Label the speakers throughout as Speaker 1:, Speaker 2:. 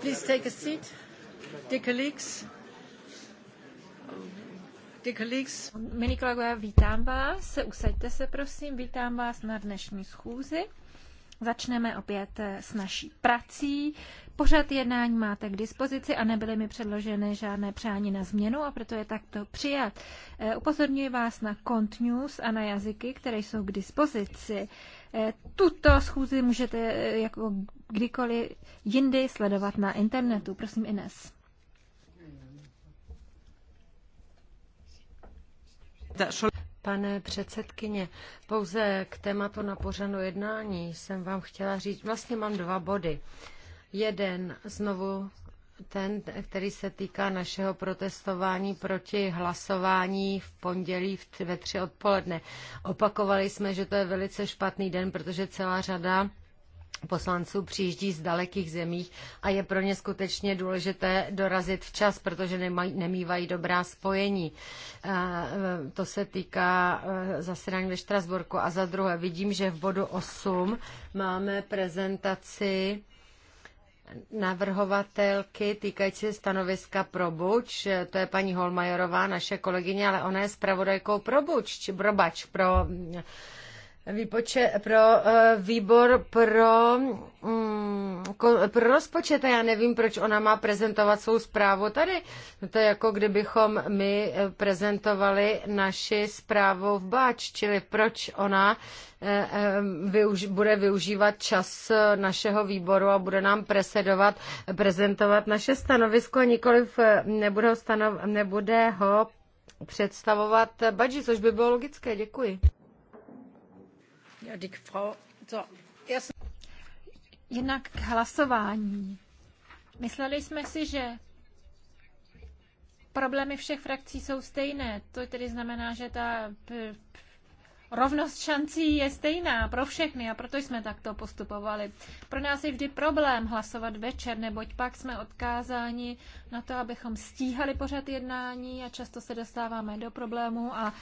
Speaker 1: Please take a
Speaker 2: seat. Dear colleagues. Dear colleagues.
Speaker 3: Milí kolegové, vítám vás. Usaďte se, prosím. Vítám vás na dnešní schůzi. Začneme opět s naší prací. Pořad jednání máte k dispozici a nebyly mi předloženy žádné přání na změnu a proto je takto přijat. Eh, upozorňuji vás na Cont News a na jazyky, které jsou k dispozici. Eh, tuto schůzi můžete eh, jako kdykoliv jindy sledovat na internetu.
Speaker 2: Prosím, Ines. Pane předsedkyně, pouze k tématu na pořadu jednání jsem vám chtěla říct, vlastně mám dva body. Jeden znovu ten, který se týká našeho protestování proti hlasování v pondělí ve tři odpoledne. Opakovali jsme, že to je velice špatný den, protože celá řada poslanců přijíždí z dalekých zemích a je pro ně skutečně důležité dorazit včas, protože nemaj, nemývají dobrá spojení. Eh, to se týká eh, zasedání ve Štrasburku. A za druhé, vidím, že v bodu 8 máme prezentaci navrhovatelky týkající se stanoviska probuč. Eh, to je paní Holmajorová, naše kolegyně, ale ona je zpravodajkou probuč, či Brobač, pro, E, pro Výpočet pro eh, výbor pro, mm, pro rozpočet a já nevím, proč ona má prezentovat svou zprávu tady. No to je jako kdybychom my eh, prezentovali naši zprávu v Bač, čili proč ona eh, využ, bude využívat čas našeho výboru a bude nám presedovat, prezentovat naše stanovisko a nikoliv nebude ho, stanov, nebude ho představovat Bači, což by bylo logické. Děkuji.
Speaker 3: Jednak k hlasování. Mysleli jsme si, že problémy všech frakcí jsou stejné. To tedy znamená, že ta rovnost šancí je stejná pro všechny a proto jsme takto postupovali. Pro nás je vždy problém hlasovat večer, neboť pak jsme odkázáni na to, abychom stíhali pořad jednání a často se dostáváme do problémů a,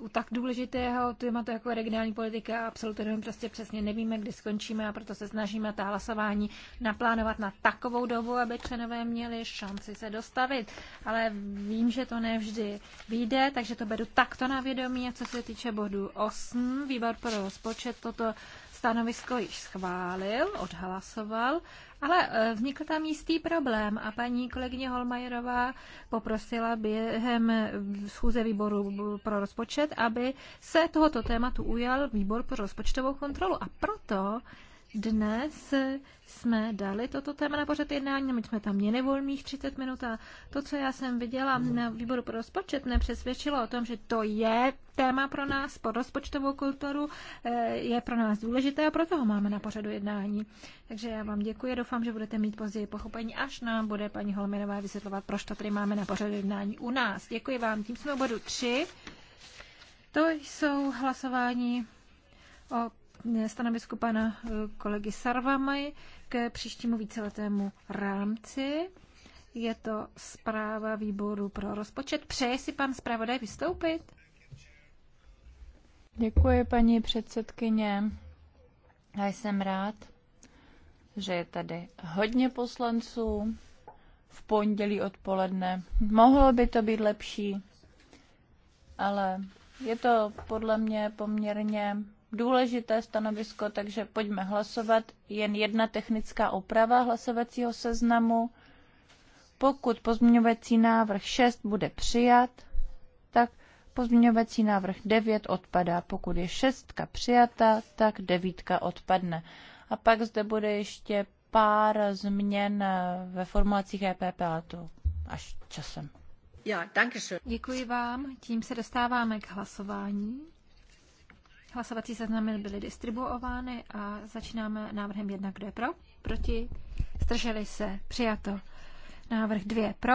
Speaker 3: u tak důležitého tématu jako regionální politika absolutně absolutorium prostě přesně nevíme, kdy skončíme a proto se snažíme ta hlasování naplánovat na takovou dobu, aby členové měli šanci se dostavit. Ale vím, že to nevždy vyjde, takže to beru takto na vědomí. A co se týče bodu 8, výbor pro rozpočet toto stanovisko již schválil, odhlasoval, ale e, vznikl tam jistý problém a paní kolegyně Holmajerová poprosila během e, schůze výboru pro rozpočet, aby se tohoto tématu ujal výbor pro rozpočtovou kontrolu. A proto dnes jsme dali toto téma na pořad jednání, my jsme tam měli volných 30 minut a to, co já jsem viděla mhm. na výboru pro rozpočet, mě přesvědčilo o tom, že to je téma pro nás, pro rozpočtovou kulturu, eh, je pro nás důležité a proto ho máme na pořadu jednání. Takže já vám děkuji, doufám, že budete mít později pochopení, až nám bude paní Holminová vysvětlovat, proč to tady máme na pořadu jednání u nás. Děkuji vám, tím jsme u bodu 3. To jsou hlasování o stanovisku pana eh, kolegy Sarvamaj k příštímu víceletému rámci. Je to zpráva výboru pro rozpočet. Přeje si pan zpravodaj vystoupit?
Speaker 4: Děkuji, paní předsedkyně. Já jsem rád, že je tady hodně poslanců v pondělí odpoledne. Mohlo by to být lepší, ale je to podle mě poměrně důležité stanovisko, takže pojďme hlasovat. Jen jedna technická oprava hlasovacího seznamu. Pokud pozměňovací návrh 6 bude přijat, tak pozměňovací návrh 9 odpadá. Pokud je 6 přijata, tak 9 odpadne. A pak zde bude ještě pár změn eh, ve formulacích EPP, ale to až časem.
Speaker 3: Já, schön. Děkuji vám. Tím se dostáváme k hlasování. Hlasovací seznamy byly distribuovány a začínáme návrhem 1, kdo je pro, proti, strželi se, přijato. Návrh 2 pro,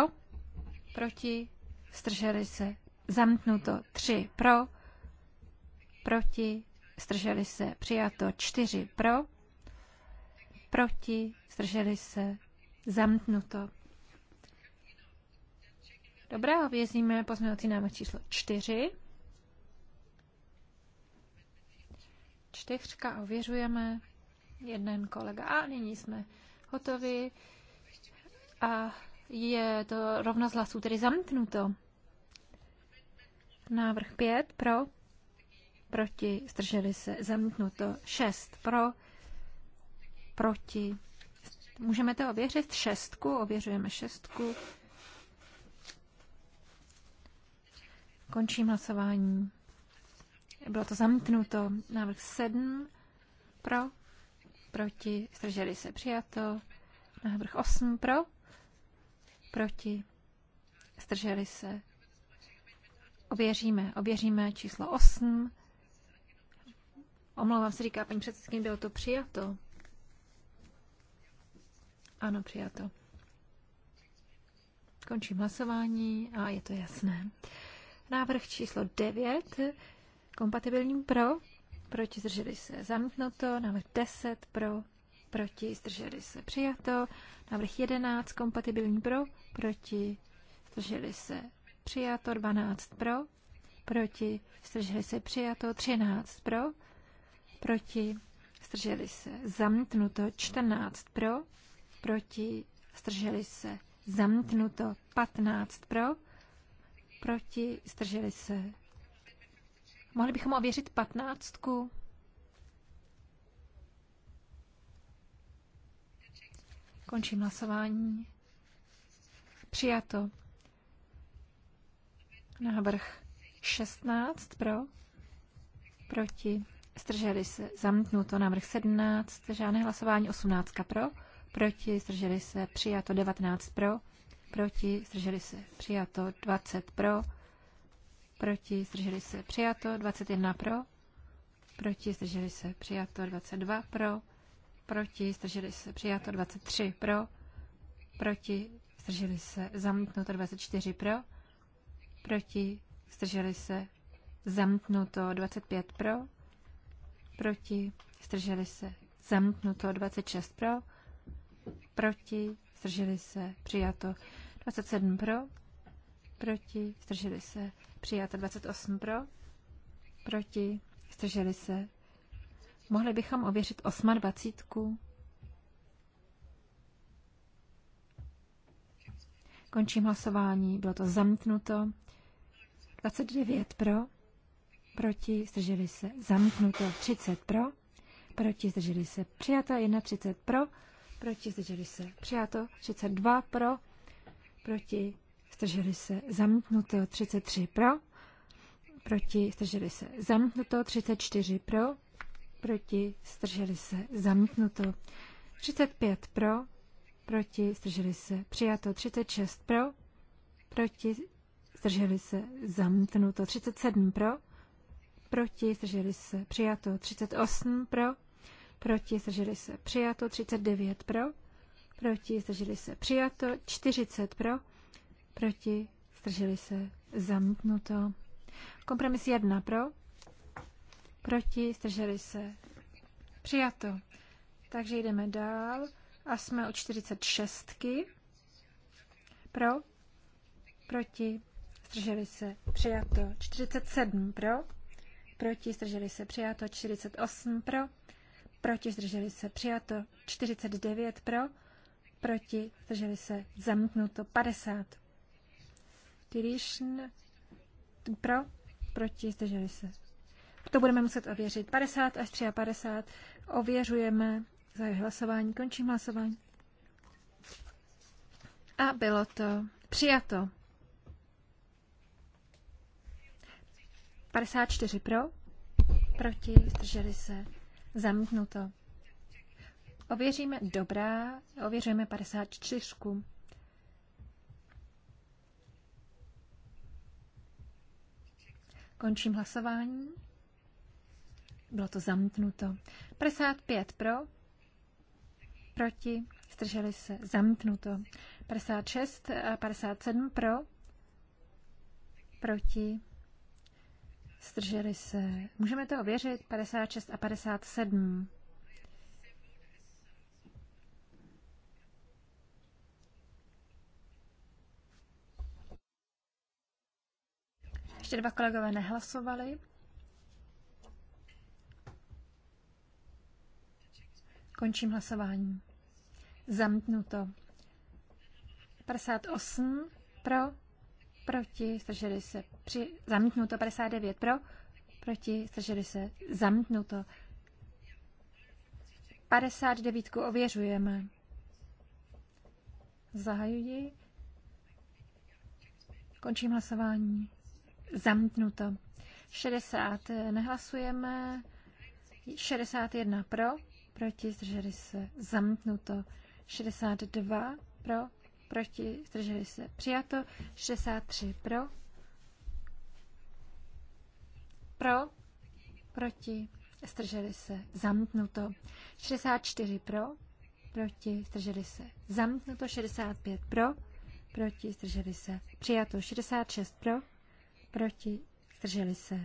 Speaker 3: proti, strželi se, zamknuto 3 pro, proti, strželi se, přijato 4 pro, proti, strželi se, zamknuto. Dobrá, vězíme pozměnovací návrh číslo 4. čtyřka, ověřujeme, jeden kolega. A nyní jsme hotovi a je to z hlasů, tedy zamknuto. Návrh 5 pro, proti, strželi se, zamknuto. 6 pro, proti. Můžeme to ověřit šestku, ověřujeme šestku. Končím hlasování. Bylo to zamítnuto. Návrh 7 pro, proti, zdrželi se přijato. Návrh 8 pro, proti, zdrželi se. Ověříme, ověříme číslo 8. Omlouvám se, říká paní předsedkyně, bylo to přijato. Ano, přijato. Končím hlasování a je to jasné. Návrh číslo 9 kompatibilní pro, proti zdrželi se zamítnuto, návrh 10 pro, proti zdrželi se přijato, návrh 11 kompatibilní pro, proti zdrželi se přijato, 12 pro, proti zdrželi se přijato, 13 pro, proti zdrželi se zamítnuto, 14 pro, proti zdrželi se zamítnuto, 15 pro, proti zdrželi se Mohli bychom ověřit patnáctku? Končím hlasování. Přijato. Návrh 16 pro, proti, zdrželi se, zamítnuto. Návrh 17, žádné hlasování, 18 pro, proti, zdrželi se, přijato 19 pro, proti, zdrželi se, přijato 20 pro, proti, zdrželi se přijato, 21 pro, proti, zdrželi se přijato, 22 pro, proti, zdrželi se přijato, 23 pro, proti, zdrželi se zamítnuto, 24 pro, proti, zdrželi se zamítnuto, 25 pro, proti, zdrželi se zamítnuto, 26 pro, proti, zdrželi se přijato, 27 pro, proti, zdrželi se, přijato 28 pro, proti, zdrželi se. Mohli bychom ověřit 28. Končím hlasování, bylo to zamknuto. 29 pro, proti, zdrželi se, zamknuto. 30 pro, proti, zdrželi se, přijato. 31 pro, proti, zdrželi se, přijato. 32 pro, proti, zdrželi se zamítnuto 33 pro, proti, zdrželi se zamítnuto 34 pro, proti, zdrželi se zamítnuto 35 pro, proti, zdrželi se přijato 36 pro, proti, zdrželi se zamítnuto 37 pro, proti, zdrželi se přijato 38 pro, proti, zdrželi se přijato 39 pro, proti, zdrželi se přijato 40 pro, proti, zdrželi se, zamítnuto. Kompromis jedna pro, proti, zdrželi se, přijato. Takže jdeme dál a jsme u 46. Pro, proti, zdrželi se, přijato. 47 pro, proti, zdrželi se, přijato. 48 pro, proti, zdrželi se, přijato. 49 pro, proti, zdrželi se, zamítnuto. 50 Krishna pro, proti, zdrželi se. To budeme muset ověřit. 50 až 53 ověřujeme za hlasování, končím hlasování. A bylo to přijato. 54 pro, proti, zdrželi se, zamítnuto. Ověříme, dobrá, ověřujeme 54. Končím hlasování. Bylo to zamítnuto. 55 pro, proti, zdrželi se, zamítnuto. 56 a 57 pro, proti, zdrželi se. Můžeme to ověřit, 56 a 57. Ještě dva kolegové nehlasovali. Končím hlasování. Zamítnuto. 58 pro, proti, zdrželi se, při, zamítnuto 59 pro, proti, zdrželi se, zamítnuto. 59 ověřujeme. Zahajuji. Končím hlasování. Zamítnuto. 60 eh, nehlasujeme. 61 pro, proti, zdrželi se. Zamítnuto. 62 pro, proti, zdrželi se. Přijato. 63 pro, pro, proti, zdrželi se. Zamítnuto. 64 pro, proti, zdrželi se. Zamítnuto. 65 pro, proti, zdrželi se. Přijato. 66 pro, proti, zdrželi se.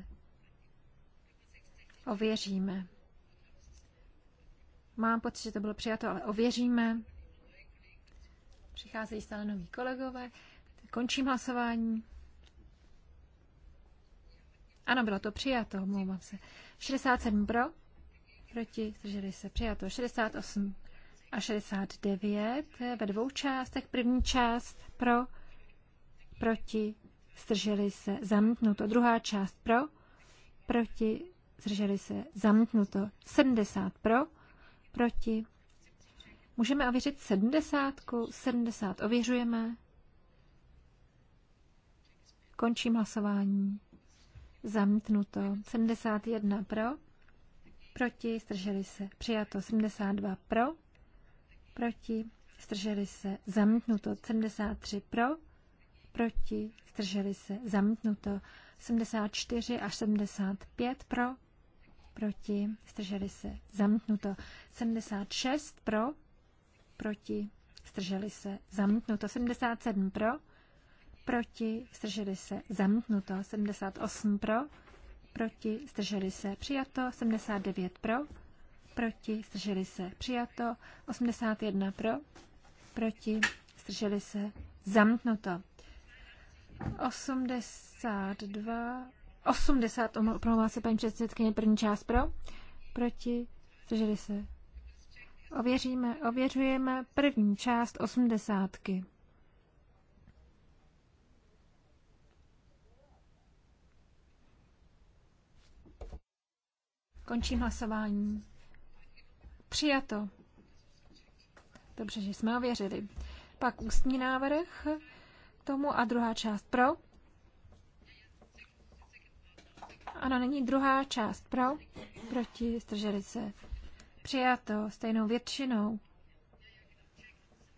Speaker 3: Ověříme. Mám pocit, že to bylo přijato, ale ověříme. Přicházejí stále noví kolegové. Končím hlasování. Ano, bylo to přijato, omlouvám se. 67 pro, proti, zdrželi se, přijato. 68 a 69 ve dvou částech. První část pro, proti, zdrželi se, zamítnuto. Druhá část pro, proti, zdrželi se, zamítnuto. 70 pro, proti. Můžeme ověřit 70, 70 ověřujeme. Končím hlasování. Zamítnuto. 71 pro, proti, zdrželi se, přijato. 72 pro, proti, zdrželi se, zamítnuto. 73 pro, proti, zdrželi se, zamítnuto 74 až 75 pro, proti, zdrželi se, zamítnuto 76 pro, proti, zdrželi se, zamítnuto 77 pro, proti, zdrželi se, zamítnuto 78 pro, proti, zdrželi se, přijato 79 pro, proti, zdrželi se, přijato 81 pro, proti, zdrželi se, zamítnuto 82, 80, omlouvá se paní předsedkyně, první část pro, proti, zdrželi se. Ověříme, ověřujeme první část osmdesátky. Končím hlasování. Přijato. Dobře, že jsme ověřili. Pak ústní návrh tomu. A druhá část pro. Ano, není druhá část pro. Proti, zdrželi se. Přijato stejnou většinou.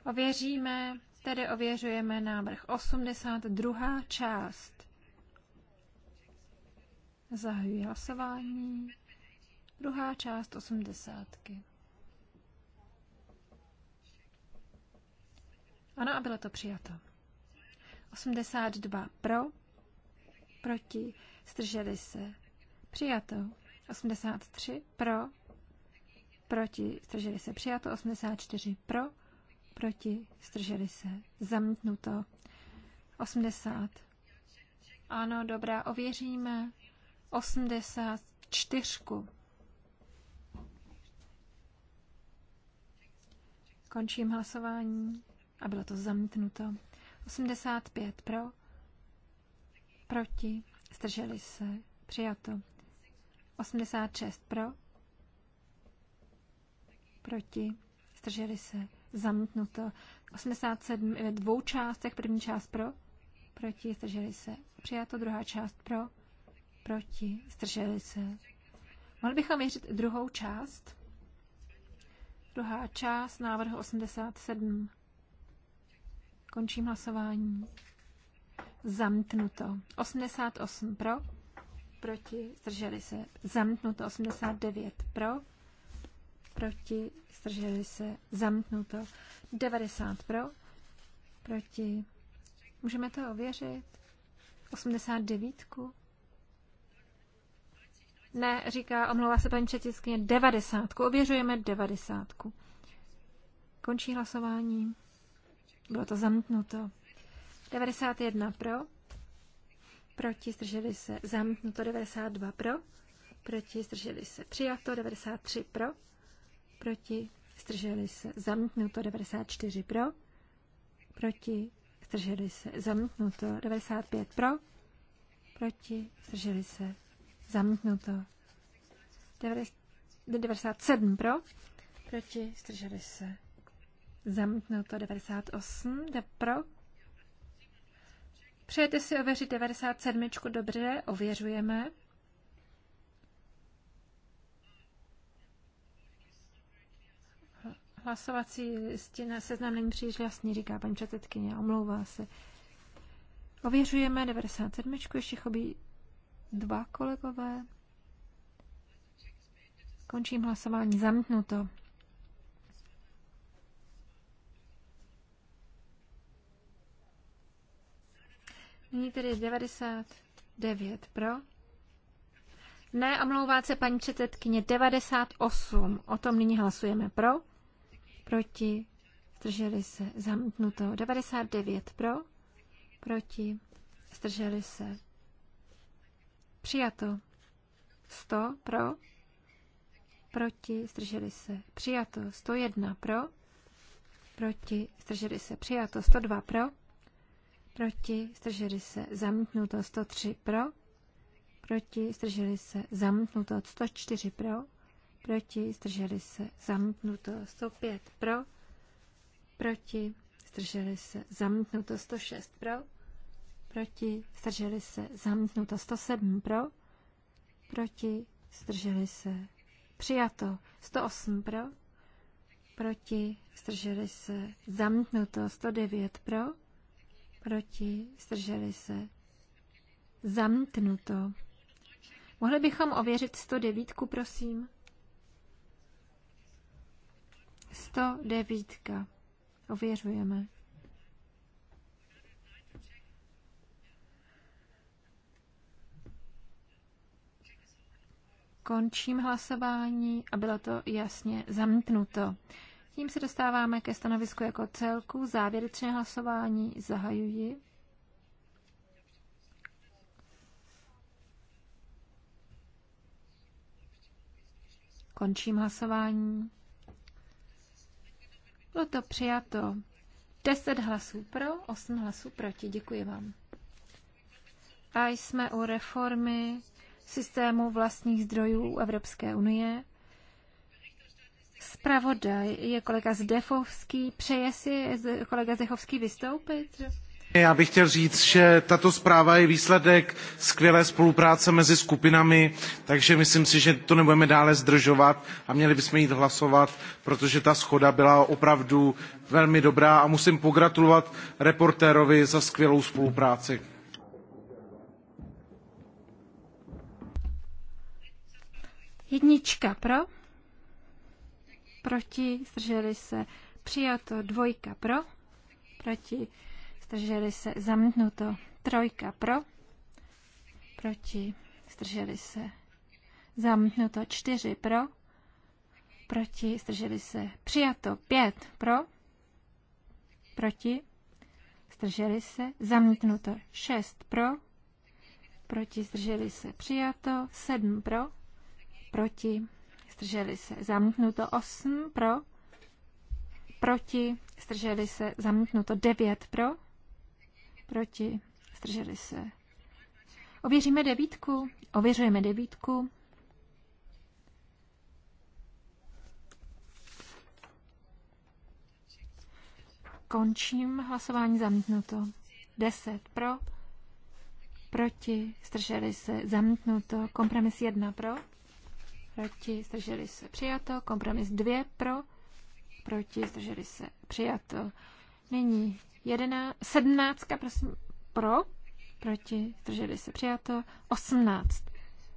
Speaker 3: Ověříme, tedy ověřujeme návrh 82. část. Zahajuji hlasování. Druhá část 80. Ano, a bylo to přijato. 82 pro, proti, zdrželi se, přijato. 83 pro, proti, zdrželi se, přijato. 84 pro, proti, zdrželi se, zamítnuto. 80. Ano, dobrá, ověříme. 84. Končím hlasování a bylo to zamítnuto. 85 pro, proti, zdrželi se, přijato. 86 pro, proti, zdrželi se, zamítnuto. 87 ve dvou částech, první část pro, proti, zdrželi se, přijato, druhá část pro, proti, zdrželi se. Mohli bychom měřit druhou část? Druhá část návrhu 87. Končím hlasování. Zamknuto. 88 pro, proti, zdrželi se. Zamknuto. 89 pro, proti, zdrželi se. Zamknuto. 90 pro, proti. Můžeme to ověřit? 89. -ku? Ne, říká, omlouvá se paní 90ku. Ověřujeme 90ku. Končí hlasování. Bylo to zamknuto. 91 pro. Proti zdrželi se. Zamknuto 92 pro. Proti zdrželi se. Přijato 93 pro. Proti zdrželi se. Zamknuto 94 pro. Proti zdrželi se. Zamknuto 95 pro. Proti zdrželi se. Zamknuto 97 pro. Proti zdrželi se to 98, pro. Přejete si ověřit 97, dobře, ověřujeme. Hlasovací listina seznam není příliš jasný, říká paní předsedkyně, omlouvá se. Ověřujeme 97, ještě chobí dva kolegové. Končím hlasování, to. Nyní tedy 99 pro. Ne, omlouvá se paní předsedkyně 98. O tom nyní hlasujeme pro. Proti. Zdrželi se. Zamknuto. 99 pro. Proti. Zdrželi se. Přijato. 100 pro. Proti. Zdrželi se. Přijato. 101 pro. Proti. Zdrželi se. Přijato. 102 pro proti, zdrželi se, zamítnuto 103 pro, proti, zdrželi se, zamítnuto 104 pro, proti, zdrželi se, zamítnuto 105 pro, proti, zdrželi se, zamítnuto 106 pro, proti, zdrželi se, zamítnuto 107 pro, proti, zdrželi se, přijato 108 pro, proti, zdrželi se, zamítnuto 109 pro, proti, zdrželi se. Zamítnuto. Mohli bychom ověřit 109, prosím? 109. Ověřujeme. Končím hlasování a bylo to jasně zamítnuto. Tím se dostáváme ke stanovisku jako celku. Závěrečné hlasování zahajuji. Končím hlasování. Bylo to přijato. 10 hlasů pro, 8 hlasů proti. Děkuji vám. A jsme u reformy systému vlastních zdrojů Evropské unie zpravodaj je kolega Zdechovský. Přeje si kolega Zdechovský vystoupit?
Speaker 5: Já bych chtěl říct, že tato zpráva je výsledek skvělé spolupráce mezi skupinami, takže myslím si, že to nebudeme dále zdržovat a měli bychom jít hlasovat, protože ta schoda byla opravdu velmi dobrá a musím pogratulovat reportérovi za skvělou spolupráci.
Speaker 3: Jednička pro proti, zdrželi se přijato, dvojka pro, proti, zdrželi se zamítnuto, trojka pro, proti, zdrželi se zamítnuto, čtyři pro, proti, zdrželi se přijato, pět pro, proti, zdrželi se zamítnuto, šest pro, proti, zdrželi se přijato, sedm pro, proti, zdrželi se, zamknuto 8 pro, proti, zdrželi se, zamknuto 9 pro, proti, zdrželi se. Ověříme devítku, ověřujeme devítku. Končím hlasování zamítnuto. 10 pro, proti, zdrželi se, zamítnuto, kompromis 1 pro proti, zdrželi se přijato. Kompromis 2 pro, proti, zdrželi se přijato. Nyní 11, 17, prosím, pro, proti, zdrželi se přijato. 18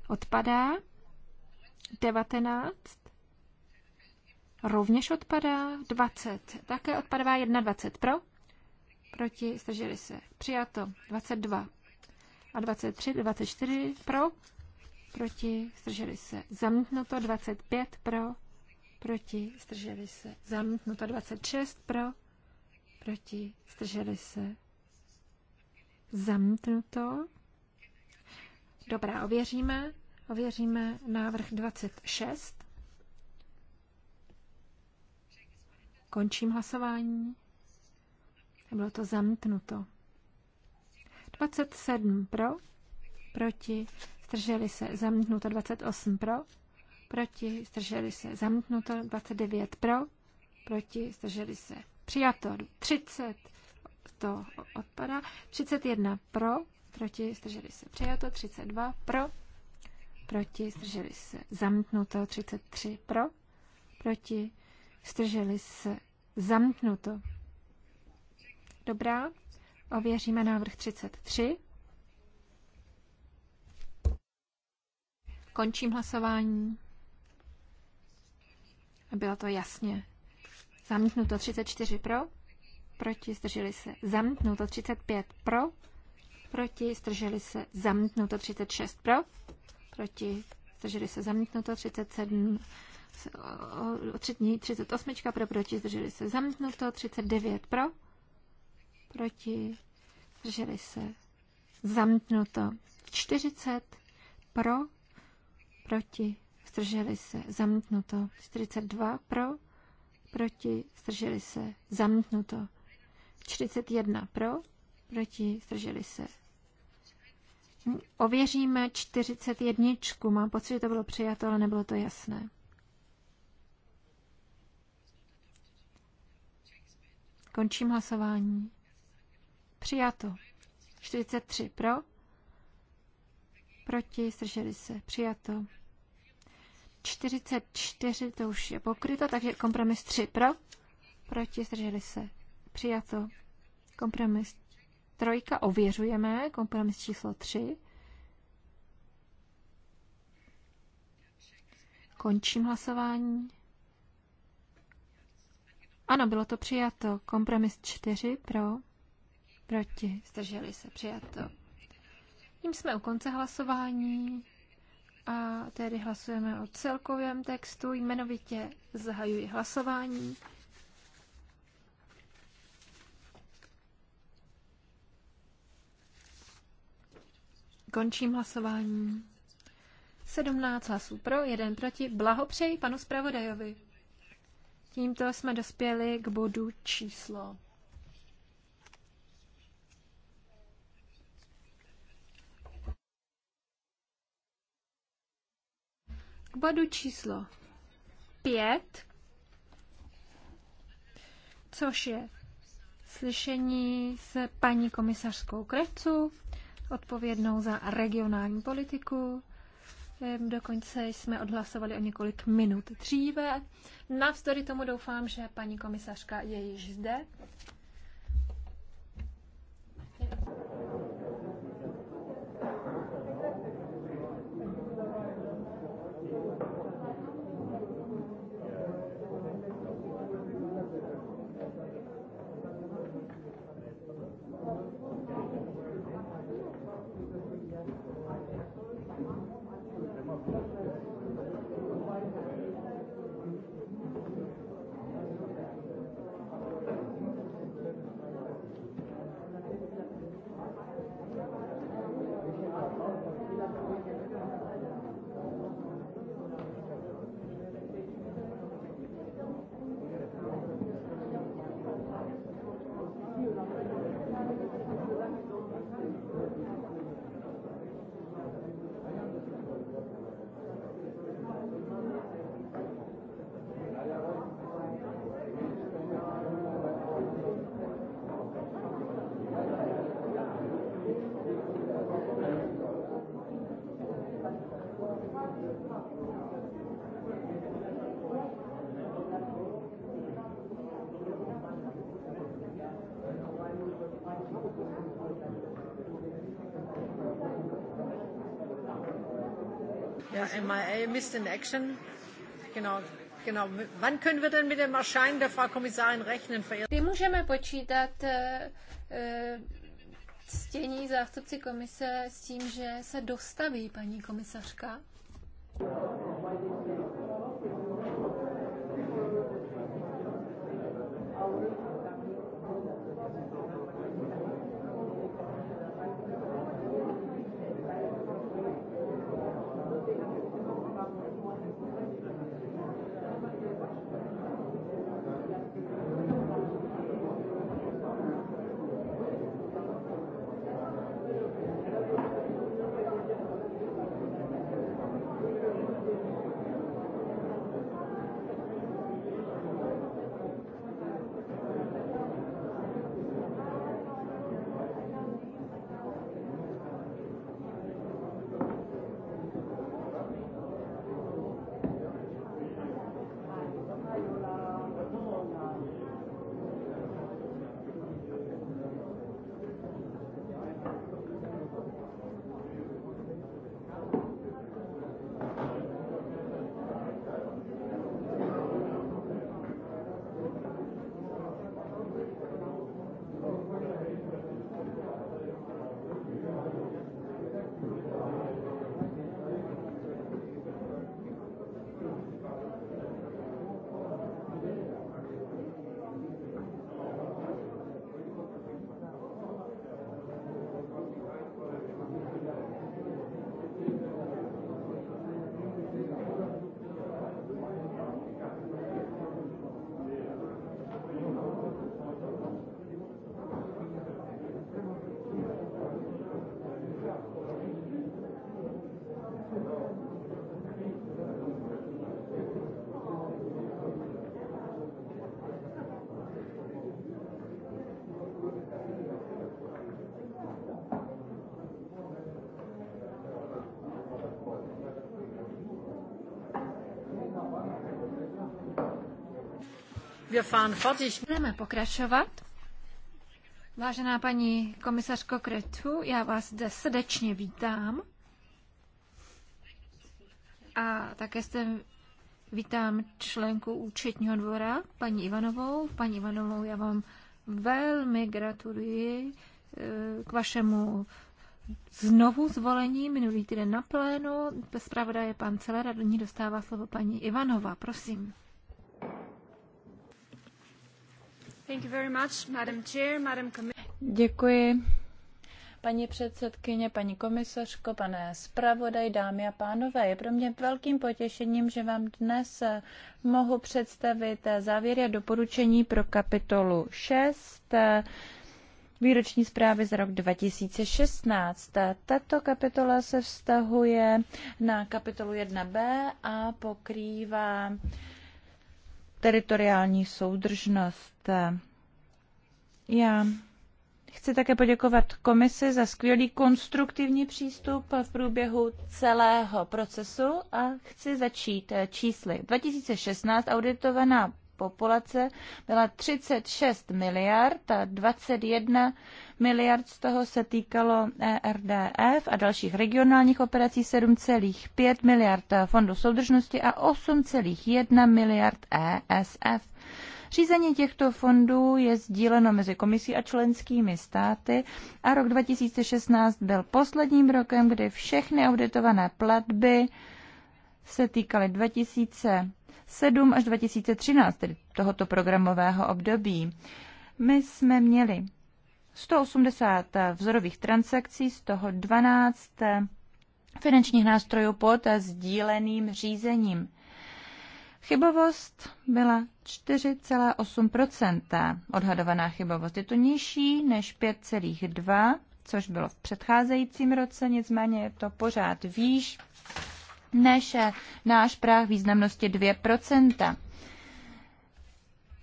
Speaker 3: odpadá. 19 rovněž odpadá. 20 také odpadá. 21 pro, proti, zdrželi se přijato. 22 a 23, 24 pro, proti, zdrželi se, zamítnuto 25 pro, proti, zdrželi se, zamítnuto 26 pro, proti, zdrželi se, zamítnuto. Dobrá, ověříme, ověříme návrh 26. Končím hlasování. Bylo to zamítnuto. 27 pro, proti, zdrželi se, zamítnuto 28 pro, proti, zdrželi se, zamítnuto 29 pro, proti, zdrželi se, přijato 30, to odpadá, 31 pro, proti, zdrželi se, přijato 32 pro, proti, zdrželi se, zamítnuto 33 pro, proti, zdrželi se, zamítnuto. Dobrá, ověříme návrh 33. Končím hlasování. Bylo to jasně. Zamítnuto 34 pro, proti zdrželi se. Zamítnuto 35 pro, proti zdrželi se. Zamítnuto 36 pro, proti zdrželi se. Zamítnuto 37 třetí 38 pro, proti zdrželi se. Zamítnuto 39 pro, proti zdrželi se. Zamítnuto 40 pro, proti, zdrželi se, zamítnuto. 42 pro, proti, zdrželi se, zamítnuto. 41 pro, proti, zdrželi se. Ověříme 41. Mám pocit, že to bylo přijato, ale nebylo to jasné. Končím hlasování. Přijato. 43 pro, proti, zdrželi se, přijato. 44, to už je pokryto, takže kompromis 3 pro, proti, zdrželi se, přijato. Kompromis trojka ověřujeme, kompromis číslo 3. Končím hlasování. Ano, bylo to přijato. Kompromis 4 pro, proti, zdrželi se, přijato. Tím jsme u konce hlasování a tedy hlasujeme o celkovém textu. Jmenovitě zahajuji hlasování. Končím hlasování. 17 hlasů pro, 1 proti. Blahopřeji panu zpravodajovi. Tímto jsme dospěli k bodu číslo K bodu číslo 5, což je slyšení s paní komisařskou Krecu, odpovědnou za regionální politiku. Dokonce jsme odhlasovali o několik minut dříve. Navzdory tomu doufám, že paní komisařka je již zde
Speaker 2: MIA Mist in Action. Genau, genau. Wann können wir denn mit dem Erscheinen der Frau Kommissarin rechnen? Kdy můžeme počítat
Speaker 3: uh, ctění zástupci komise s tím, že se dostaví paní komisařka? Budeme pokračovat. Vážená paní komisařko Kretu, já vás zde srdečně vítám. A také jste vítám členku účetního dvora, paní Ivanovou. Paní Ivanovou, já vám velmi gratuluji eh, k vašemu znovu zvolení minulý týden na plénu. Zpravodaj je pan Celera, a do ní dostává slovo paní Ivanová. Prosím.
Speaker 4: Děkuji. Paní předsedkyně, paní komisařko, pane zpravodaj, dámy a pánové, je pro mě velkým potěšením, že vám dnes eh, mohu představit eh, závěry a doporučení pro kapitolu 6 eh, výroční zprávy za rok 2016. Tato kapitola se vztahuje na kapitolu 1b a pokrývá teritoriální soudržnost. Já chci také poděkovat komisi za skvělý konstruktivní přístup v průběhu celého procesu a chci začít čísly. 2016 auditovaná populace byla 36 miliard a 21 miliard z toho se týkalo ERDF a dalších regionálních operací 7,5 miliard fondu soudržnosti a 8,1 miliard ESF. Řízení těchto fondů je sdíleno mezi komisí a členskými státy a rok 2016 byl posledním rokem, kdy všechny auditované platby se týkaly 2000 2007 až 2013, tedy tohoto programového období, my jsme měli 180 vzorových transakcí, z toho 12 finančních nástrojů pod sdíleným řízením. Chybovost byla 4,8 odhadovaná chybovost. Je to nižší než 5,2 což bylo v předcházejícím roce, nicméně je to pořád výš než náš práh významnosti 2%.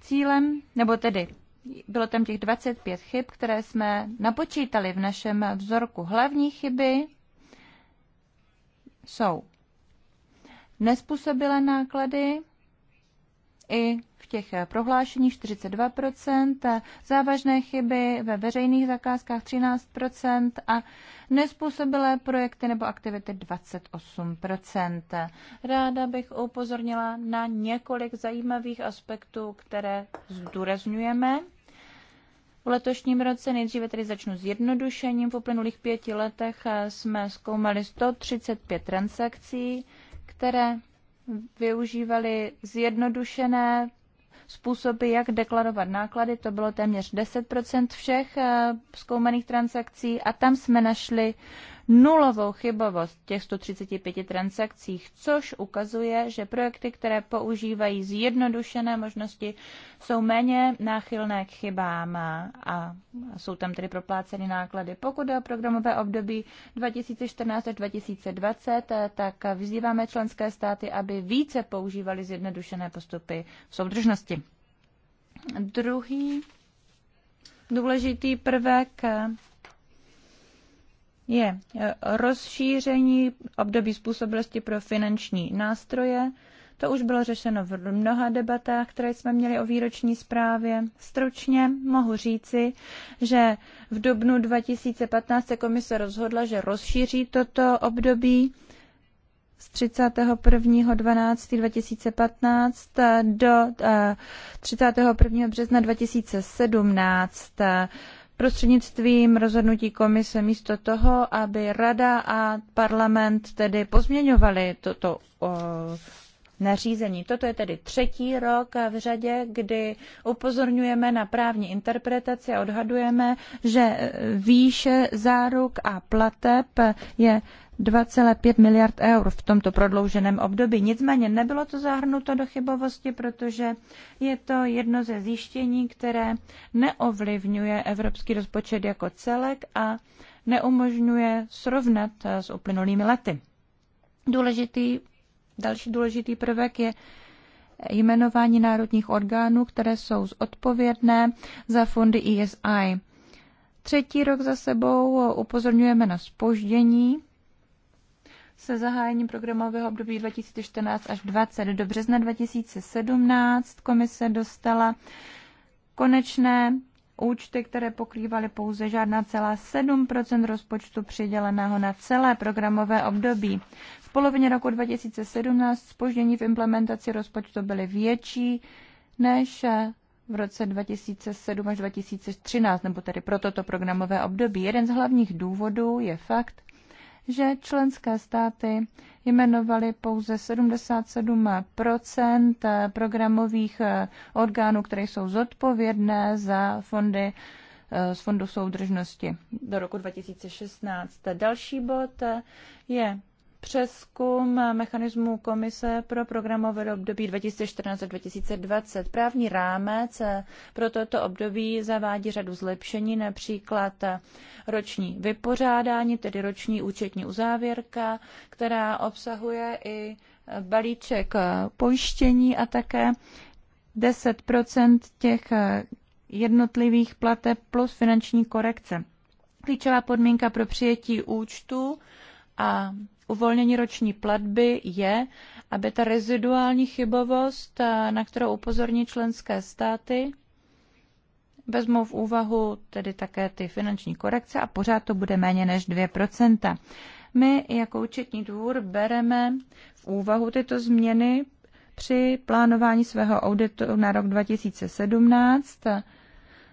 Speaker 4: Cílem, nebo tedy bylo tam těch 25 chyb, které jsme napočítali v našem vzorku. Hlavní chyby jsou nespůsobilé náklady, i v těch prohlášeních 42%, závažné chyby ve veřejných zakázkách 13% a nespůsobilé projekty nebo aktivity 28%. Ráda bych upozornila na několik zajímavých aspektů, které zdůrazňujeme. V letošním roce nejdříve tedy začnu s jednodušením. V uplynulých pěti letech jsme zkoumali 135 transakcí, které využívali zjednodušené způsoby, jak deklarovat náklady. To bylo téměř 10 všech eh, zkoumaných transakcí a tam jsme našli nulovou chybovost v těch 135 transakcích, což ukazuje, že projekty, které používají zjednodušené možnosti, jsou méně náchylné k chybám a jsou tam tedy propláceny náklady. Pokud je o programové období 2014 až 2020, tak vyzýváme členské státy, aby více používali zjednodušené postupy v soudržnosti. Druhý důležitý prvek je e, rozšíření období způsobilosti pro finanční nástroje. To už bylo řešeno v mnoha debatách, které jsme měli o výroční zprávě. Stručně mohu říci, že v dubnu 2015 se komise rozhodla, že rozšíří toto období z 31.12.2015 do 31. E, března 2017 prostřednictvím rozhodnutí komise místo toho, aby rada a parlament tedy pozměňovali toto nařízení. Toto je tedy třetí rok v řadě, kdy upozorňujeme na právní interpretaci a odhadujeme, že výše záruk a plateb je 2,5 miliard eur v tomto prodlouženém období. Nicméně nebylo to zahrnuto do chybovosti, protože je to jedno ze zjištění, které neovlivňuje evropský rozpočet jako celek a neumožňuje srovnat eh, s uplynulými lety. Důležitý, další důležitý prvek je jmenování národních orgánů, které jsou zodpovědné za fondy ESI. Třetí rok za sebou upozorňujeme na spoždění se zahájením programového období 2014 až 20 do března 2017 komise dostala konečné účty, které pokrývaly pouze žádná celá 7 rozpočtu přiděleného na celé programové období. V polovině roku 2017 spoždění v implementaci rozpočtu byly větší než v roce 2007 až 2013, nebo tedy pro toto programové období. Jeden z hlavních důvodů je fakt, že členské státy jmenovaly pouze 77 eh, programových eh, orgánů, které jsou zodpovědné za fondy eh, z Fondu soudržnosti do roku 2016. Další bod je přeskum mechanismu komise pro programové období 2014-2020. Právní rámec pro toto období zavádí řadu zlepšení, například roční vypořádání, tedy roční účetní uzávěrka, která obsahuje i balíček pojištění a také 10 těch jednotlivých plateb plus finanční korekce. Klíčová podmínka pro přijetí účtu a uvolnění roční platby je, aby ta reziduální chybovost, eh, na kterou upozorní členské státy, vezmou v úvahu tedy také ty finanční korekce a pořád to bude méně než 2%. My jako účetní dvůr bereme v úvahu tyto změny při plánování svého auditu na rok 2017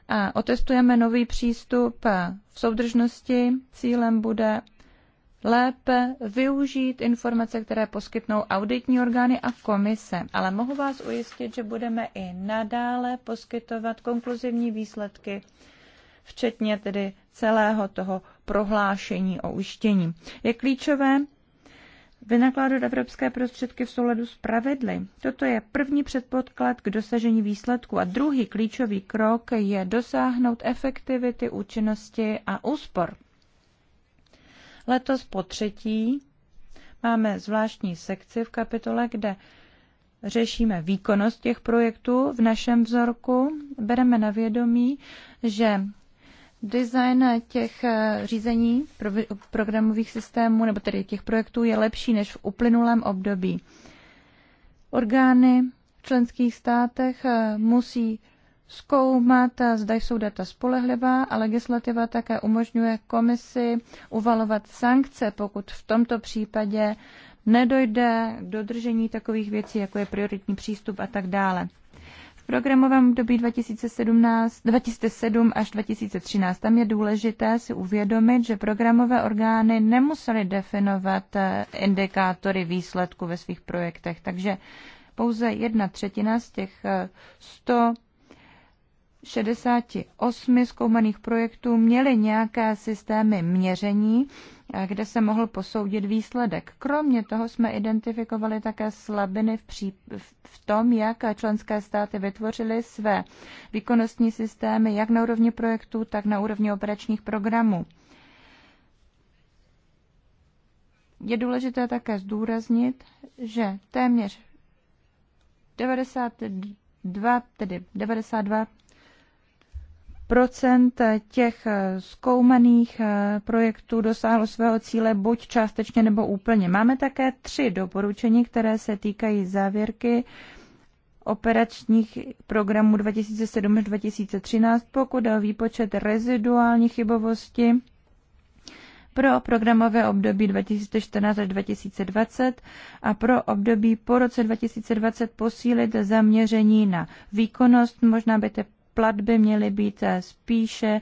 Speaker 4: a otestujeme nový přístup v soudržnosti. Cílem bude lépe využít informace, které poskytnou auditní orgány a komise. Ale mohu vás ujistit, že budeme i nadále poskytovat konkluzivní výsledky, včetně tedy celého toho prohlášení o uštění. Je klíčové vynakládat evropské prostředky v souladu s pravidly. Toto je první předpoklad k dosažení výsledku a druhý klíčový krok je dosáhnout efektivity, účinnosti a úspor. Letos po třetí máme zvláštní sekci v kapitole, kde řešíme výkonnost těch projektů v našem vzorku. Bereme na vědomí, že design těch eh, řízení programových systémů nebo tedy těch projektů je lepší než v uplynulém období. Orgány v členských státech eh, musí zkoumat, zda jsou data spolehlivá a legislativa také umožňuje komisi uvalovat sankce, pokud v tomto případě nedojde k dodržení takových věcí, jako je prioritní přístup a tak dále. V programovém období 2017, 2007 až 2013 tam je důležité si uvědomit, že programové orgány nemusely definovat eh, indikátory výsledku ve svých projektech, takže pouze jedna třetina z těch 100 eh, 68 zkoumaných projektů měly nějaké systémy měření, eh, kde se mohl posoudit výsledek. Kromě toho jsme identifikovali také slabiny v, pří, v tom, jak členské státy vytvořily své výkonnostní systémy, jak na úrovni projektů, tak na úrovni operačních programů. Je důležité také zdůraznit, že téměř 92, tedy 92 procent těch zkoumaných eh, projektů dosáhlo svého cíle buď částečně nebo úplně. Máme také tři doporučení, které se týkají závěrky operačních programů 2007 až 2013, pokud o výpočet reziduální chybovosti pro programové období 2014 až 2020 a pro období po roce 2020 posílit zaměření na výkonnost. Možná by te platby měly být eh, spíše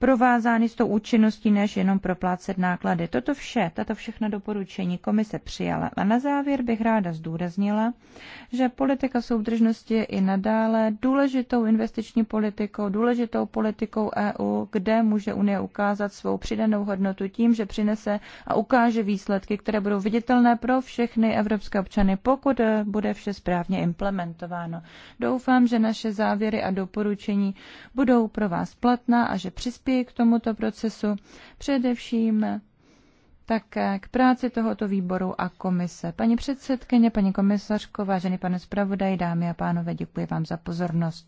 Speaker 4: provázány s tou účinností, než jenom proplácet náklady. Toto vše, tato všechna doporučení komise přijala. A na závěr bych ráda zdůraznila, že politika soudržnosti je i nadále důležitou investiční politikou, důležitou politikou EU, kde může Unie ukázat svou přidanou hodnotu tím, že přinese a ukáže výsledky, které budou viditelné pro všechny evropské občany, pokud bude vše správně implementováno. Doufám, že naše závěry a doporučení budou pro vás platná a že přispějí přispějí k tomuto procesu, především také k práci tohoto výboru a komise. Paní předsedkyně, paní komisařko, vážený pane zpravodaj, dámy a pánové, děkuji vám za pozornost.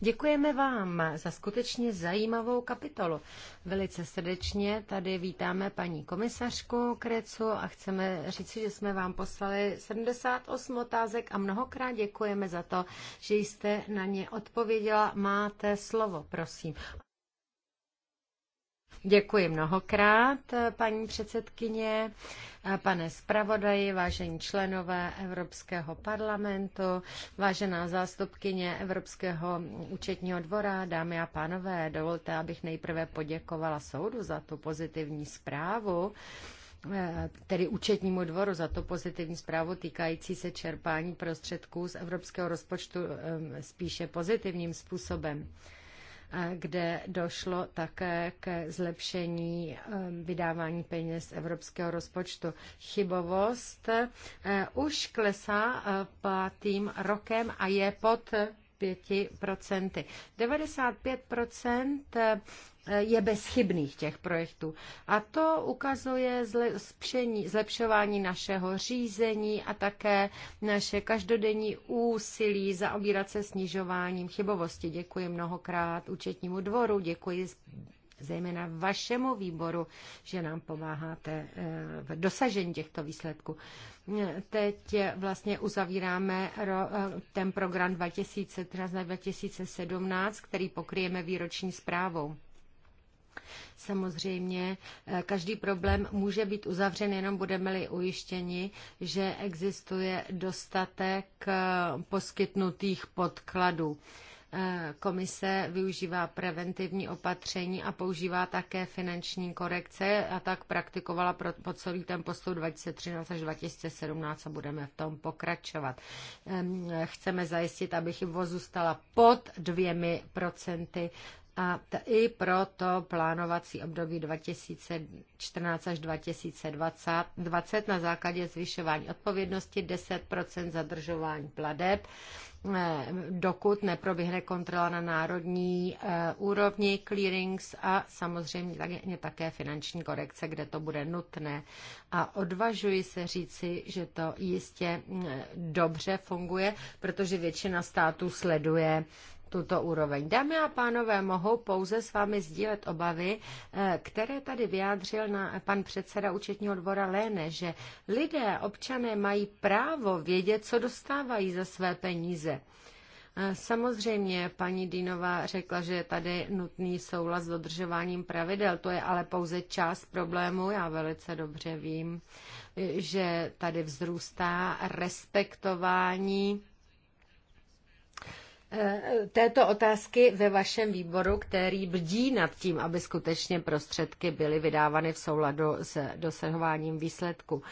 Speaker 2: Děkujeme vám za skutečně zajímavou kapitolu. Velice srdečně tady vítáme paní komisařku Krecu a chceme říci, že jsme vám poslali 78 otázek a mnohokrát děkujeme za to, že jste na ně odpověděla. Máte slovo, prosím. Děkuji mnohokrát, paní předsedkyně, pane zpravodaji, vážení členové Evropského parlamentu, vážená zástupkyně Evropského účetního dvora, dámy a pánové, dovolte, abych nejprve poděkovala soudu za tu pozitivní zprávu, e, tedy účetnímu dvoru za to pozitivní zprávu týkající se čerpání prostředků z evropského rozpočtu e, spíše pozitivním způsobem kde došlo také k zlepšení um, vydávání peněz evropského rozpočtu. Chybovost uh, už klesá uh, pátým rokem a je pod 5%. 95% je bezchybných těch projektů. A to ukazuje zlepšení, zlepšování našeho řízení a také naše každodenní úsilí zaobírat se snižováním chybovosti. Děkuji mnohokrát účetnímu dvoru, děkuji zejména vašemu výboru, že nám pomáháte eh, v dosažení těchto výsledků. Teď vlastně uzavíráme eh, ten program 2013-2017, který pokryjeme výroční zprávou. Samozřejmě eh, každý problém může být uzavřen, jenom budeme-li ujištěni, že existuje dostatek eh, poskytnutých podkladů. Eh, komise využívá preventivní opatření a používá také finanční korekce a tak praktikovala pro, po celý ten postup 2013 až 2017 a budeme v tom pokračovat. Ehm, chceme zajistit, aby chybovost zůstala pod dvěmi procenty a i proto plánovací období 2014 až 2020 na základě zvyšování odpovědnosti 10 zadržování pladeb, eh, dokud neproběhne kontrola na národní eh, úrovni, clearings a samozřejmě také finanční korekce, kde to bude nutné. A odvažuji se říci, že to jistě mm, dobře funguje, protože většina států sleduje tuto úroveň. Dámy a pánové, mohou pouze s vámi sdílet obavy, eh, které tady vyjádřil na pan předseda účetního dvora Léne, že lidé, občané mají právo vědět, co dostávají za své peníze. Eh, samozřejmě paní Dinová řekla, že je tady nutný souhlas s dodržováním pravidel. To je ale pouze část problému. Já velice dobře vím, že tady vzrůstá respektování Eh, této otázky ve vašem výboru, který bdí nad tím, aby skutečně prostředky byly vydávány v souladu s dosahováním výsledku.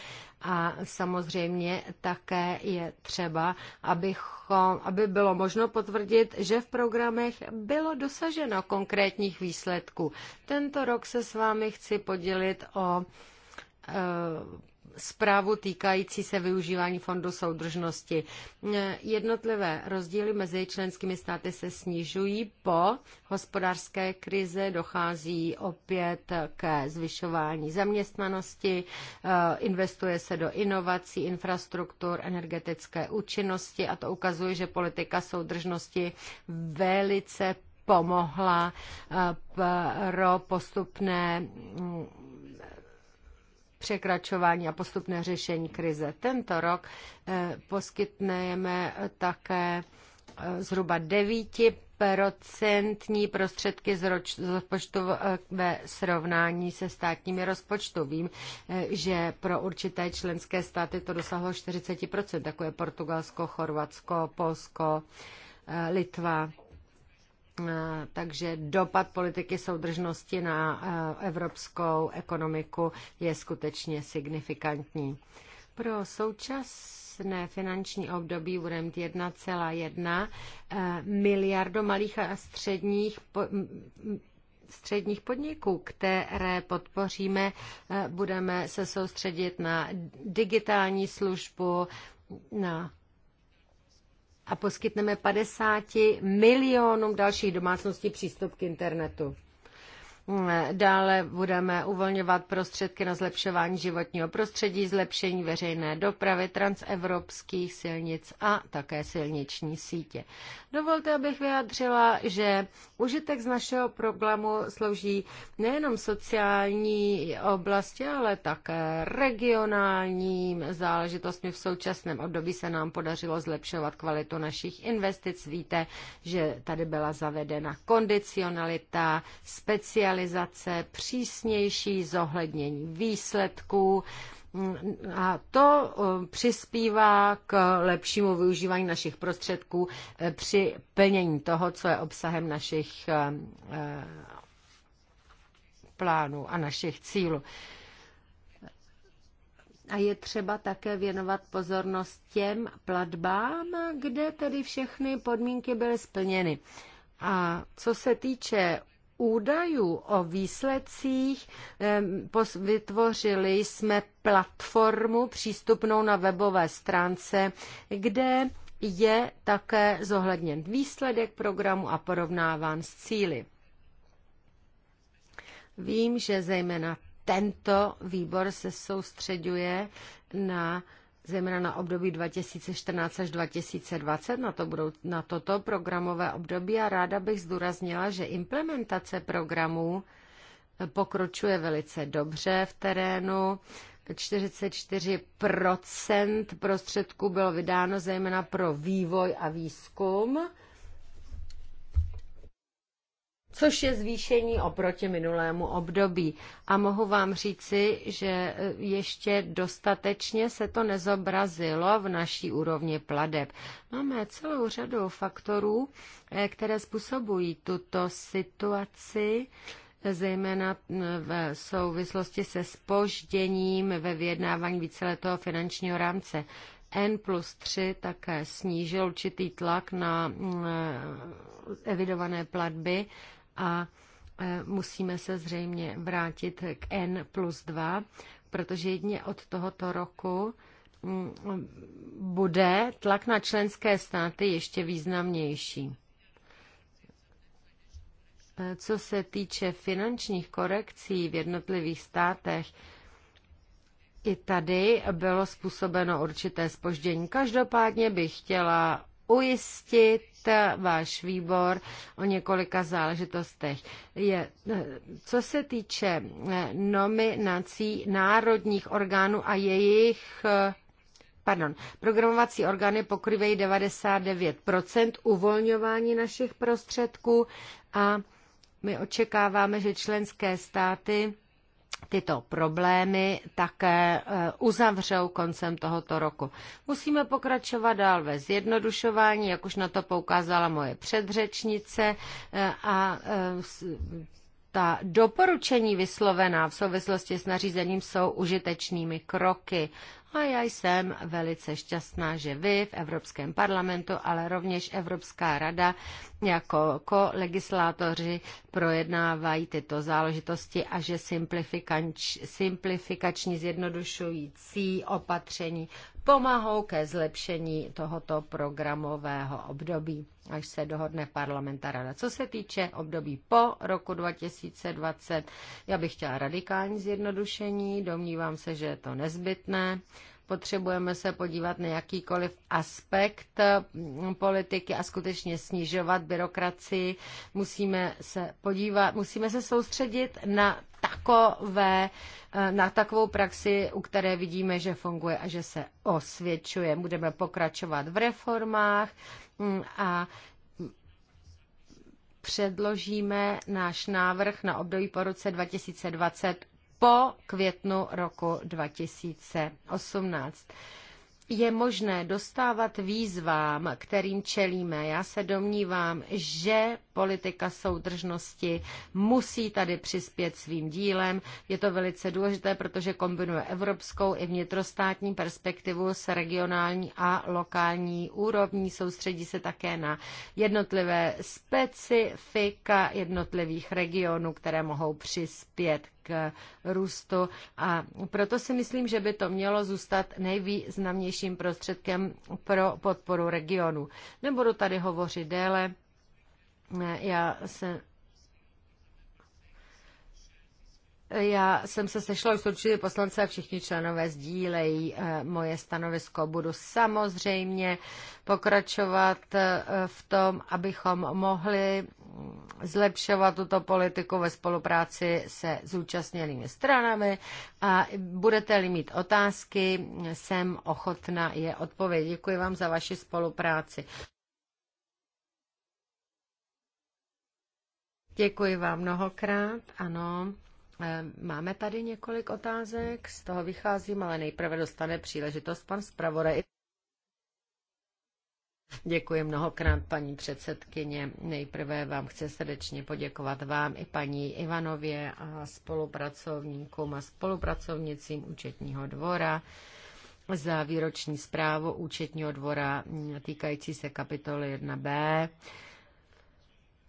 Speaker 2: A samozřejmě také je třeba, abychom, aby bylo možno potvrdit, že v programech bylo dosaženo konkrétních výsledků. Tento rok se s vámi chci podělit o e, zprávu týkající se využívání fondu soudržnosti. Jednotlivé rozdíly mezi členskými státy se snižují. Po hospodářské krize dochází opět ke zvyšování zaměstnanosti, eh, investuje se do inovací, infrastruktur, energetické účinnosti a to ukazuje, že politika soudržnosti velice pomohla eh, pro postupné mm, překračování a postupné řešení krize. Tento rok eh, poskytneme také eh, zhruba 9% prostředky z rozpočtu eh, ve srovnání se státními rozpočtu. Vím, že pro určité členské státy to dosáhlo 40%, jako je Portugalsko, Chorvatsko, Polsko, Litva Eh, takže dopad politiky soudržnosti na eh, evropskou ekonomiku je skutečně signifikantní. Pro současné finanční období budeme 1,1 eh, miliardu malých a středních středních podniků, které podpoříme, budeme se soustředit na digitální službu, na a poskytneme 50 milionům dalších domácností přístup k internetu. Dále budeme uvolňovat prostředky na zlepšování životního prostředí, zlepšení veřejné dopravy, transevropských silnic a také silniční sítě. Dovolte, abych vyjádřila, že užitek z našeho programu slouží nejenom sociální oblasti, ale také regionálním záležitostmi. V současném období se nám podařilo zlepšovat kvalitu našich investic. Víte, že tady byla zavedena kondicionalita, speciální realizace, přísnější zohlednění výsledků, a to eh, přispívá k lepšímu využívání našich prostředků eh, při plnění toho, co je obsahem našich eh, plánů a našich cílů. A je třeba také věnovat pozornost těm platbám, kde tedy všechny podmínky byly splněny. A co se týče údajů o výsledcích vytvořili jsme platformu přístupnou na webové stránce, kde je také zohledněn výsledek programu a porovnáván s cíly. Vím, že zejména tento výbor se soustředuje na zejména na období 2014 až 2020, na, to budou, na toto programové období a ráda bych zdůraznila, že implementace programů pokročuje velice dobře v terénu. 44% prostředků bylo vydáno zejména pro vývoj a výzkum což je zvýšení oproti minulému období. A mohu vám říci, že e, ještě dostatečně se to nezobrazilo v naší úrovni pladeb. Máme celou řadu faktorů, e, které způsobují tuto situaci e, zejména v souvislosti se spožděním ve vyjednávání víceletého finančního rámce. N plus 3 také snížil určitý tlak na evidované platby a e, musíme se zřejmě vrátit k N plus 2, protože jedně od tohoto roku mm, bude tlak na členské státy ještě významnější. E, co se týče finančních korekcí v jednotlivých státech, i tady bylo způsobeno určité spoždění. Každopádně bych chtěla ujistit váš výbor o několika záležitostech. Je, co se týče eh, nominací národních orgánů a jejich eh, pardon, programovací orgány pokrývají 99% uvolňování našich prostředků a my očekáváme, že členské státy tyto problémy také eh, uzavřou koncem tohoto roku. Musíme pokračovat dál ve zjednodušování, jak už na to poukázala moje předřečnice eh, a eh, ta doporučení vyslovená v souvislosti s nařízením jsou užitečnými kroky a já jsem velice šťastná, že vy v Evropském parlamentu, ale rovněž Evropská rada jako kolegislátoři projednávají tyto záležitosti a že simplifikač, simplifikační zjednodušující opatření pomáhou ke zlepšení tohoto programového období až se dohodne parlament a rada. Co se týče období po roku 2020, já bych chtěla radikální zjednodušení, domnívám se, že je to nezbytné. Potřebujeme se podívat na jakýkoliv aspekt mm, politiky a skutečně snižovat byrokracii. Musíme se podívat, musíme se soustředit na takové, eh, na takovou praxi, u které vidíme, že funguje a že se osvědčuje. Budeme pokračovat v reformách, Mm, a předložíme náš návrh na období po roce 2020 po květnu roku 2018 je možné dostávat výzvám, kterým čelíme. Já se domnívám, že politika soudržnosti musí tady přispět svým dílem. Je to velice důležité, protože kombinuje evropskou i vnitrostátní perspektivu s regionální a lokální úrovní. Soustředí se také na jednotlivé specifika jednotlivých regionů, které mohou přispět k růstu a proto si myslím, že by to mělo zůstat nejvýznamnějším prostředkem pro podporu regionu. Nebudu tady hovořit déle, já se Já jsem se sešla už s určitými poslance a všichni členové sdílejí eh, moje stanovisko. Budu samozřejmě pokračovat eh, v tom, abychom mohli zlepšovat tuto politiku ve spolupráci se zúčastněnými stranami a budete-li mít otázky, jsem ochotna je odpovědět. Děkuji vám za vaši spolupráci. Děkuji vám mnohokrát. Ano, eh, máme tady několik otázek, z toho vycházím, ale nejprve dostane příležitost pan zpravodaj. Děkuji mnohokrát, paní předsedkyně. Nejprve vám chci srdečně poděkovat vám i paní Ivanově a spolupracovníkům a spolupracovnicím účetního dvora za výroční zprávu účetního dvora týkající se kapitoly 1b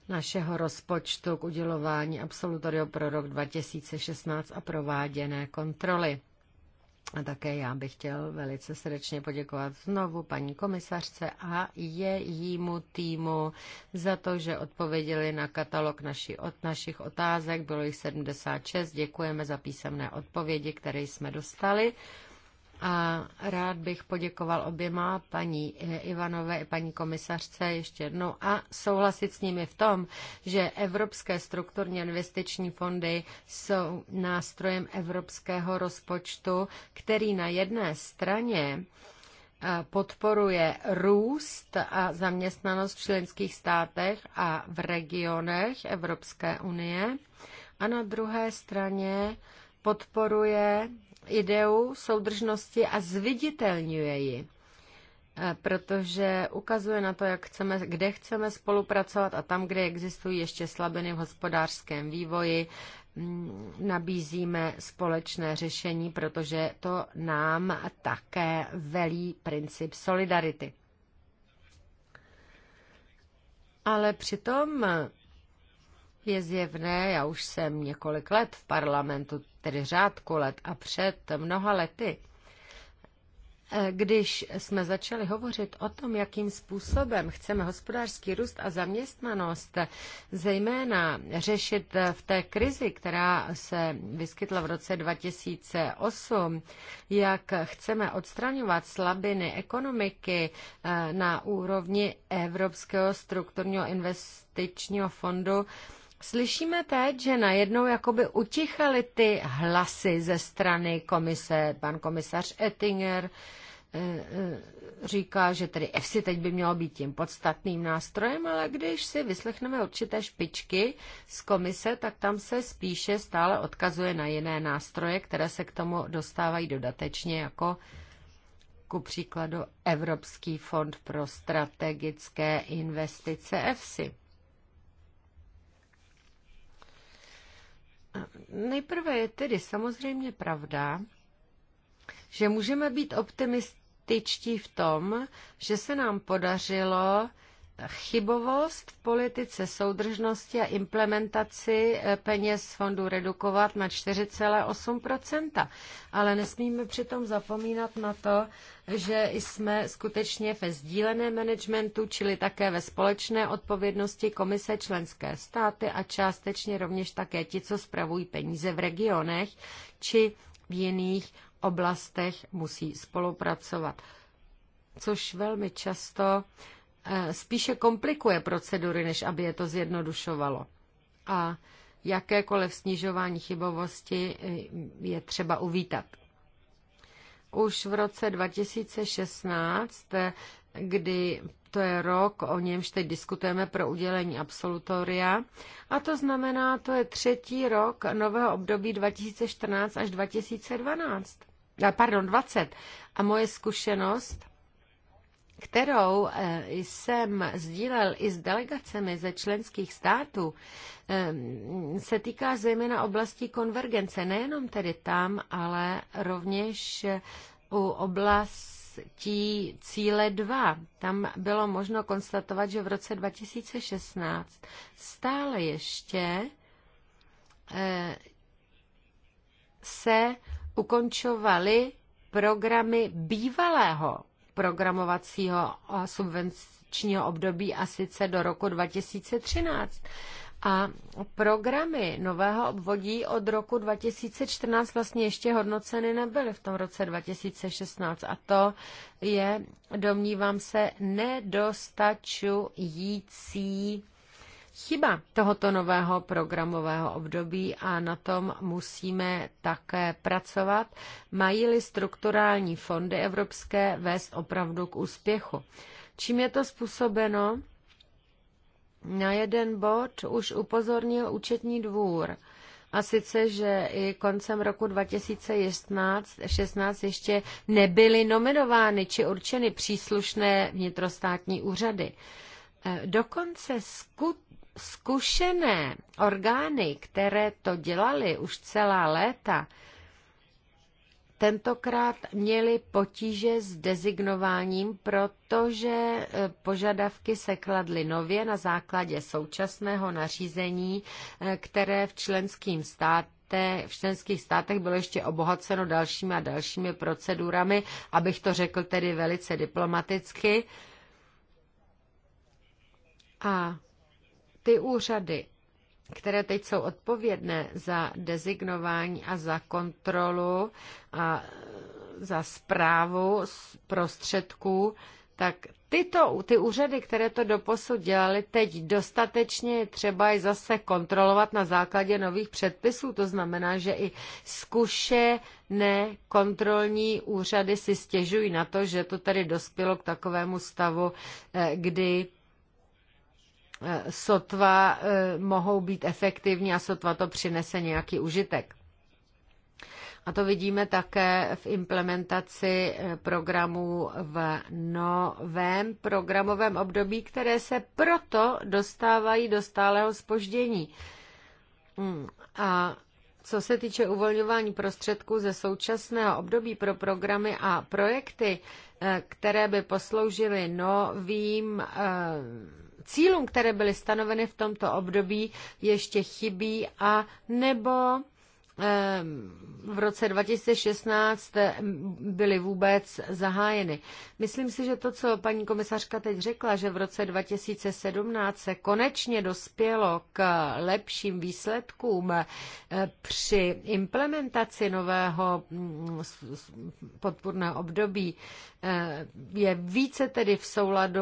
Speaker 2: našeho rozpočtu k udělování absolutoria pro rok 2016 a prováděné kontroly. A také já bych chtěl velice srdečně poděkovat znovu paní komisařce a jejímu týmu za to, že odpověděli na katalog naši, od našich otázek. Bylo jich 76. Děkujeme za písemné odpovědi, které jsme dostali. A rád bych poděkoval oběma paní eh, Ivanové i paní komisařce ještě jednou a souhlasit s nimi v tom, že evropské strukturně investiční fondy jsou nástrojem evropského rozpočtu, který na jedné straně eh, podporuje růst a zaměstnanost v členských státech a v regionech Evropské unie a na druhé straně podporuje ideu soudržnosti a zviditelňuje ji e, protože ukazuje na to, jak chceme, kde chceme spolupracovat a tam, kde existují ještě slabiny v hospodářském vývoji, nabízíme společné řešení, protože to nám také velí princip solidarity. Ale přitom je zjevné, já už jsem několik let v parlamentu, tedy řádku let a před mnoha lety, eh, když jsme začali hovořit o tom, jakým způsobem chceme hospodářský růst a zaměstnanost zejména řešit eh, v té krizi, která se vyskytla v roce 2008, jak chceme odstraňovat slabiny ekonomiky eh, na úrovni Evropského strukturního investičního fondu, Slyšíme teď, že najednou jakoby utichaly ty hlasy ze strany komise. Pan komisař Ettinger eh, eh, říká, že tedy EFSI teď by mělo být tím podstatným nástrojem, ale když si vyslechneme určité špičky z komise, tak tam se spíše stále odkazuje na jiné nástroje, které se k tomu dostávají dodatečně jako ku příkladu Evropský fond pro strategické investice EFSI. Nejprve je tedy samozřejmě pravda, že můžeme být optimističtí v tom, že se nám podařilo chybovost v politice soudržnosti a implementaci eh, peněz fondu redukovat na 4,8 Ale nesmíme přitom zapomínat na to, že jsme skutečně ve sdíleném managementu, čili také ve společné odpovědnosti komise členské státy a částečně rovněž také ti, co spravují peníze v regionech či v jiných oblastech musí spolupracovat. Což velmi často spíše komplikuje procedury, než aby je to zjednodušovalo. A jakékoliv snižování chybovosti eh, je třeba uvítat. Už v roce 2016, kdy to je rok, o němž teď diskutujeme pro udělení absolutoria. A to znamená, to je třetí rok nového období 2014 až 2012. Pardon, 20. A moje zkušenost kterou eh, jsem sdílel i s delegacemi ze členských států, eh, se týká zejména oblasti konvergence, nejenom tedy tam, ale rovněž eh, u oblastí cíle 2. Tam bylo možno konstatovat, že v roce 2016 stále ještě se ukončovaly programy bývalého programovacího a subvenčního období a sice do roku 2013. A programy nového obvodí od roku 2014 vlastně ještě hodnoceny nebyly v tom roce 2016. A to je, domnívám se, nedostačující chyba tohoto nového programového období a na tom musíme také pracovat, mají-li strukturální fondy evropské vést opravdu k úspěchu. Čím je to způsobeno? Na jeden bod už upozornil účetní dvůr. A sice, že i koncem roku 2016 16 ještě nebyly nominovány či určeny příslušné vnitrostátní úřady. E, dokonce skut zkušené orgány, které to dělali už celá léta, tentokrát měli potíže s dezignováním, protože e, požadavky se kladly nově na základě současného nařízení, e, které v členským státu v členských státech bylo ještě obohaceno dalšími a dalšími procedurami, abych to řekl tedy velice diplomaticky. A ty úřady, které teď jsou odpovědné za dezignování a za kontrolu a za zprávu prostředků, tak tyto, ty úřady, které to doposud dělali, teď dostatečně je třeba je zase kontrolovat na základě nových předpisů. To znamená, že i zkušené kontrolní úřady si stěžují na to, že to tady dospělo k takovému stavu, eh, kdy Eh, sotva eh, mohou být efektivní a sotva to přinese nějaký užitek. A to vidíme také v implementaci eh, programů v novém programovém období, které se proto dostávají do stálého spoždění. Hmm. A co se týče uvolňování prostředků ze současného období pro programy a projekty, které by posloužily novým cílům, které byly stanoveny v tomto období, ještě chybí a nebo Ehm, v roce 2016 eh, byly vůbec zahájeny. Myslím si, že to, co paní komisařka teď řekla, že v roce 2017 se konečně dospělo k lepším výsledkům eh, při implementaci nového mm, podpůrného období, eh, je více tedy v souladu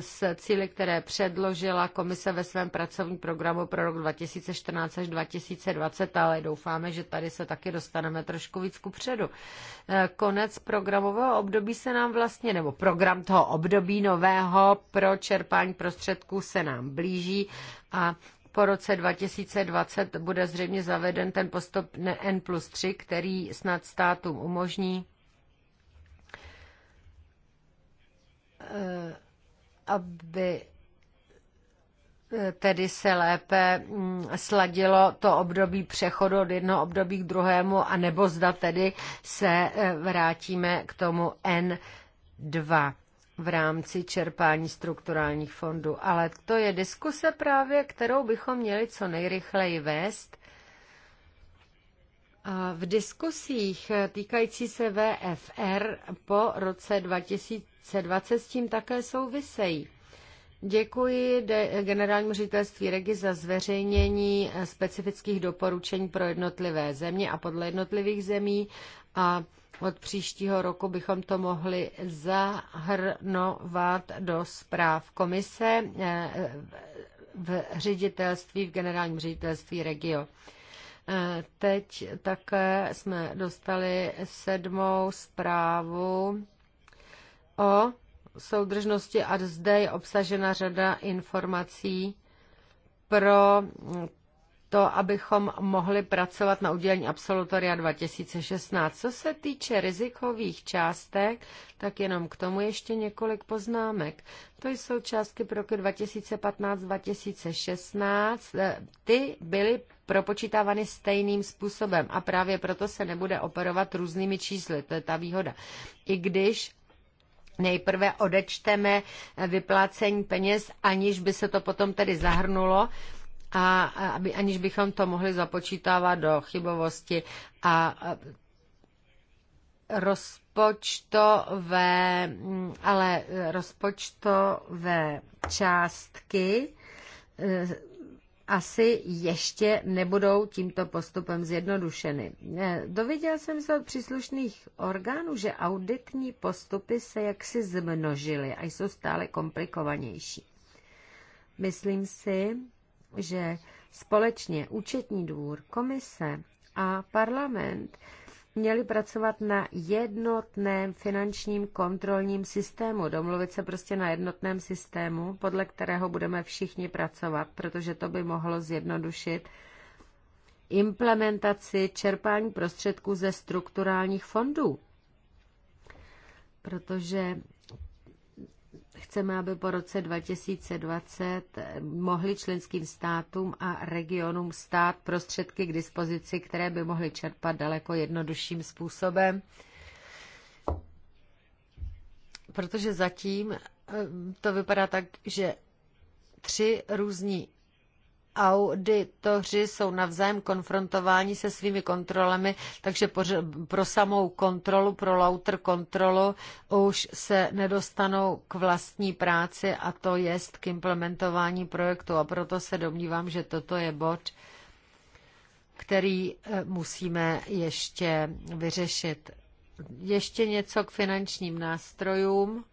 Speaker 2: s cíly, které předložila komise ve svém pracovním programu pro rok 2014 až 2020, ale doufám, doufáme, že tady se taky dostaneme trošku víc ku předu. Eh, konec programového období se nám vlastně, nebo program toho období nového pro čerpání prostředků se nám blíží a po roce 2020 bude zřejmě zaveden ten postup N plus 3, který snad státům umožní eh, aby tedy se lépe mm, sladilo to období přechodu od jednoho období k druhému, a nebo zda tedy se e, vrátíme k tomu N2 v rámci čerpání strukturálních fondů. Ale to je diskuse právě, kterou bychom měli co nejrychleji vést. V diskusích e, týkající se VFR po roce 2020 s tím také souvisejí. Děkuji generálnímu ředitelství Regi za zveřejnění specifických doporučení pro jednotlivé země a podle jednotlivých zemí a od příštího roku bychom to mohli zahrnovat do zpráv komise eh, v ředitelství, v generálním ředitelství Regio. Eh, teď také jsme dostali sedmou zprávu o soudržnosti a zde je obsažena řada informací pro to, abychom mohli pracovat na udělení absolutoria 2016. Co se týče rizikových částek, tak jenom k tomu ještě několik poznámek. To jsou částky pro roky 2015-2016. Eh, ty byly propočítávány stejným způsobem a právě proto se nebude operovat různými čísly. To je ta výhoda. I když nejprve odečteme eh, vyplácení peněz, aniž by se to potom tedy zahrnulo, a aby, aniž bychom to mohli započítávat do chybovosti a, eh, rozpočtové, mm, ale eh, rozpočtové částky asi ještě nebudou tímto postupem zjednodušeny. Eh, dověděl jsem se od příslušných orgánů, že auditní postupy se jaksi zmnožily a jsou stále komplikovanější. Myslím si, že společně účetní dvůr, komise a parlament měli pracovat na jednotném finančním kontrolním systému, domluvit se prostě na jednotném systému, podle kterého budeme všichni pracovat, protože to by mohlo zjednodušit implementaci čerpání prostředků ze strukturálních fondů. Protože Chceme, aby po roce 2020 mohli členským státům a regionům stát prostředky k dispozici, které by mohly čerpat daleko jednodušším způsobem, protože zatím eh, to vypadá tak, že tři různí auditoři jsou navzájem konfrontováni se svými kontrolami, takže pro samou kontrolu, pro lauter kontrolu už se nedostanou k vlastní práci a to je k implementování projektu. A proto se domnívám, že toto je bod, který eh, musíme ještě vyřešit. Ještě něco k finančním nástrojům.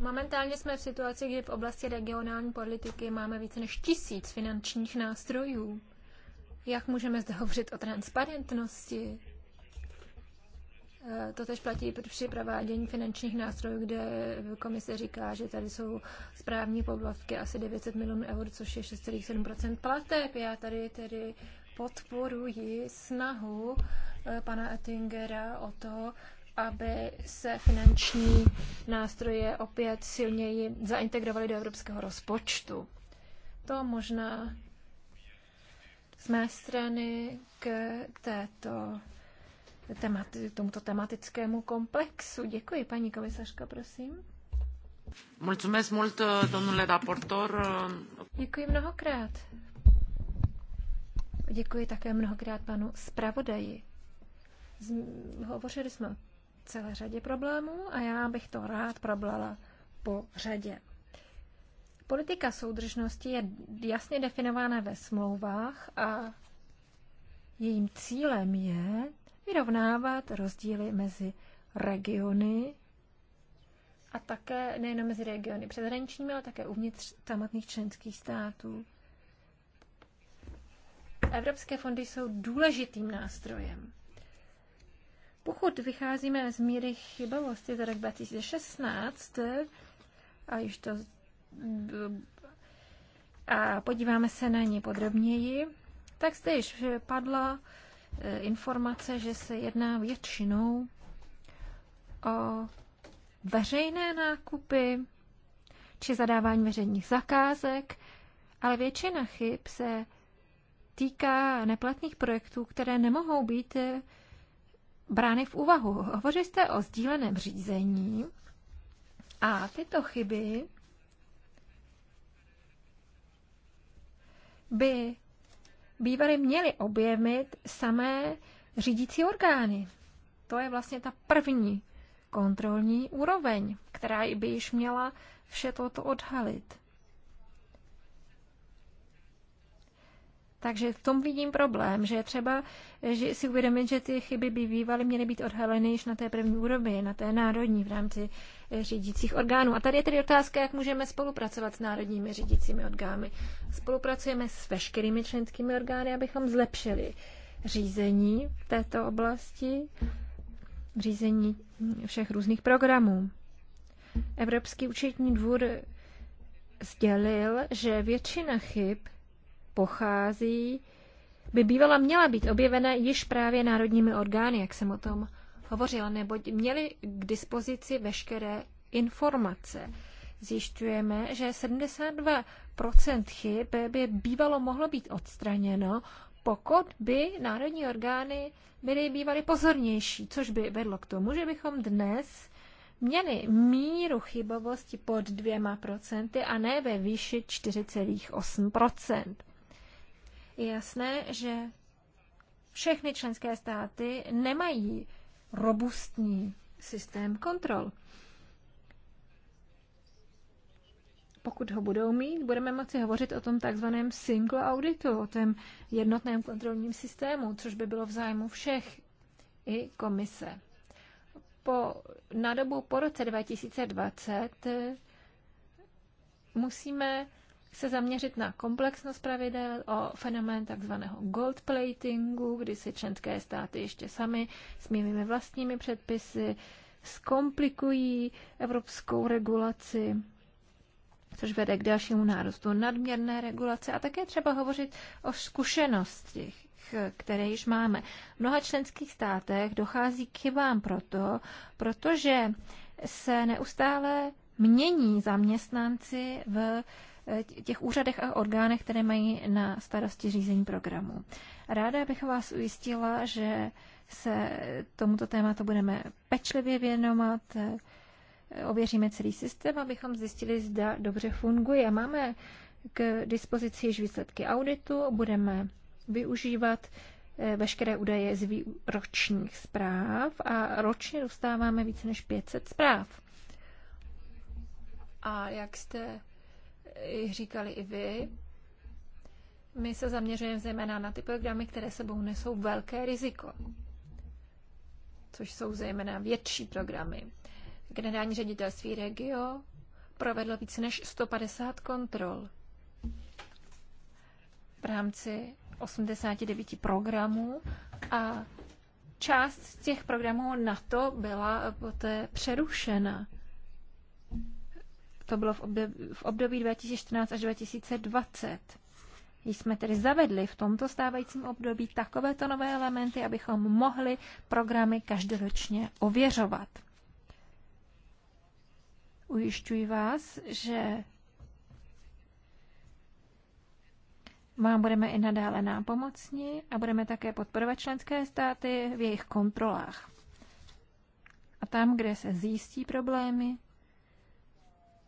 Speaker 2: Momentálně jsme v
Speaker 3: situaci, kdy v oblasti regionální politiky máme více než tisíc finančních nástrojů. Jak můžeme zde hovořit o transparentnosti? Eh, to tež platí při provádění finančních nástrojů, kde komise říká, že tady jsou správní poplatky asi 900 milionů eur, což je 6,7 plateb. Já tady tedy podporuji snahu eh, pana Ettingera o to aby se finanční nástroje opět silněji zaintegrovaly do evropského rozpočtu. To možná z mé strany k této temati- tomuto tematickému komplexu. Děkuji, paní komisařka, prosím.
Speaker 2: Mulțumesc mult, domnule raportor.
Speaker 3: Děkuji mnohokrát. Děkuji také mnohokrát panu zpravodaji. Hovořili jsme o celé řadě problémů a já bych to rád problala po řadě. Politika soudržnosti je jasně definována ve smlouvách a jejím cílem je vyrovnávat rozdíly mezi regiony a také nejen mezi regiony přeshraničními, ale také uvnitř samotných členských států. Evropské fondy jsou důležitým nástrojem. Pokud vycházíme z míry chybovosti za rok 2016 a již to a podíváme se na ně podrobněji, tak zde již padla e, informace, že se jedná většinou o veřejné nákupy či zadávání veřejných zakázek, ale většina chyb se týká neplatných projektů, které nemohou být e, brány v úvahu. Hovořili jste o sdíleném řízení a tyto chyby by bývaly měly objevit samé řídící orgány. To je vlastně ta první kontrolní úroveň, která by již měla vše toto odhalit. Takže v tom vidím problém, že je třeba že si uvědomit, že ty chyby by bývaly měly být odhaleny již na té první úrovni, na té národní v rámci eh, řídících orgánů. A tady je tedy otázka, jak můžeme spolupracovat s národními řídícími orgány. Spolupracujeme s veškerými členskými orgány, abychom zlepšili řízení v této oblasti, řízení všech různých programů. Evropský účetní dvůr sdělil, že většina chyb pochází, by bývala měla být objevena již právě národními orgány, jak jsem o tom hovořila, neboť měli k dispozici veškeré informace. Zjišťujeme, že 72% chyb by bývalo mohlo být odstraněno, pokud by národní orgány byly bývaly pozornější, což by vedlo k tomu, že bychom dnes měli míru chybovosti pod dvěma procenty a ne ve výši 4,8% je jasné, že všechny členské státy nemají robustní systém kontrol. Pokud ho budou mít, budeme moci hovořit o tom takzvaném single auditu, o tom jednotném kontrolním systému, což by bylo v zájmu všech i komise. Po, na dobu po roce 2020 musíme se zaměřit na komplexnost pravidel, o fenomén takzvaného gold platingu, kdy si členské státy ještě sami mými vlastními předpisy zkomplikují evropskou regulaci, což vede k dalšímu nárostu nadměrné regulace a také třeba hovořit o zkušenostech které již máme. V mnoha členských státech dochází k chybám proto, protože se neustále mění zaměstnanci v Eh, těch úřadech a orgánech, které mají na starosti řízení programu. Ráda bych vás ujistila, že se tomuto tématu budeme pečlivě věnovat, eh, ověříme celý systém, abychom zjistili, zda dobře funguje. Máme k dispozici již výsledky auditu, budeme využívat eh, veškeré údaje z ročních zpráv a ročně dostáváme více než 500 zpráv. A jak jste říkali i vy, my se zaměřujeme zejména na ty programy, které sebou nesou velké riziko, což jsou zejména větší programy. Generální ředitelství Regio provedlo více než 150 kontrol v rámci 89 programů a část z těch programů na to byla poté přerušena. To bylo v období, v období 2014 až 2020. jsme tedy zavedli v tomto stávajícím období takovéto nové elementy, abychom mohli programy každoročně ověřovat. Ujišťuji vás, že vám budeme i nadále nápomocni a budeme také podporovat členské státy v jejich kontrolách. A tam, kde se zjistí problémy,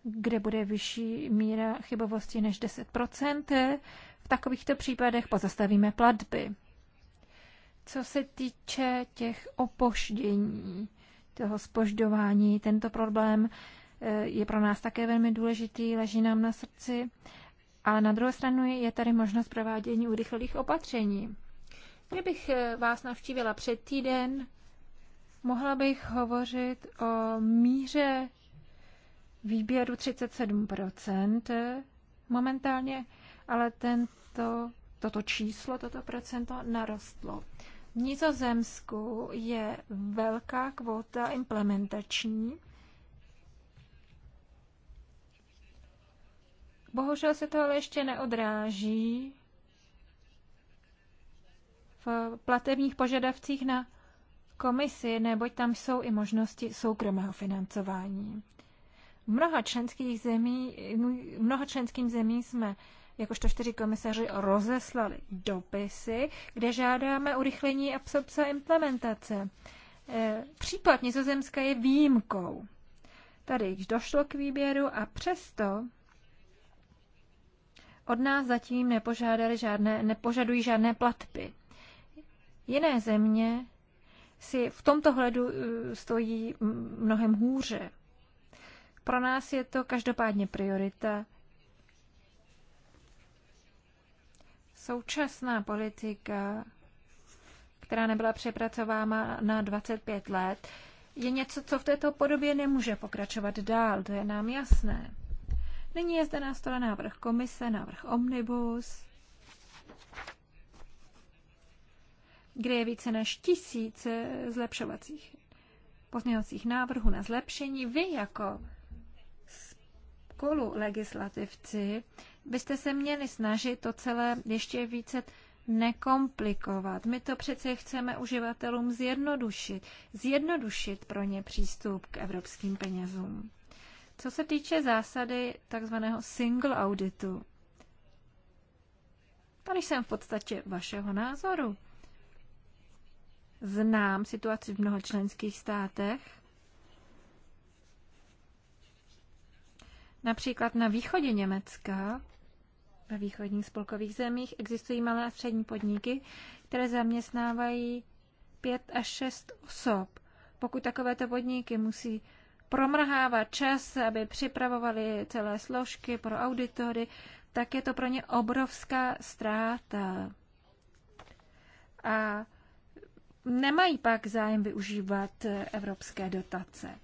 Speaker 3: kde bude vyšší míra chybovosti než 10 v takovýchto případech pozastavíme platby. Co se týče těch opoždění, toho spoždování, tento problém eh, je pro nás také velmi důležitý, leží nám na srdci, ale na druhou stranu je tady možnost provádění urychlých opatření. Kdybych eh, vás navštívila před týden, mohla bych hovořit o míře výběru 37%. Momentálně ale tento, toto číslo, toto procento narostlo. V Nizozemsku je velká kvota implementační. Bohužel se to ale ještě neodráží v platebních požadavcích na komisi, neboť tam jsou i možnosti soukromého financování. Mnoha, členských zemí, no, mnoha členským zemí jsme jakožto čtyři komisaři rozeslali dopisy, kde žádáme urychlení absorpce a implementace. Eh, případ Nizozemska je výjimkou. Tady již došlo k výběru a přesto od nás zatím nepožádali žádné, nepožadují žádné platby. Jiné země si v tomto hledu eh, stojí mm, mnohem hůře. Pro nás je to každopádně priorita. Současná politika, která nebyla přepracována na 25 let, je něco, co v této podobě nemůže pokračovat dál, to je nám jasné. Nyní je zde na stole návrh komise, návrh omnibus, kde je více než tisíc zlepšovacích pozměňovacích návrhů na zlepšení. Vy jako úkolu legislativci byste se měli snažit to celé ještě více nekomplikovat. My to přece chceme uživatelům zjednodušit. Zjednodušit pro ně přístup k evropským penězům. Co se týče zásady takzvaného single auditu, tady jsem v podstatě vašeho názoru. Znám situaci v mnoha členských státech, Například na východě Německa, ve východních spolkových zemích, existují malé a střední podniky, které zaměstnávají pět až šest osob. Pokud takovéto podniky musí promrhávat čas, aby připravovali celé složky pro auditory, tak je to pro ně obrovská ztráta. A nemají pak zájem využívat evropské dotace.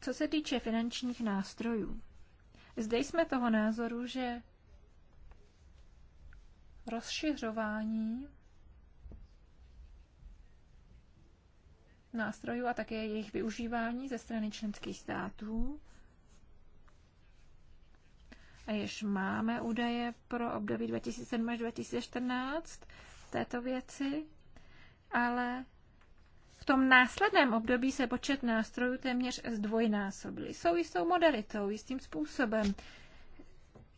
Speaker 3: Co se týče finančních nástrojů, zde jsme toho názoru, že rozšiřování nástrojů a také jejich využívání ze strany členských států. A jež máme údaje pro období 2007 až 2014 této věci, ale v tom následném období se počet nástrojů téměř zdvojnásobil. Jsou jistou modalitou, jistým způsobem,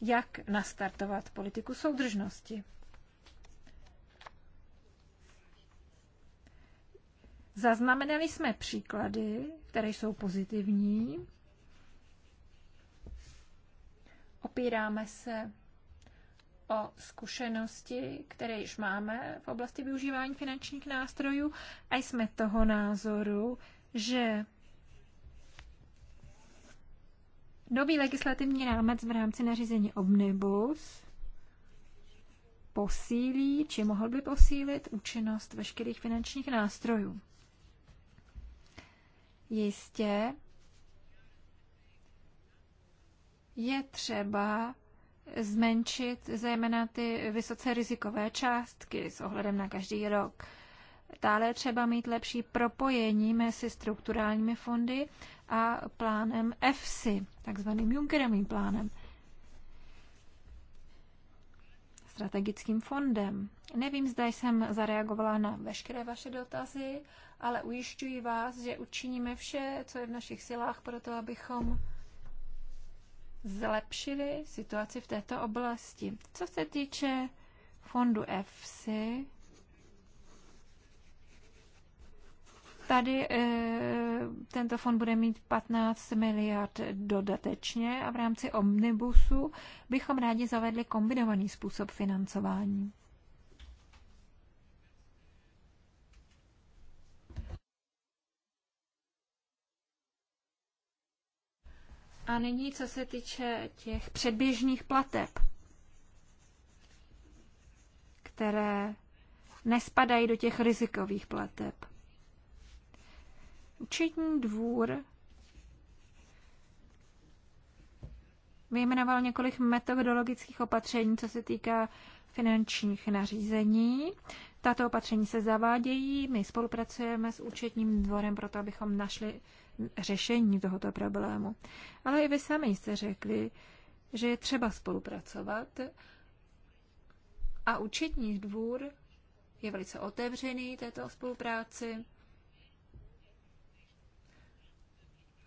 Speaker 3: jak nastartovat politiku soudržnosti. Zaznamenali jsme příklady, které jsou pozitivní. Opíráme se o zkušenosti, které již máme v oblasti využívání finančních nástrojů a jsme toho názoru, že nový legislativní rámec v rámci nařízení Omnibus posílí, či mohl by posílit účinnost veškerých finančních nástrojů. Jistě je třeba zmenšit zejména ty vysoce rizikové částky s ohledem na každý rok. Dále třeba mít lepší propojení mezi strukturálními fondy a plánem EFSI, takzvaným Junckerovým plánem, strategickým fondem. Nevím, zda jsem zareagovala na veškeré vaše dotazy, ale ujišťuji vás, že učiníme vše, co je v našich silách, proto abychom zlepšili situaci v této oblasti. Co se týče fondu EFSI, Tady e, tento fond bude mít 15 miliard dodatečně a v rámci omnibusu bychom rádi zavedli kombinovaný způsob financování. A nyní, co se týče těch předběžných plateb, které nespadají do těch rizikových plateb. Učetní dvůr vyjmenoval několik metodologických opatření, co se týká finančních nařízení. Tato opatření se zavádějí, my spolupracujeme s účetním dvorem proto, abychom našli řešení tohoto problému. Ale i vy sami jste řekli, že je třeba spolupracovat a učitní dvůr je velice otevřený této spolupráci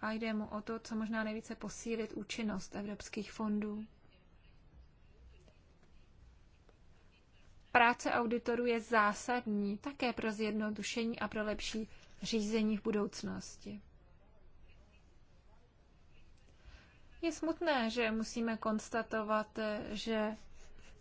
Speaker 3: a jde mu o to, co možná nejvíce posílit účinnost evropských fondů. Práce auditorů je zásadní také pro zjednodušení a pro lepší řízení v budoucnosti. Je smutné, že musíme konstatovat, že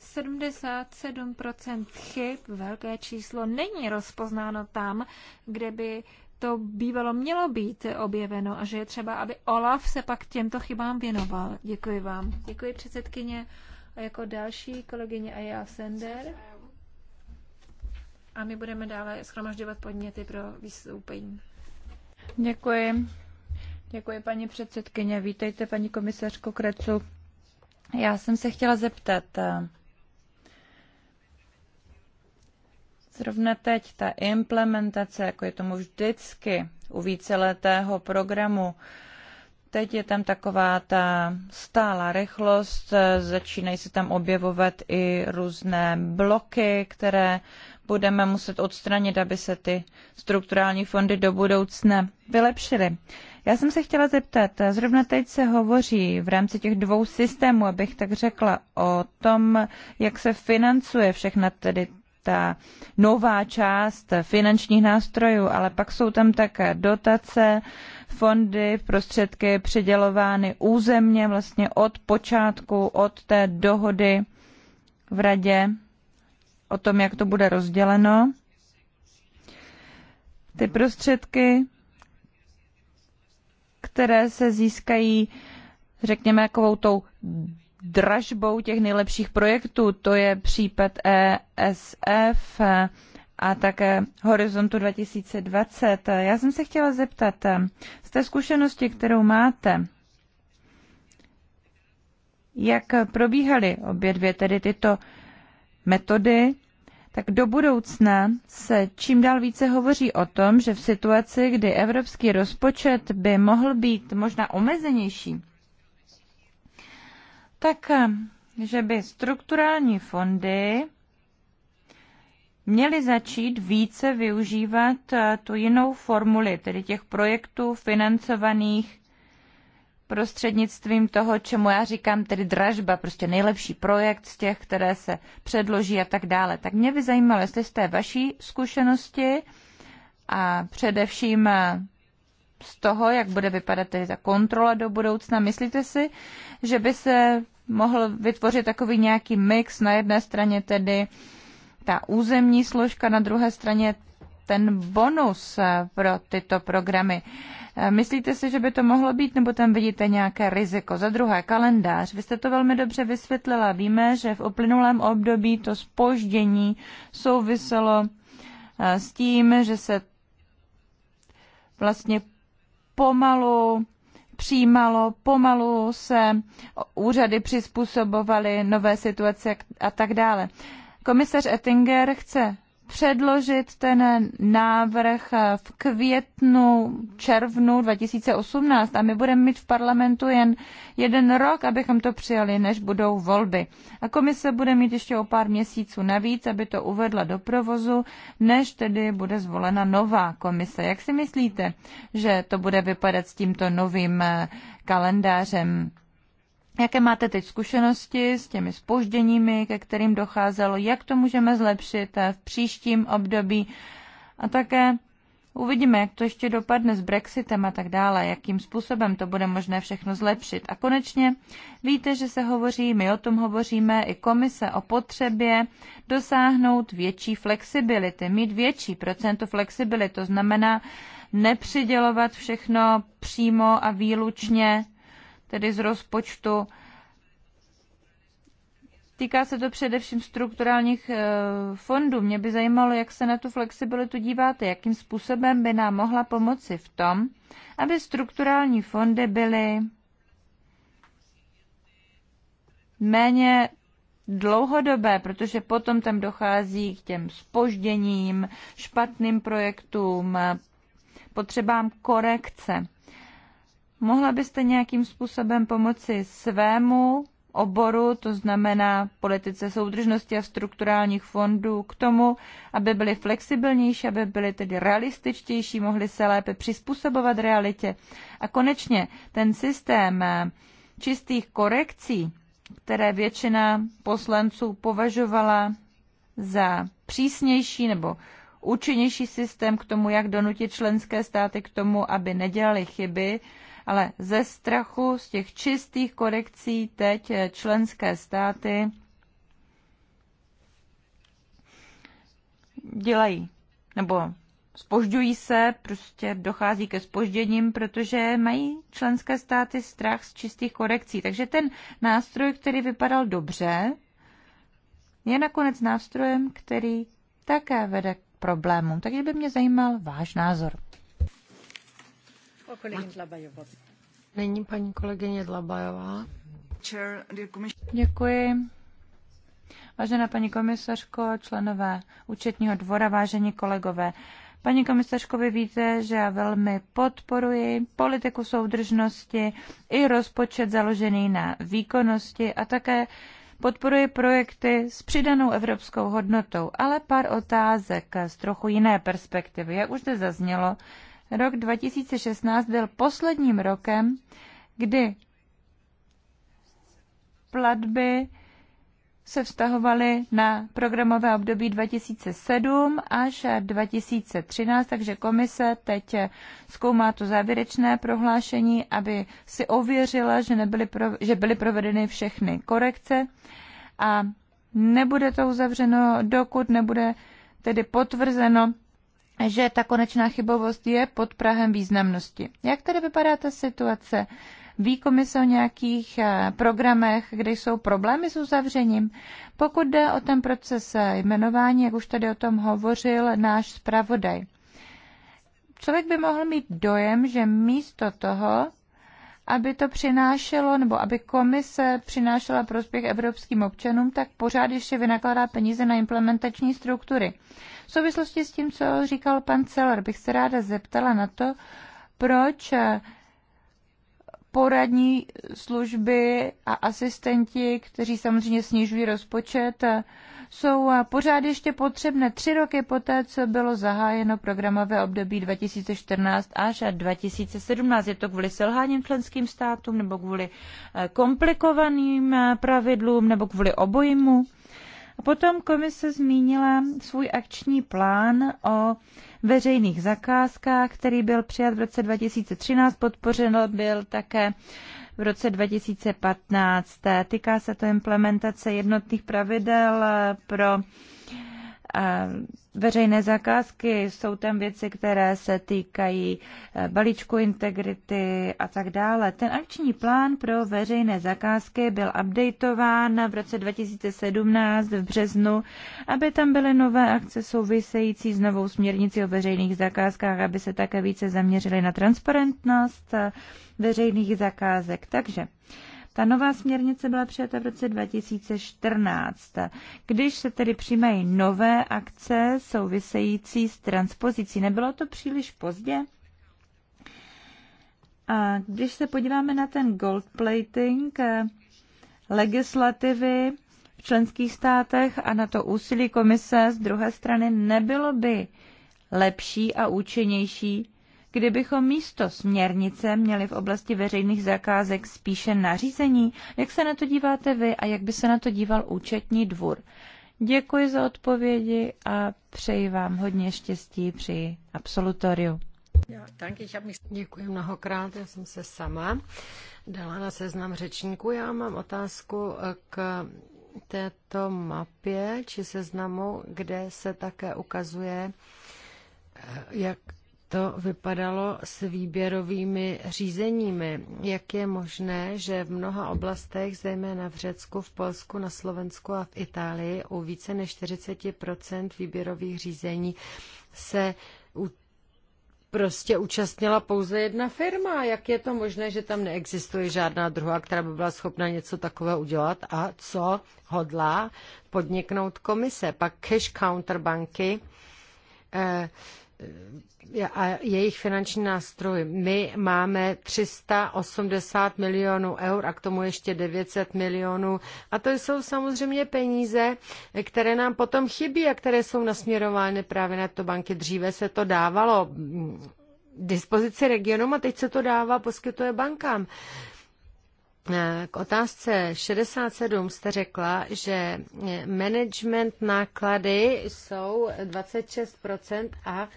Speaker 3: 77% chyb, velké číslo, není rozpoznáno tam, kde by to bývalo mělo být objeveno a že je třeba, aby Olaf se pak těmto chybám věnoval. Děkuji vám. Děkuji předsedkyně a jako další kolegyně Aja Sender. A my budeme dále schromažďovat podněty pro vystoupení. Děkuji.
Speaker 4: Děkuji, paní předsedkyně. Vítejte, paní komisařko Krecu. Já jsem se chtěla zeptat. Eh, zrovna teď ta implementace, jako je tomu vždycky u víceletého programu, teď je tam taková ta stálá rychlost, eh, začínají se tam objevovat i různé bloky, které budeme muset odstranit, aby se ty strukturální fondy do budoucna vylepšily. Já jsem se chtěla zeptat, zrovna teď se hovoří v rámci těch dvou systémů, abych tak řekla, o tom, jak se financuje všechna tedy ta nová část finančních nástrojů, ale pak jsou tam také dotace, fondy, prostředky přidělovány územně vlastně od počátku, od té dohody v radě o tom, jak to bude rozděleno. Ty prostředky které se získají, řekněme, takovou tou dražbou těch nejlepších projektů. To je případ ESF a také Horizontu 2020. Já jsem se chtěla zeptat, z té zkušenosti, kterou máte, jak probíhaly obě dvě tedy tyto metody tak do budoucna se čím dál více hovoří o tom, že v situaci, kdy evropský rozpočet by mohl být možná omezenější, tak že by strukturální fondy měly začít více využívat eh, tu jinou formuli, tedy těch projektů financovaných prostřednictvím toho, čemu já říkám, tedy dražba, prostě nejlepší projekt z těch, které se předloží a tak dále. Tak mě by zajímalo, jestli z té vaší zkušenosti a především eh, z toho, jak bude vypadat tedy ta kontrola do budoucna, myslíte si, že by se mohl vytvořit takový nějaký mix na jedné straně tedy ta územní složka, na druhé straně ten bonus eh, pro tyto programy. Eh, myslíte si, že by to mohlo být, nebo tam vidíte nějaké riziko? Za druhé, kalendář. Vy jste to velmi dobře vysvětlila. Víme, že v uplynulém období to spoždění souviselo eh, s tím, že se vlastně pomalu přijímalo, pomalu se úřady přizpůsobovaly nové situace a tak dále. Komisař Ettinger chce předložit ten návrh v květnu, červnu 2018 a my budeme mít v parlamentu jen jeden rok, abychom to přijali, než budou volby. A komise bude mít ještě o pár měsíců navíc, aby to uvedla do provozu, než tedy bude zvolena nová komise. Jak si myslíte, že to bude vypadat s tímto novým kalendářem? Jaké máte teď zkušenosti s těmi spožděními, ke kterým docházelo, jak to můžeme zlepšit v příštím období a také uvidíme, jak to ještě dopadne s Brexitem a tak dále, jakým způsobem to bude možné všechno zlepšit. A konečně víte, že se hovoří, my o tom hovoříme, i komise o potřebě dosáhnout větší flexibility, mít větší procento flexibility, to znamená nepřidělovat všechno přímo a výlučně tedy z rozpočtu. Týká se to především strukturálních eh, fondů. Mě by zajímalo, jak se na tu flexibilitu díváte, jakým způsobem by nám mohla pomoci v tom, aby strukturální fondy byly méně dlouhodobé, protože potom tam dochází k těm spožděním, špatným projektům, potřebám korekce. Mohla byste nějakým způsobem pomoci svému oboru, to znamená politice soudržnosti a strukturálních fondů, k tomu, aby byly flexibilnější, aby byly tedy realističtější, mohly se lépe přizpůsobovat realitě. A konečně ten systém eh, čistých korekcí, které většina poslanců považovala za přísnější nebo účinnější systém k tomu, jak donutit členské státy k tomu, aby nedělali chyby, ale ze strachu z těch čistých korekcí teď eh, členské státy dělají nebo spožďují se, prostě dochází ke spožděním, protože mají členské státy strach z čistých korekcí. Takže ten nástroj, který vypadal dobře, je nakonec nástrojem, který také vede k problémům. Takže by mě zajímal váš názor. Není paní kolegyně Dlabajová. Děkuji. Vážená paní komisařko, členové účetního dvora, vážení kolegové, Paní komisařko, vy víte, že já velmi podporuji politiku soudržnosti i rozpočet založený na výkonnosti a také podporuji projekty s přidanou evropskou hodnotou, ale pár otázek z trochu jiné perspektivy. Jak už zde zaznělo, Rok 2016 byl posledním rokem, kdy platby se vztahovaly na programové období 2007 až 2013, takže komise teď zkoumá to závěrečné prohlášení, aby si ověřila, že, nebyly pro, že byly provedeny všechny korekce a nebude to uzavřeno, dokud nebude tedy potvrzeno že ta konečná chybovost je pod Prahem významnosti. Jak tedy vypadá ta situace? Ví komise o nějakých eh, programech, kde jsou problémy s uzavřením? Pokud jde o ten proces eh, jmenování, jak už tady o tom hovořil náš zpravodaj, člověk by mohl mít dojem, že místo toho, aby to přinášelo, nebo aby komise přinášela prospěch evropským občanům, tak pořád ještě vynakládá peníze na implementační struktury. V souvislosti s tím, co říkal pan Celer, bych se ráda zeptala na to, proč eh, poradní služby a asistenti, kteří samozřejmě snižují rozpočet, eh, jsou eh, pořád ještě potřebné tři roky poté, co bylo zahájeno programové období 2014 až 2017. Je to kvůli selháním členským státům nebo kvůli komplikovaným pravidlům nebo kvůli obojmu? A potom komise zmínila svůj akční plán o veřejných zakázkách, který byl přijat v roce 2013, podpořen byl také v roce 2015. Týká se to implementace jednotných pravidel pro veřejné zakázky, jsou tam věci, které se týkají e, balíčku integrity a tak dále. Ten akční plán pro veřejné zakázky byl updateován v roce 2017 v březnu, aby tam byly nové akce související s novou směrnicí o veřejných zakázkách, aby se také více zaměřili na transparentnost e, veřejných zakázek. Takže ta nová směrnice byla přijata v roce 2014. Když se tedy přijímají nové akce související s transpozicí, nebylo to příliš pozdě? A když se podíváme na ten gold plating eh, legislativy v členských státech a na to úsilí komise z druhé strany, nebylo by lepší a účinnější kdybychom místo směrnice měli v oblasti veřejných zakázek spíše nařízení? Jak se na to díváte vy a jak by se na to díval účetní dvůr? Děkuji za odpovědi a přeji vám hodně štěstí při absolutoriu.
Speaker 2: Děkuji mnohokrát, já jsem se sama dala na seznam řečníků. Já mám otázku eh, k této mapě či seznamu, kde se také ukazuje, eh, jak to vypadalo s výběrovými řízeními? Jak je možné, že v mnoha oblastech, zejména v Řecku, v Polsku, na Slovensku a v Itálii, u více než 40 výběrových řízení se u prostě účastnila pouze jedna firma. Jak je to možné, že tam neexistuje žádná druhá, která by byla schopna něco takového udělat? A co hodlá podniknout komise? Pak cash counter banky. Eh, a jejich finanční nástroj. My máme 380 milionů eur a k tomu ještě 900 milionů. A to jsou samozřejmě peníze, které nám potom chybí a které jsou nasměrovány právě na to banky. Dříve se to dávalo mm, dispozici regionům a teď se to dává, poskytuje bankám. Eh, k otázce 67 jste řekla, že eh, management náklady jsou 26% a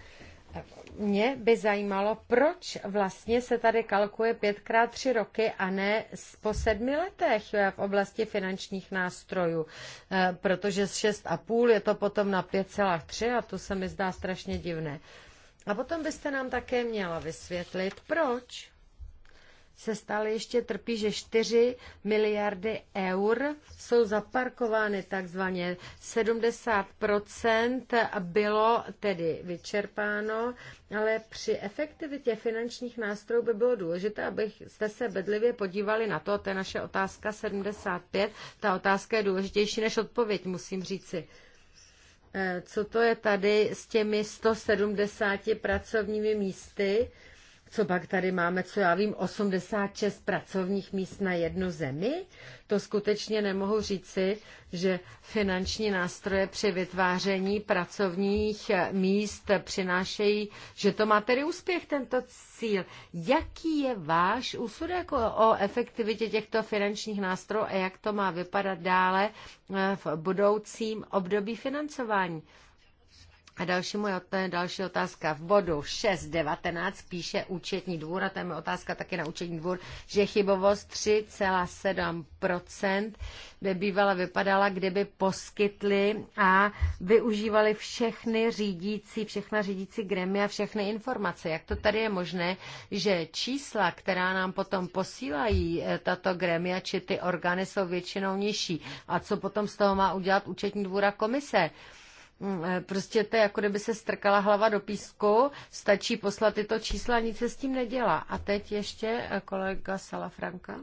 Speaker 2: mě by zajímalo, proč vlastně se tady kalkuje pětkrát tři roky a ne po sedmi letech v oblasti finančních nástrojů, eh, protože z 6,5 je to potom na 5,3 a to se mi zdá strašně divné. A potom byste nám také měla vysvětlit, proč se stále ještě trpí, že 4 miliardy eur jsou zaparkovány takzvaně. 70 bylo tedy vyčerpáno, ale při efektivitě finančních nástrojů by bylo důležité, abyste se bedlivě podívali na to. To je naše otázka 75. Ta otázka je důležitější než odpověď, musím říci. Eh, co to je tady s těmi 170 pracovními místy? co pak tady máme, co já vím, 86 pracovních míst na jednu zemi? To skutečně nemohu říci, že finanční nástroje při vytváření pracovních eh, míst přinášejí, že to má tedy úspěch, tento cíl. Jaký je váš úsudek jako o efektivitě těchto finančních nástrojů a jak to má vypadat dále eh, v budoucím období financování? A další moje další otázka. V bodu 6.19 píše účetní dvůr, a to je otázka taky na účetní dvůr, že chybovost 3,7% by bývala vypadala, kdyby poskytli a využívali všechny řídící, všechna řídící gremia, všechny informace. Jak to tady je možné, že čísla, která nám potom posílají eh, tato gremia, či ty orgány jsou většinou nižší? A co potom z toho má udělat účetní dvůra komise? Mm, eh, prostě to je jako kdyby se strkala hlava do písku, stačí poslat tyto čísla, nic se s tím nedělá. A teď ještě eh, kolega Salafranka.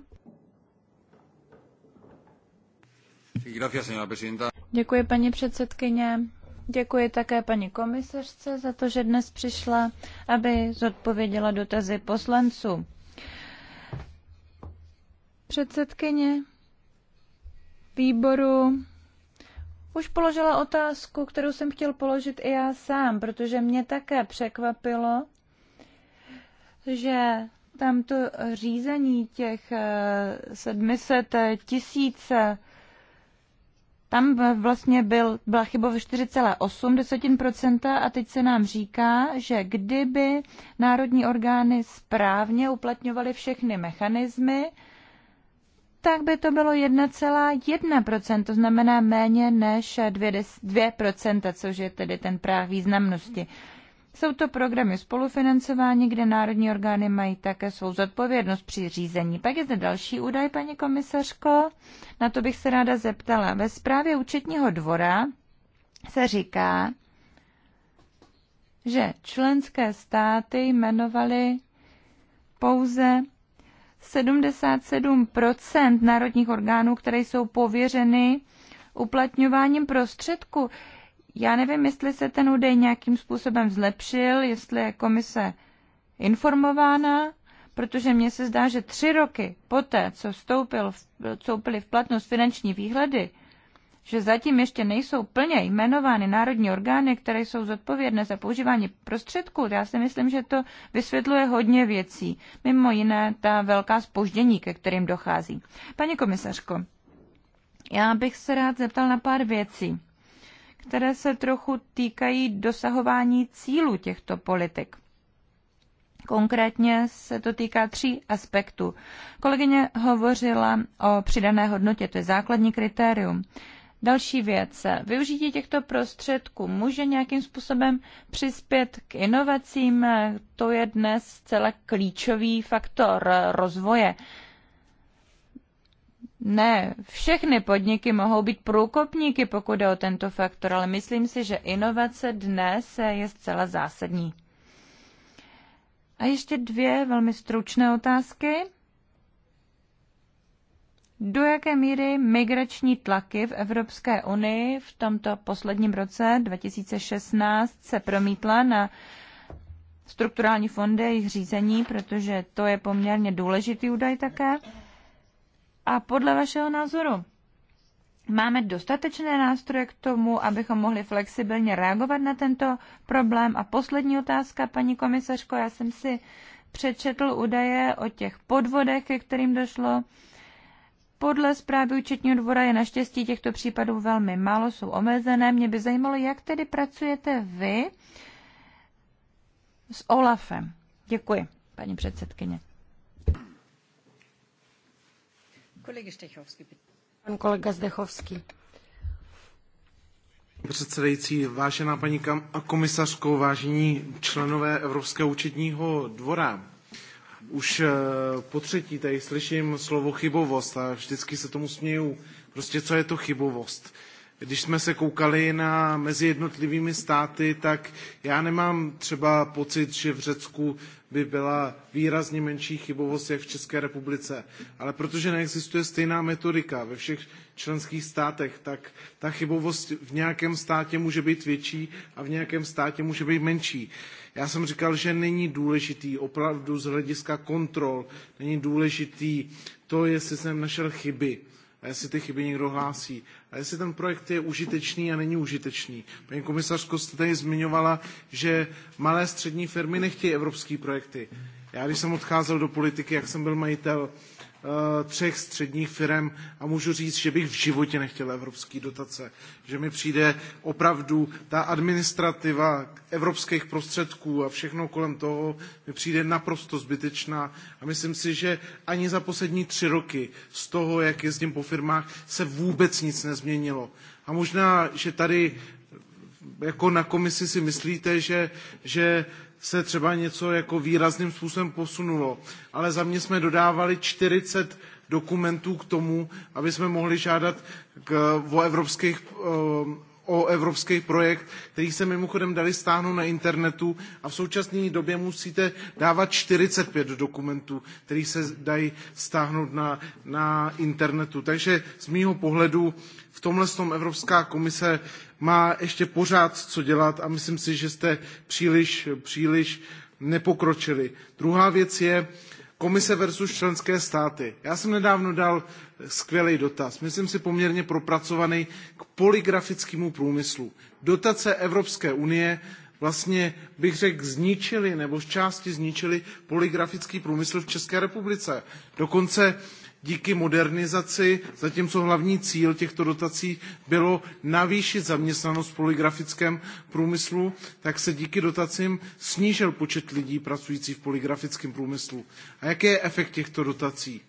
Speaker 4: Děkuji, paní předsedkyně. Děkuji také paní komisařce za to, že dnes přišla, aby zodpověděla dotazy poslanců. Předsedkyně výboru už položila otázku, kterou jsem chtěl položit i já sám, protože mě také překvapilo, že tam to řízení těch 700 eh, eh, tisíce, tam vlastně byl, byla chyba ve 4,8% a teď se nám říká, že kdyby národní orgány správně uplatňovaly všechny mechanismy, tak by to bylo 1,1%, to znamená méně než 2%, což je tedy ten práh významnosti. Jsou to programy spolufinancování, kde národní orgány mají také svou zodpovědnost při řízení. Pak je zde další údaj, paní komisařko, na to bych se ráda zeptala. Ve zprávě účetního dvora se říká, že členské státy jmenovaly pouze 77 národních orgánů, které jsou pověřeny uplatňováním prostředku. Já nevím, jestli se ten údaj nějakým způsobem zlepšil, jestli je komise informována, protože mně se zdá, že tři roky poté, co vstoupil, vstoupili v platnost finanční výhledy, že zatím ještě nejsou plně jmenovány národní orgány, které jsou zodpovědné za používání prostředků, já si myslím, že to vysvětluje hodně věcí. Mimo jiné ta velká spoždění, ke kterým dochází. Paní komisařko, já bych se rád zeptal na pár věcí, které se trochu týkají dosahování cílu těchto politik. Konkrétně se to týká tří aspektů. Kolegyně hovořila o přidané hodnotě, to je základní kritérium. Další věc. Využití těchto prostředků může nějakým způsobem přispět k inovacím. To je dnes zcela klíčový faktor rozvoje. Ne, všechny podniky mohou být průkopníky, pokud jde o tento faktor, ale myslím si, že inovace dnes je zcela zásadní. A ještě dvě velmi stručné otázky do jaké míry migrační tlaky v Evropské unii v tomto posledním roce 2016 se promítla na strukturální fondy a jejich řízení, protože to je poměrně důležitý údaj také. A podle vašeho názoru, máme dostatečné nástroje k tomu, abychom mohli flexibilně reagovat na tento problém? A poslední otázka, paní komisařko, já jsem si přečetl údaje o těch podvodech, ke kterým došlo podle zprávy účetního dvora je naštěstí těchto případů velmi málo, jsou omezené. Mě by zajímalo, jak tedy pracujete vy s OLAFem. Děkuji, paní předsedkyně.
Speaker 2: Pan kolega Zdechovský.
Speaker 5: Předsedající, vážená paní komisařko, vážení členové Evropského účetního dvora, už eh, po třetí tady slyším slovo chybovost a vždycky se tomu směju. Prostě co je to chybovost? Když jsme se koukali na mezi jednotlivými státy, tak já nemám třeba pocit, že v Řecku by byla výrazně menší chybovost jak v České republice. Ale protože neexistuje stejná metodika ve všech členských státech, tak ta chybovost v nějakém státě může být větší a v nějakém státě může být menší. Uh, já jsem říkal, že není důležitý opravdu z hlediska kontrol, není důležitý to, jestli jsem našel chyby a jestli ty chyby někdo hlásí. A jestli ten projekt je užitečný a není užitečný. Paní komisařko, jste tady zmiňovala, že malé střední firmy nechtějí evropské projekty. Já když jsem odcházel do politiky, jak jsem byl majitel Eh, třech středních firm a můžu říct, že bych v životě nechtěl evropské dotace. Že mi přijde opravdu ta administrativa evropských prostředků a všechno kolem toho mi přijde naprosto zbytečná a myslím si, že ani za poslední tři roky z toho, jak jezdím po firmách, se vůbec nic nezměnilo. A možná, že tady jako na komisi si myslíte, že, že se třeba něco jako výrazným způsobem posunulo, ale za mě jsme dodávali 40 dokumentů k tomu, aby jsme mohli žádat k, o evropských eh, o evropský projekt, který se mimochodem dali stáhnout na internetu a v současné době musíte dávat 45 dokumentů, které se dají stáhnout na, na internetu. Takže z mýho pohledu v tomhle tom Evropská komise má ještě pořád co dělat a myslím si, že jste příliš, příliš nepokročili. Druhá věc je, Komise versus členské státy. Já jsem nedávno dal skvělý dotaz, myslím si poměrně propracovaný k poligrafickému průmyslu. Dotace Evropské unie vlastně bych řekl zničili nebo z části zničili poligrafický průmysl v České republice. Dokonce díky modernizaci, zatímco hlavní cíl těchto dotací bylo navýšit zaměstnanost v polygrafickém průmyslu, tak se díky dotacím snížil počet lidí pracujících v polygrafickém průmyslu. A jaký je efekt těchto dotací?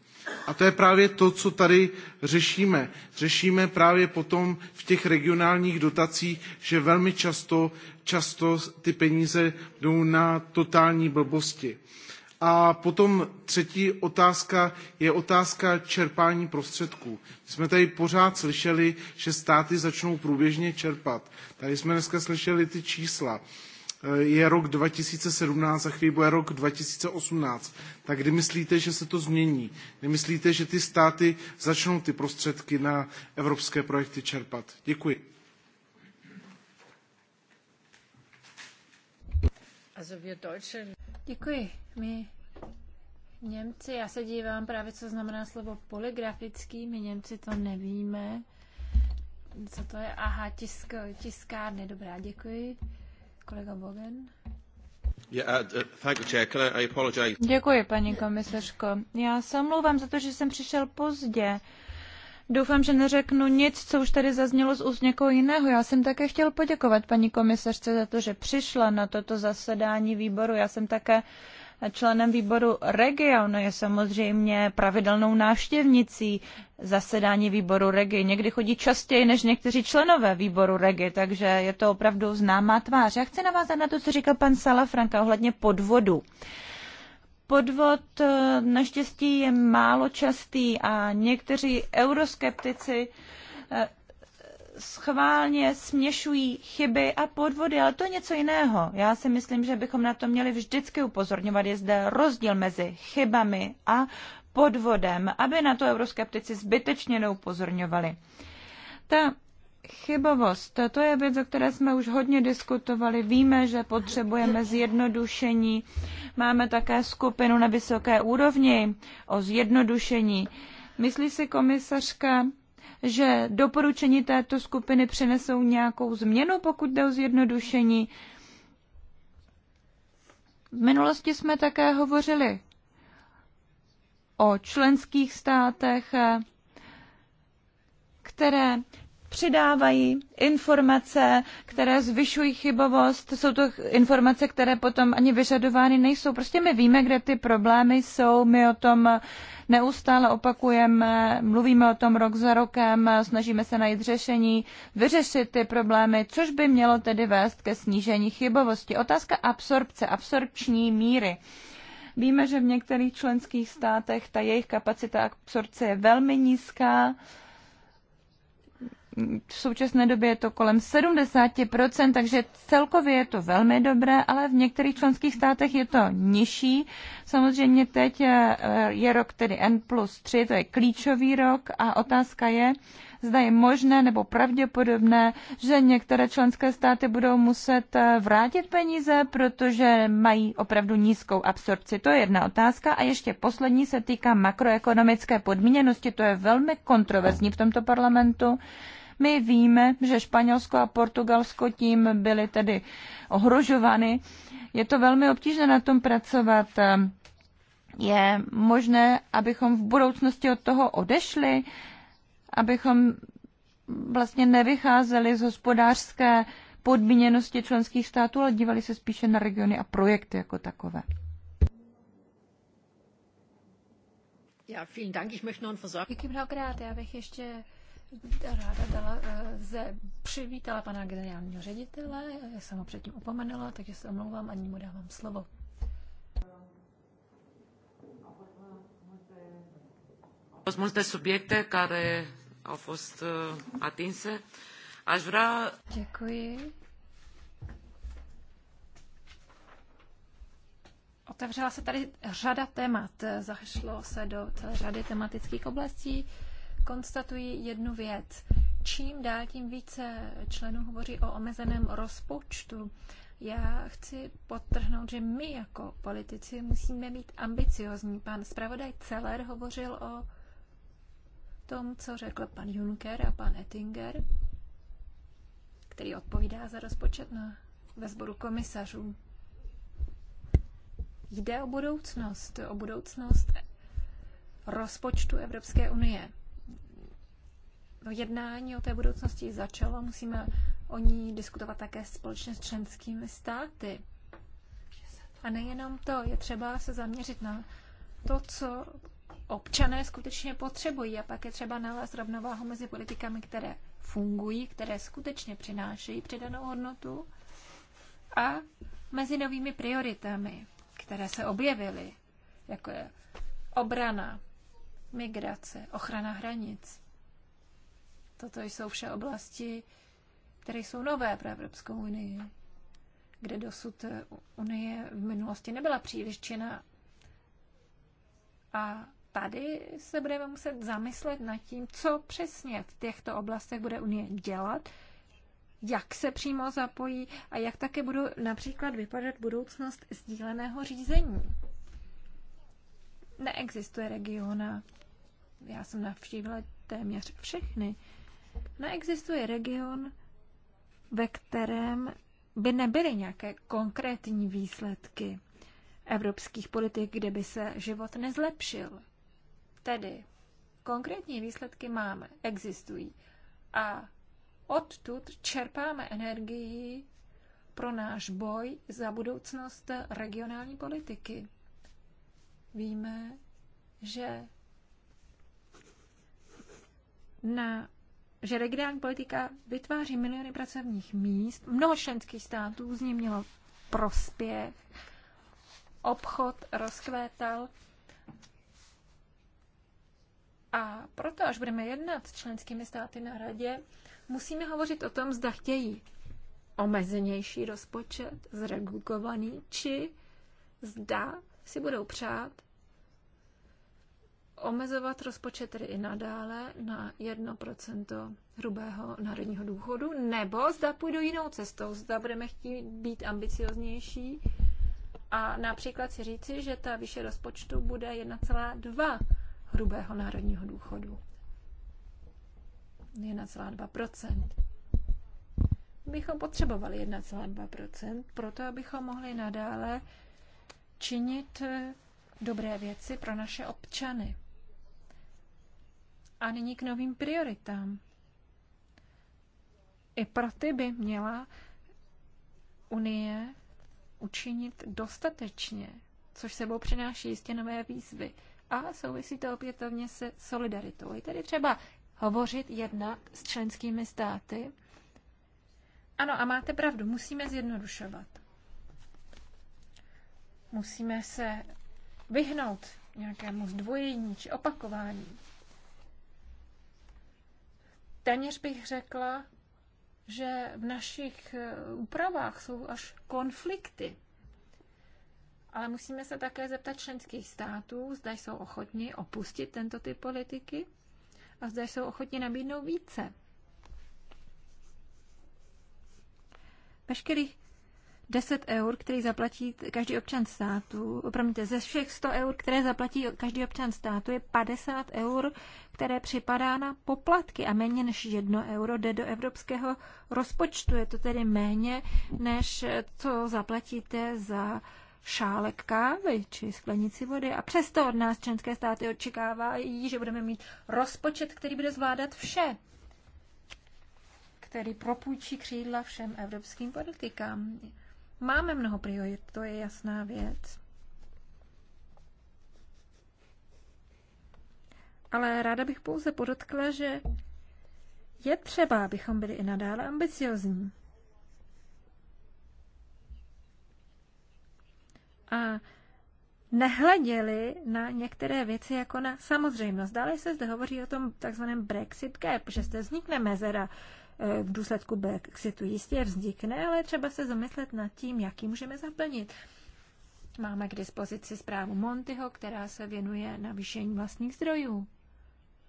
Speaker 5: A to je právě to, co tady řešíme. Řešíme právě potom v těch regionálních dotacích, že velmi často, často ty peníze jdou na totální blbosti. A potom třetí otázka je otázka čerpání prostředků. My jsme tady pořád slyšeli, že státy začnou průběžně čerpat. Tady jsme dneska slyšeli ty čísla eh, je rok 2017, za chvíli bude rok 2018. Tak kdy myslíte, že se to změní? Kdy myslíte, že ty státy začnou ty prostředky na evropské projekty čerpat? Děkuji.
Speaker 2: Děkuji.
Speaker 3: My Němci, já se dívám právě, co znamená slovo poligrafický, my Němci to nevíme. Co to je? Aha, tisk, tiskárny, dobrá, děkuji. Kolega Bogen.
Speaker 5: Uh, uh, děkuji,
Speaker 4: paní komisařko. Já se omlouvám za to, že jsem přišel pozdě. Doufám, že neřeknu nic, co už tady zaznělo z úst někoho jiného. Já jsem také chtěl poděkovat paní komisařce za to, že přišla na toto zasedání výboru. Já jsem také členem výboru Regi ona je samozřejmě pravidelnou návštěvnicí zasedání výboru Regi. Někdy chodí častěji než někteří členové výboru Regi, takže je to opravdu známá tvář. Já chci navázat na to, co říkal pan Salafranka, ohledně podvodu. Uh, Podvod eh, naštěstí je málo častý a někteří euroskeptici eh, schválně směšují chyby a podvody, ale to je něco jiného. Já si myslím, že bychom na to měli vždycky upozorňovat. Je zde rozdíl mezi chybami a podvodem, aby na to euroskeptici zbytečně neupozorňovali. Ta Chybovost, to je věc, o které jsme už hodně diskutovali. Víme, že potřebujeme zjednodušení. Máme také skupinu na vysoké úrovni o zjednodušení. Myslí si komisařka, že doporučení této skupiny přinesou nějakou změnu, pokud jde o zjednodušení? V minulosti jsme také hovořili o členských státech, které přidávají informace, které zvyšují chybovost. Jsou to informace, které potom ani vyžadovány nejsou. Prostě my víme, kde ty problémy jsou. My o tom neustále opakujeme, mluvíme o tom rok za rokem, snažíme se najít řešení, vyřešit ty problémy, což by mělo tedy vést ke snížení chybovosti. Otázka absorpce, absorpční míry. Víme, že v některých členských státech ta jejich kapacita absorpce je velmi nízká v současné době je to kolem 70%, takže celkově je to velmi dobré, ale v některých členských státech je to nižší. Samozřejmě teď eh, je rok tedy N plus 3, to je klíčový rok a otázka je, zda je možné nebo pravděpodobné, že některé členské státy budou muset eh, vrátit peníze, protože mají opravdu nízkou absorpci. To je jedna otázka. A ještě poslední se týká makroekonomické podmíněnosti. To je velmi kontroverzní v tomto parlamentu. My víme, že Španělsko a Portugalsko tím byly tedy ohrožovány. Je to velmi obtížné na tom pracovat. Je možné, abychom v budoucnosti od toho odešli, abychom vlastně nevycházeli z hospodářské podmíněnosti členských států, ale dívali se spíše na regiony a projekty jako takové.
Speaker 3: Díky mnohokrát. Já bych ještě ráda dala, eh, ze, přivítala pana generálního ředitele, já jsem ho předtím upomenula, takže se omlouvám a mu dávám slovo.
Speaker 2: multe subiecte care au fost eh, atinse. Aș vrea... Děkuji.
Speaker 3: Otevřela se tady řada témat, zašlo se do celé řady tematických oblastí konstatuji jednu věc. Čím dál tím více členů hovoří o omezeném rozpočtu. Já chci podtrhnout, že my jako politici musíme být ambiciozní. Pan zpravodaj Celer hovořil o tom, co řekl pan Juncker a pan Ettinger, který odpovídá za rozpočet na, ve sboru komisařů. Jde o budoucnost, o budoucnost rozpočtu Evropské unie to jednání o té budoucnosti začalo, musíme o ní diskutovat také společně s členskými státy. A nejenom to, je třeba se zaměřit na to, co občané skutečně potřebují a pak je třeba nalézt rovnováhu mezi politikami, které fungují, které skutečně přinášejí přidanou hodnotu a mezi novými prioritami, které se objevily, jako je obrana, migrace, ochrana hranic. Toto jsou vše oblasti, které jsou nové pro Evropskou unii, kde dosud eh, Unie v minulosti nebyla příliš činná. A tady se budeme muset zamyslet nad tím, co přesně v těchto oblastech bude Unie dělat, jak se přímo zapojí a jak také budou například vypadat budoucnost sdíleného řízení. Neexistuje regiona. Já jsem navštívila téměř všechny neexistuje region, ve kterém by nebyly nějaké konkrétní výsledky evropských politik, kde by se život nezlepšil. Tedy konkrétní výsledky máme, existují. A odtud čerpáme energii pro náš boj za budoucnost regionální politiky. Víme, že na že regionální politika vytváří miliony pracovních míst, mnoho členských států z ní mělo prospěch, obchod rozkvétal. A proto, až budeme jednat s členskými státy na radě, musíme hovořit o tom, zda chtějí omezenější rozpočet, zregulovaný, či zda si budou přát omezovat rozpočet tedy i nadále na 1% hrubého národního důchodu, nebo zda půjdu jinou cestou, zda budeme chtít být ambicioznější a například si říci, že ta výše rozpočtu bude 1,2 hrubého národního důchodu. 1,2%. Bychom potřebovali 1,2%, proto abychom mohli nadále činit dobré věci pro naše občany. A nyní k novým prioritám. I pro ty by měla Unie učinit dostatečně, což sebou přináší jistě nové výzvy. A souvisí to opětovně se solidaritou. Je tedy třeba hovořit, jednak s členskými státy. Ano, a máte pravdu, musíme zjednodušovat. Musíme se vyhnout nějakému zdvojení či opakování téměř bych řekla, že v našich eh, úpravách jsou až konflikty. Ale musíme se také zeptat členských států, zda jsou ochotni opustit tento typ politiky a zda jsou ochotni nabídnout více. Veškerých 10 eur, který zaplatí každý občan státu, opravdu ze všech 100 eur, které zaplatí každý občan státu, je 50 eur, které připadá na poplatky a méně než jedno euro jde do evropského rozpočtu. Je to tedy méně, než co zaplatíte za šálek kávy či sklenici vody. A přesto od nás členské státy očekávají, že budeme mít rozpočet, který bude zvládat vše který propůjčí křídla všem evropským politikám. Máme mnoho priorit, to je jasná věc. ale ráda bych pouze podotkla, že je třeba, abychom byli i nadále ambiciozní. A nehleděli na některé věci jako na samozřejmost. Dále se zde hovoří o tom takzvaném Brexit gap, že zde vznikne mezera eh, v důsledku Brexitu. Jistě vznikne, ale třeba se zamyslet nad tím, jaký můžeme zaplnit. Máme k dispozici zprávu Montyho, která se věnuje navýšení vlastních zdrojů.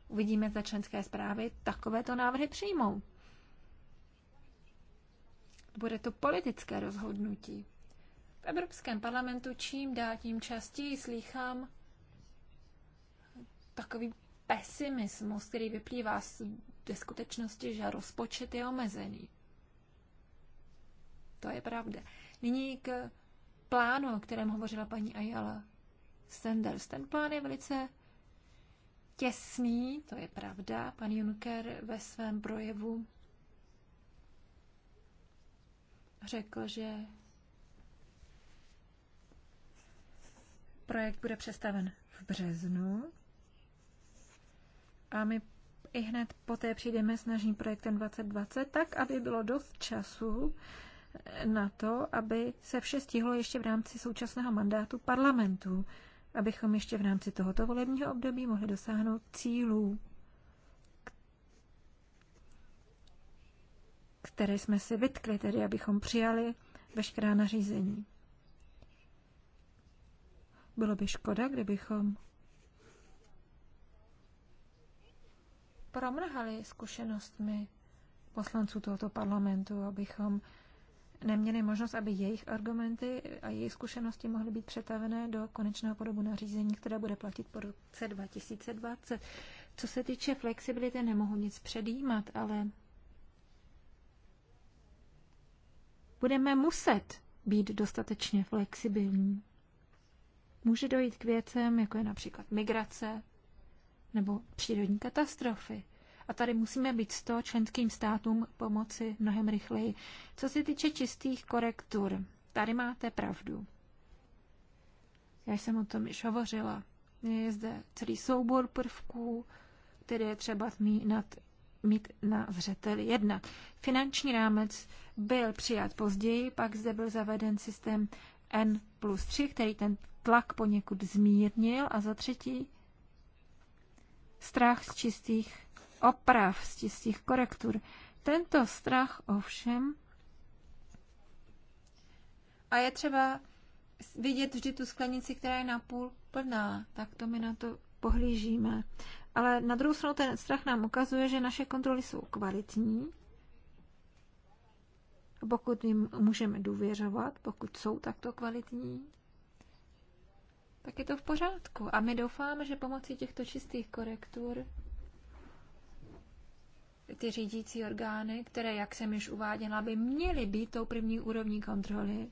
Speaker 3: Uvidíme, zda členské zprávy takovéto návrhy přijmou. Bude to politické rozhodnutí. V Evropském parlamentu čím dál tím častěji slýchám takový pesimismus, který vyplývá z skutečnosti, že rozpočet je omezený. To je pravda. Nyní k plánu, o kterém hovořila paní Ayala Sanders. Ten plán je velice těsný, to je pravda, pan Juncker ve svém projevu řekl, že projekt bude přestaven v březnu a my i hned poté přijdeme s naším projektem 2020, tak aby bylo dost času na to, aby se vše stihlo ještě v rámci současného mandátu parlamentu abychom ještě v rámci tohoto volebního období mohli dosáhnout cílů, které jsme si vytkli, tedy abychom přijali veškerá nařízení. Bylo by škoda, kdybychom promrhali zkušenostmi poslanců tohoto parlamentu, abychom neměli možnost, aby jejich argumenty a jejich zkušenosti mohly být přetavené do konečného podobu nařízení, které bude platit po roce 2020. Co se týče flexibility, nemohu nic předjímat, ale budeme muset být dostatečně flexibilní. Může dojít k věcem, jako je například migrace nebo přírodní katastrofy. A tady musíme být s toho členským státům pomoci mnohem rychleji. Co se týče čistých korektur, tady máte pravdu. Já jsem o tom již hovořila. Je zde celý soubor prvků, které je třeba mít, mít na zřeteli. jedna. finanční rámec byl přijat později, pak zde byl zaveden systém N plus 3, který ten tlak poněkud zmírnil a za třetí strach z čistých oprav, z těch korektur. Tento strach ovšem a je třeba vidět vždy tu sklenici, která je napůl plná, tak to my na to pohlížíme. Ale na druhou stranu ten strach nám ukazuje, že naše kontroly jsou kvalitní, pokud jim můžeme důvěřovat, pokud jsou takto kvalitní, tak je to v pořádku. A my doufáme, že pomocí těchto čistých korektur ty řídící orgány, které, jak jsem již uváděla, by měly být tou první úrovní kontroly.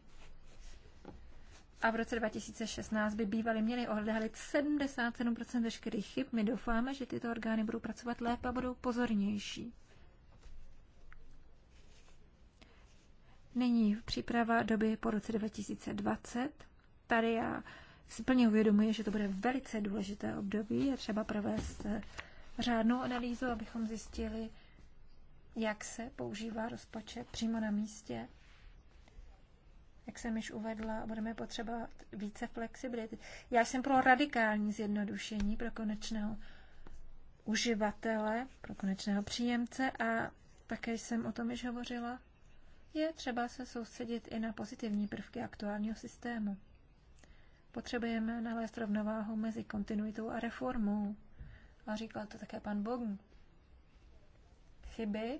Speaker 3: A v roce 2016 by bývali měli odhalit 77% veškerých chyb. My doufáme, že tyto orgány budou pracovat lépe a budou pozornější. Nyní příprava doby po roce 2020. Tady já si plně uvědomuji, že to bude velice důležité období. Je třeba provést eh, řádnou analýzu, abychom zjistili, jak se používá rozpočet přímo na místě. Jak jsem již uvedla, budeme potřebovat více flexibility. Já jsem pro radikální zjednodušení pro konečného uživatele, pro konečného příjemce a také jsem o tom již hovořila. Je třeba se soustředit i na pozitivní prvky aktuálního systému. Potřebujeme nalézt rovnováhu mezi kontinuitou a reformou. A říkal to také pan Bogn chyby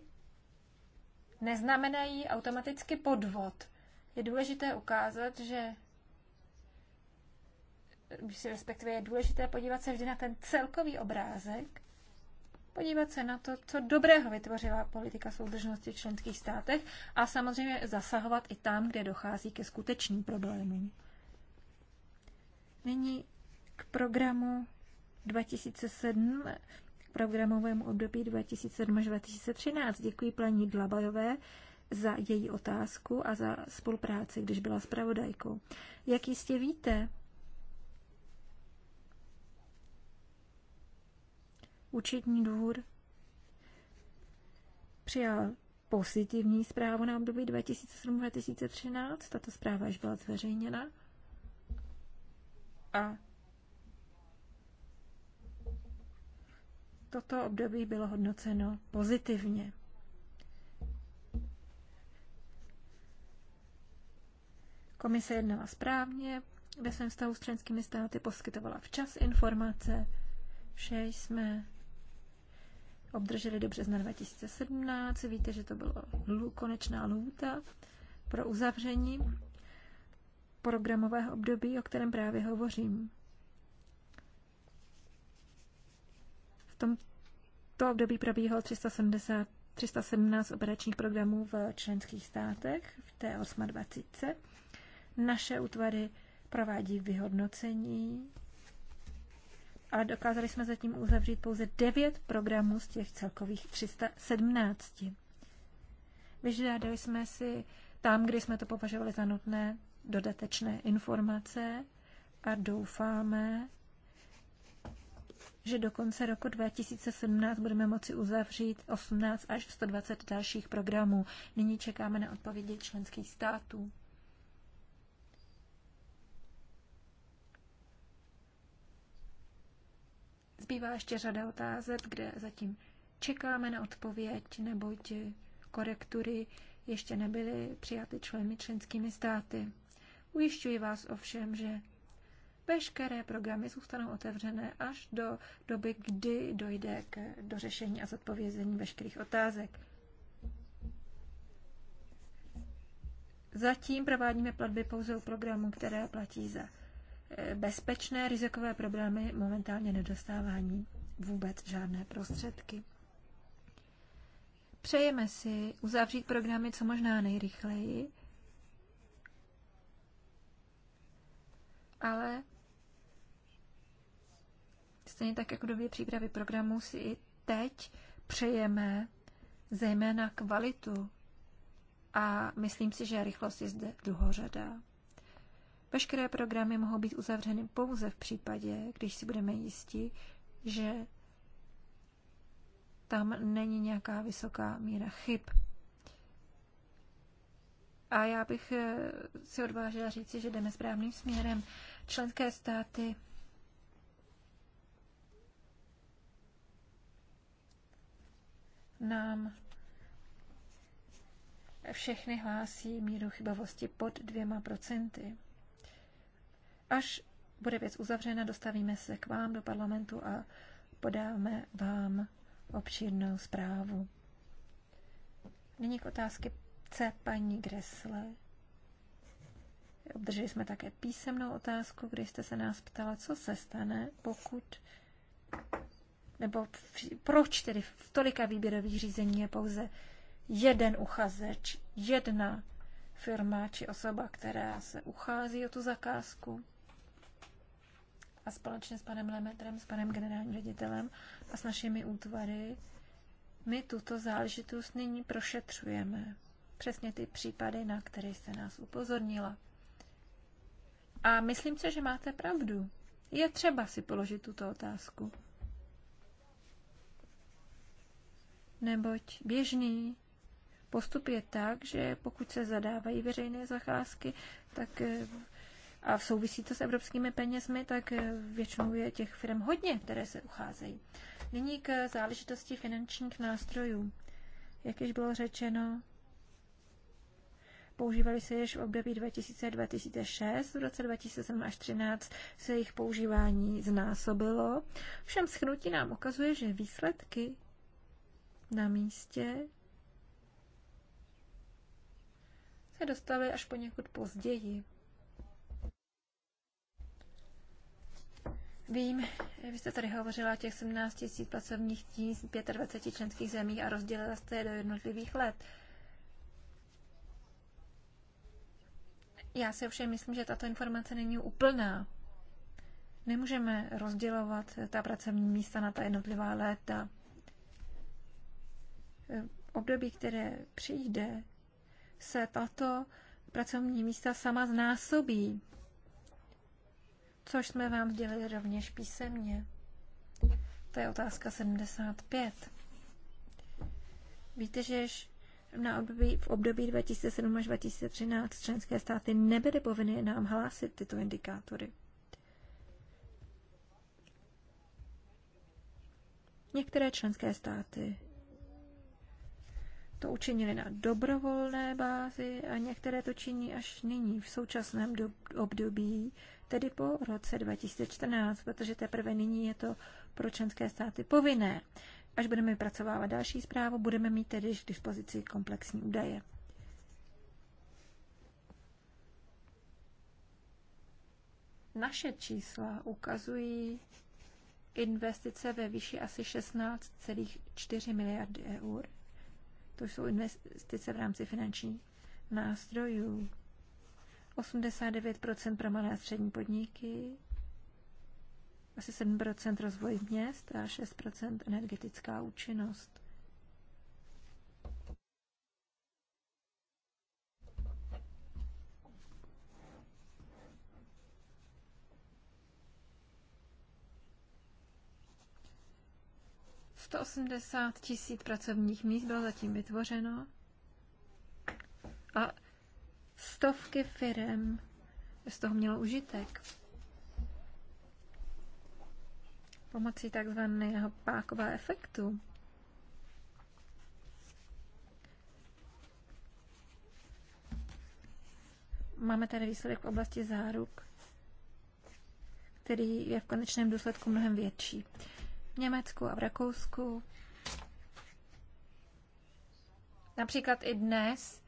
Speaker 3: neznamenají automaticky podvod. Je důležité ukázat, že respektive je důležité podívat se vždy na ten celkový obrázek, podívat se na to, co dobrého vytvořila politika soudržnosti v členských státech a samozřejmě zasahovat i tam, kde dochází ke skutečným problémům. Nyní k programu 2007 programovém období 2007 až 2013. Děkuji paní Dlabajové za její otázku a za spolupráci, když byla zpravodajkou. Jak jistě víte, účetní dvůr přijal pozitivní zprávu na období 2007-2013. Tato zpráva již byla zveřejněna. A toto období bylo hodnoceno pozitivně. Komise jednala správně, ve svém vztahu s členskými státy poskytovala včas informace, vše jsme obdrželi do března 2017. Víte, že to byla konečná lůta pro uzavření programového období, o kterém právě hovořím. tomto období probíhalo 370, 317 operačních programů v členských státech, v té 28. Naše útvary provádí vyhodnocení, a dokázali jsme zatím uzavřít pouze 9 programů z těch celkových 317. Vyžádali jsme si tam, kde jsme to považovali za nutné, dodatečné informace a doufáme, že do konce roku 2017 budeme moci uzavřít 18 až 120 dalších programů. Nyní čekáme na odpovědi členských států. Zbývá ještě řada otázek, kde zatím čekáme na odpověď, neboť korektury ještě nebyly přijaty členy členskými státy. Ujišťuji vás ovšem, že Veškeré programy zůstanou otevřené až do doby, kdy dojde k dořešení a zodpovězení veškerých otázek. Zatím provádíme platby pouze u programů, které platí za eh, bezpečné rizikové problémy, momentálně nedostávání vůbec žádné prostředky. Přejeme si uzavřít programy co možná nejrychleji, ale stejně tak jako době přípravy programu si i teď přejeme zejména kvalitu. A myslím si, že rychlost je zde druhořada. Veškeré programy mohou být uzavřeny pouze v případě, když si budeme jisti, že tam není nějaká vysoká míra chyb. A já bych eh, si odvážila říci, že jdeme správným směrem. Členské státy nám všechny hlásí míru chybovosti pod dvěma procenty. Až bude věc uzavřena, dostavíme se k vám do parlamentu a podáme vám obšírnou zprávu. Nyní k otázky C paní Gresle. Obdrželi jsme také písemnou otázku, kdy jste se nás ptala, co se stane, pokud nebo proč tedy v tolika výběrových řízení je pouze jeden uchazeč, jedna firma či osoba, která se uchází o tu zakázku. A společně s panem Lemetrem, s panem generálním ředitelem a s našimi útvary my tuto záležitost nyní prošetřujeme. Přesně ty případy, na které jste nás upozornila. A myslím si, že máte pravdu. Je třeba si položit tuto otázku. neboť běžný postup je tak, že pokud se zadávají veřejné zacházky, tak eh, a v souvisí to s evropskými penězmi, tak eh, většinou je těch firm hodně, které se ucházejí. Nyní k záležitosti finančních nástrojů. Jak již bylo řečeno, používali se již v období 2000-2006, v roce 2007 až 2013 se jejich používání znásobilo. Všem schnutí nám ukazuje, že výsledky na místě se dostavili až poněkud později. Vím, vy jste tady hovořila o těch 17 000 pracovních tím z 25 členských zemí a rozdělila jste je do jednotlivých let. Já si ovšem myslím, že tato informace není úplná. Nemůžeme rozdělovat ta pracovní místa na ta jednotlivá léta období, které přijde, se tato pracovní místa sama znásobí, což jsme vám sdělili rovněž písemně. To je otázka 75. Víte, že na období, v období 2007 až 2013 členské státy nebyly povinny nám hlásit tyto indikátory. Některé členské státy to učinili na dobrovolné bázi a některé to činí až nyní, v současném období, tedy po roce 2014, protože teprve nyní je to pro členské státy povinné. Až budeme vypracovávat další zprávu, budeme mít tedy k dispozici komplexní údaje. Naše čísla ukazují investice ve výši asi 16,4 miliardy eur. To jsou investice v rámci finančních nástrojů. 89% pro malé a střední podniky, asi 7% rozvoj měst a 6% energetická účinnost. 180 tisíc pracovních míst bylo zatím vytvořeno a stovky firm z toho mělo užitek. Pomocí takzvaného pákova efektu. Máme tady výsledek v oblasti záruk, který je v konečném důsledku mnohem větší. Německu a v Rakousku. Například i dnes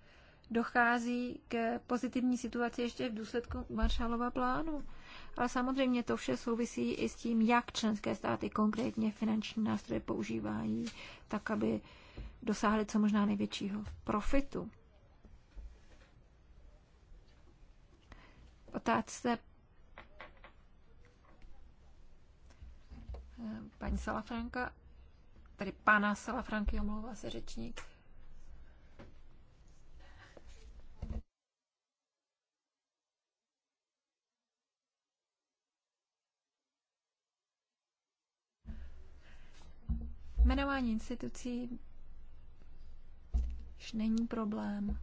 Speaker 3: dochází k pozitivní situaci ještě v důsledku Marshallova plánu. Ale samozřejmě to vše souvisí i s tím, jak členské státy konkrétně finanční nástroje používají, tak aby dosáhly co možná největšího profitu. Otázce paní Salafranka, tedy pana Salafranky, omlouvá se řečník. Jmenování institucí už není problém.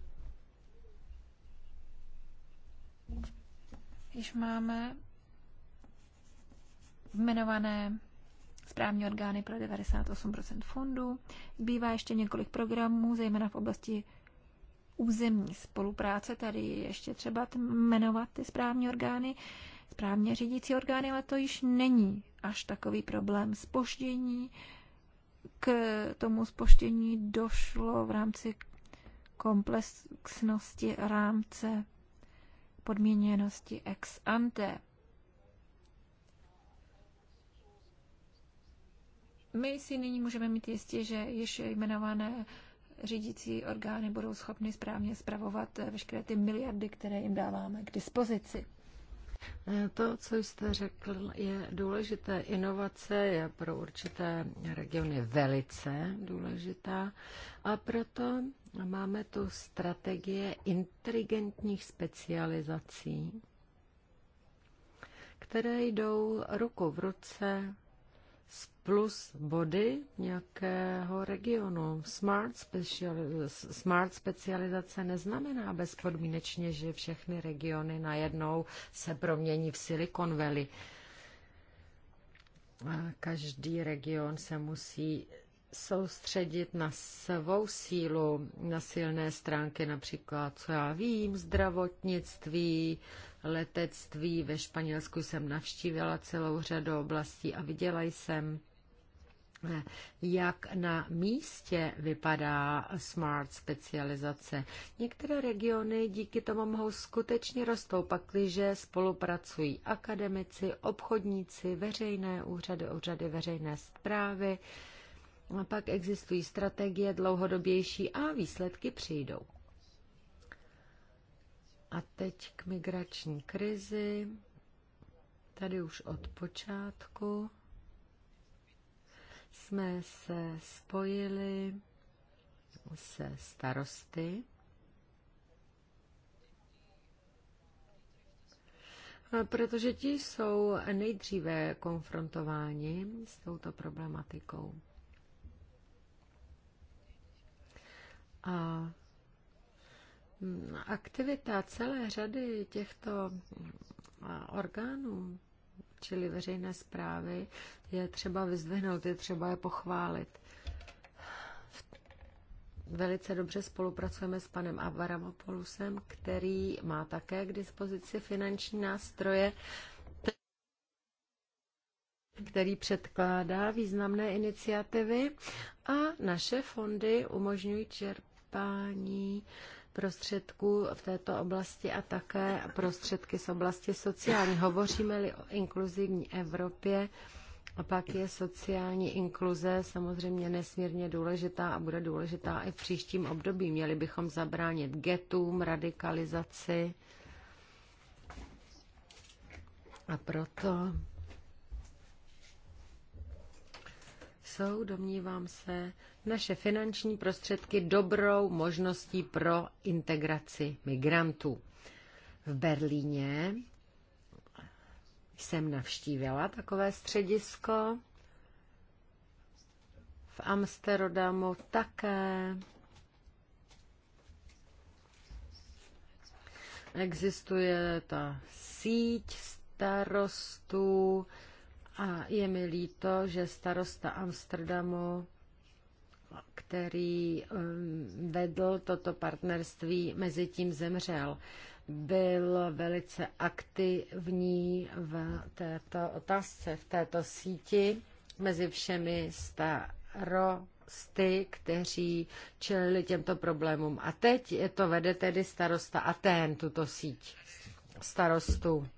Speaker 3: Již máme jmenované správní orgány pro 98% fondů. Zbývá ještě několik programů, zejména v oblasti územní spolupráce. Tady ještě třeba jmenovat ty správní orgány, správně řídící orgány, ale to již není až takový problém spoždění. K tomu spoštění došlo v rámci komplexnosti rámce podmíněnosti ex ante. My si nyní můžeme mít jistě, že již jmenované řídící orgány budou schopny správně zpravovat veškeré ty miliardy, které jim dáváme k
Speaker 2: dispozici. To, co jste řekl, je důležité. Inovace je pro určité regiony velice důležitá a proto máme tu strategie inteligentních specializací, které jdou ruku v ruce plus body nějakého regionu. Smart, special, smart specializace neznamená bezpodmínečně, že všechny regiony najednou se promění v Silicon Valley. Každý region se musí soustředit na svou sílu, na silné stránky, například, co já vím, zdravotnictví, letectví. Ve Španělsku jsem navštívila celou řadu oblastí a viděla jsem, jak na místě vypadá smart specializace. Některé regiony díky tomu mohou skutečně rostou, pakliže spolupracují akademici, obchodníci, veřejné úřady, úřady veřejné zprávy, a pak existují strategie dlouhodobější a výsledky přijdou. A teď k migrační krizi. Tady už od počátku jsme se spojili se starosty. Protože ti jsou nejdříve konfrontováni s touto problematikou. A mm, aktivita celé řady těchto orgánů, čili veřejné zprávy, je třeba vyzdvihnout, je třeba je pochválit. Velice dobře spolupracujeme s panem Avaramopolusem, který má také k dispozici finanční nástroje, který předkládá významné iniciativy a naše fondy umožňují čerpat čerpání prostředků v této oblasti a také prostředky z oblasti sociální. Hovoříme-li o inkluzivní Evropě, a pak je sociální inkluze samozřejmě nesmírně důležitá a bude důležitá i v příštím období. Měli bychom zabránit getům, radikalizaci. A proto jsou, domnívám se, naše finanční prostředky dobrou možností pro integraci migrantů. V Berlíně jsem navštívila takové středisko, v Amsterdamu také. Existuje ta síť starostů, a je mi líto, že starosta Amsterdamu, který um, vedl toto partnerství, mezi tím zemřel. Byl velice aktivní v této otázce, v této síti mezi všemi starosty, kteří čelili těmto problémům. A teď je to vede tedy starosta Atén, tuto síť starostů.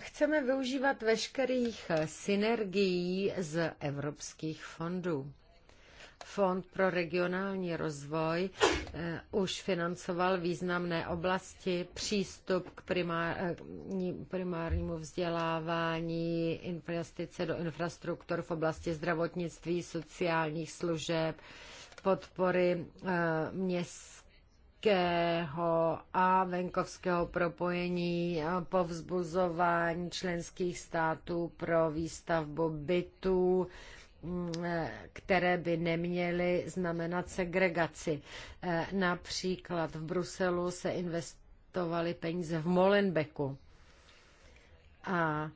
Speaker 2: Chceme využívat veškerých synergií z evropských fondů. Fond pro regionální rozvoj eh, už financoval významné oblasti, přístup k eh, primárnímu vzdělávání, investice do infrastruktur v oblasti zdravotnictví, sociálních služeb, podpory eh, měst městského a venkovského propojení, povzbuzování členských států pro výstavbu bytů, mm, e, které by neměly znamenat segregaci. E, například v Bruselu se investovaly peníze v Molenbeku a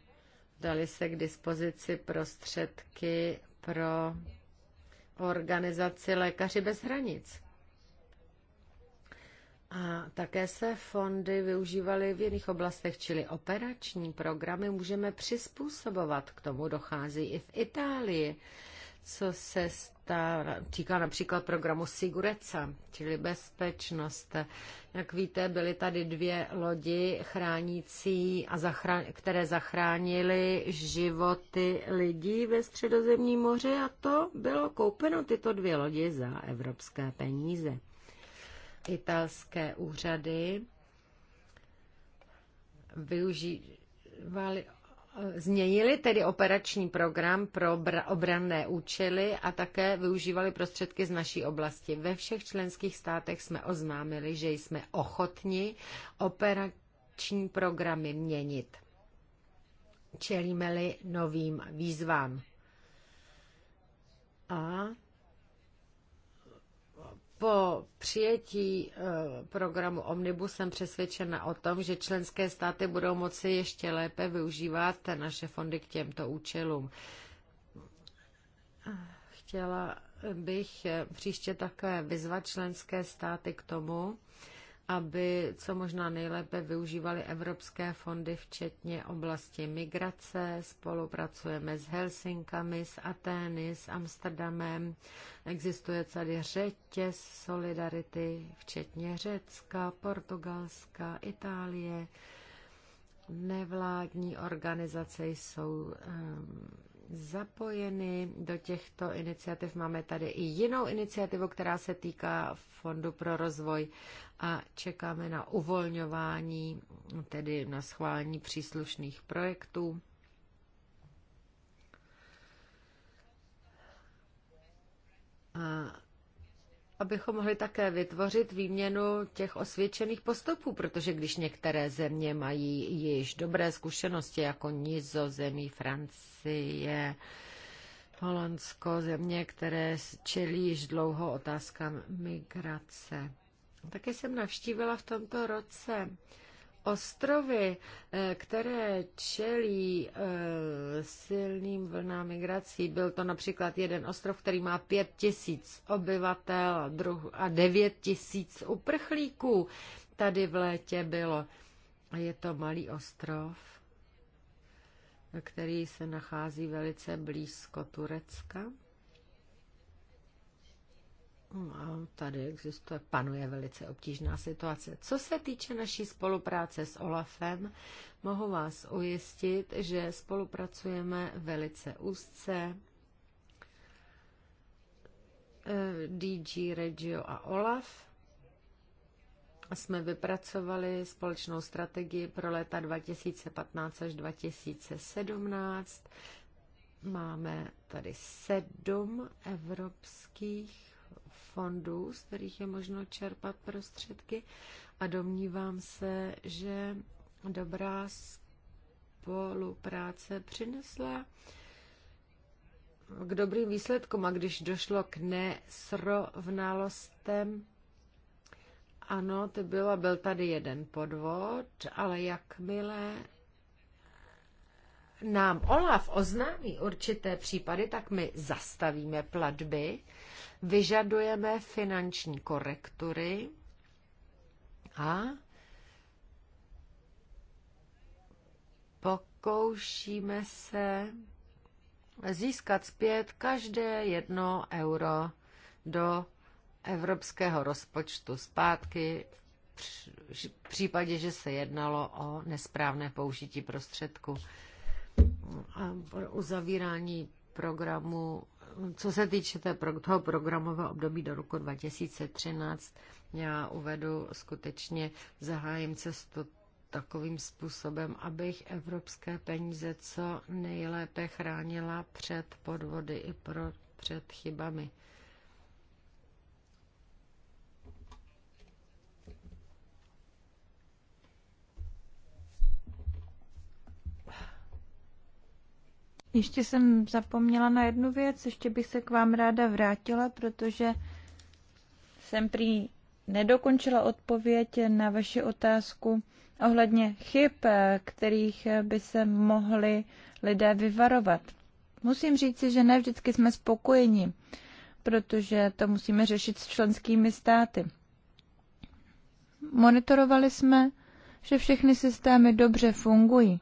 Speaker 2: dali se k dispozici prostředky pro organizaci Lékaři bez hranic a také se fondy využívaly v jiných oblastech, čili operační programy můžeme přizpůsobovat. K tomu dochází i v Itálii, co se stává, týká například programu Sigureca, čili bezpečnost. Jak víte, byly tady dvě lodi chránící, a zachrán, které zachránily životy lidí ve středozemním moři a to bylo koupeno tyto dvě lodi za evropské peníze italské úřady využívali Změnili tedy operační program pro obranné účely a také využívali prostředky z naší oblasti. Ve všech členských státech jsme oznámili, že jsme ochotni operační programy měnit. Čelíme-li novým výzvám. A po přijetí e, programu Omnibus jsem přesvědčena o tom, že členské státy budou moci ještě lépe využívat naše fondy k těmto účelům. Chtěla bych e, příště také vyzvat členské státy k tomu, aby co možná nejlépe využívali evropské fondy, včetně oblasti migrace. Spolupracujeme s Helsinkami, s Atény, s Amsterdamem. Existuje tady řetěz solidarity, včetně Řecka, Portugalska, Itálie. Nevládní organizace jsou um, zapojeny do těchto iniciativ. Máme tady i jinou iniciativu, která se týká Fondu pro rozvoj a čekáme na uvolňování, tedy na schválení příslušných projektů. A abychom mohli také vytvořit výměnu těch osvědčených postupů, protože když některé země mají již dobré zkušenosti, jako Nizozemí, Francie, Holandsko, země, které čelí již dlouho otázkám migrace. Také jsem navštívila v tomto roce ostrovy, eh, které čelí eh, silným vlnám migrací, byl to například jeden ostrov, který má pět tisíc obyvatel a devět tisíc uprchlíků. Tady v létě bylo. A je to malý ostrov, který se nachází velice blízko Turecka tady existuje, panuje velice obtížná situace. Co se týče naší spolupráce s OLAFem, mohu vás ujistit, že spolupracujeme velice úzce. Eh, DG Regio a OLAF jsme vypracovali společnou strategii pro léta 2015 až 2017. Máme tady sedm evropských fondů, z kterých je možno čerpat prostředky a domnívám se, že dobrá spolupráce přinesla k dobrým výsledkům a když došlo k nesrovnalostem, ano, to bylo, byl tady jeden podvod, ale jakmile nám Olaf oznámí určité případy, tak my zastavíme platby Vyžadujeme finanční korektury a pokoušíme se získat zpět každé jedno euro do evropského rozpočtu zpátky v případě, že se jednalo o nesprávné použití prostředku. A uzavírání programu co se týče toho programového období do roku 2013, já uvedu skutečně, zahájím cestu takovým způsobem, abych evropské peníze co nejlépe chránila před podvody i pro, před chybami.
Speaker 4: Ještě jsem zapomněla na jednu věc, ještě bych se k vám ráda vrátila, protože jsem prý nedokončila odpověď na vaši otázku ohledně chyb, eh, kterých by se mohli lidé vyvarovat. Musím říci, že ne vždycky jsme spokojeni, protože to musíme řešit s členskými státy. Monitorovali jsme, že všechny systémy dobře fungují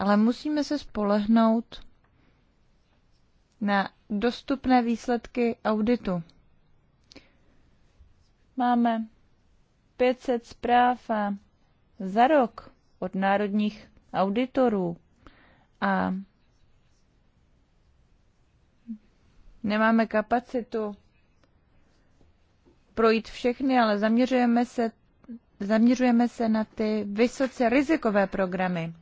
Speaker 4: ale musíme se spolehnout na dostupné výsledky auditu. Máme 500 zpráv za rok od národních auditorů a nemáme kapacitu projít všechny, ale zaměřujeme se, zaměřujeme se na ty vysoce rizikové programy.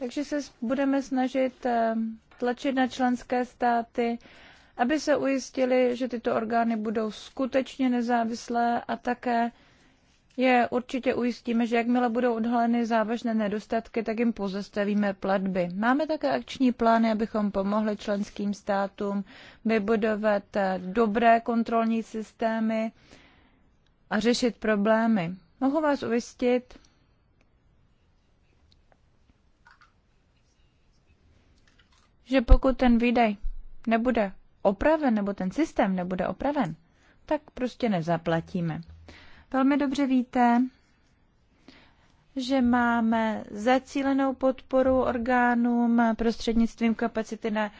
Speaker 4: Takže se budeme snažit eh, tlačit na členské státy, aby se ujistili, že tyto orgány budou skutečně nezávislé a také je určitě ujistíme, že jakmile budou odhaleny závažné nedostatky, tak jim pozastavíme platby. Máme také akční plány, abychom pomohli členským státům vybudovat eh, dobré kontrolní systémy a řešit problémy. Mohu vás ujistit, že pokud ten výdaj nebude opraven, nebo ten systém nebude opraven, tak prostě nezaplatíme. Velmi dobře víte, že máme zacílenou podporu orgánům prostřednictvím kapacity na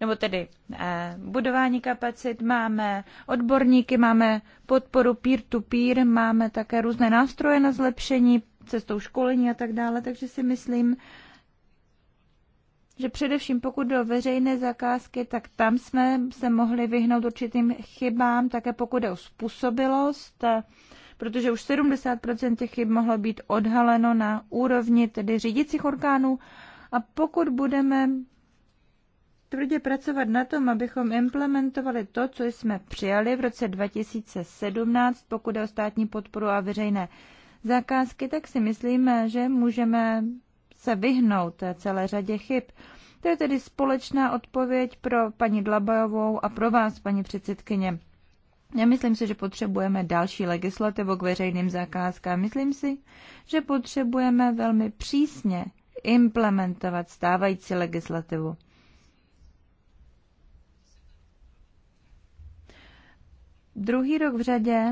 Speaker 4: nebo tedy eh, budování kapacit, máme odborníky, máme podporu peer-to-peer, -peer, máme také různé nástroje na zlepšení cestou školení a tak dále, takže si myslím, že především pokud do veřejné zakázky, tak tam jsme se mohli vyhnout určitým chybám, také pokud je o způsobilost, eh, protože už 70% těch chyb mohlo být odhaleno na úrovni tedy řídicích orgánů a pokud budeme tvrdě pracovat na tom, abychom implementovali to, co jsme přijali v roce 2017, pokud je o státní podporu a veřejné zakázky, tak si myslíme, že můžeme se vyhnout celé řadě chyb. To je tedy společná odpověď pro paní Dlabajovou a pro vás, paní předsedkyně. Já myslím si, že potřebujeme další legislativu k veřejným zakázkám. Myslím si, že potřebujeme velmi přísně implementovat stávající legislativu. Druhý rok v řadě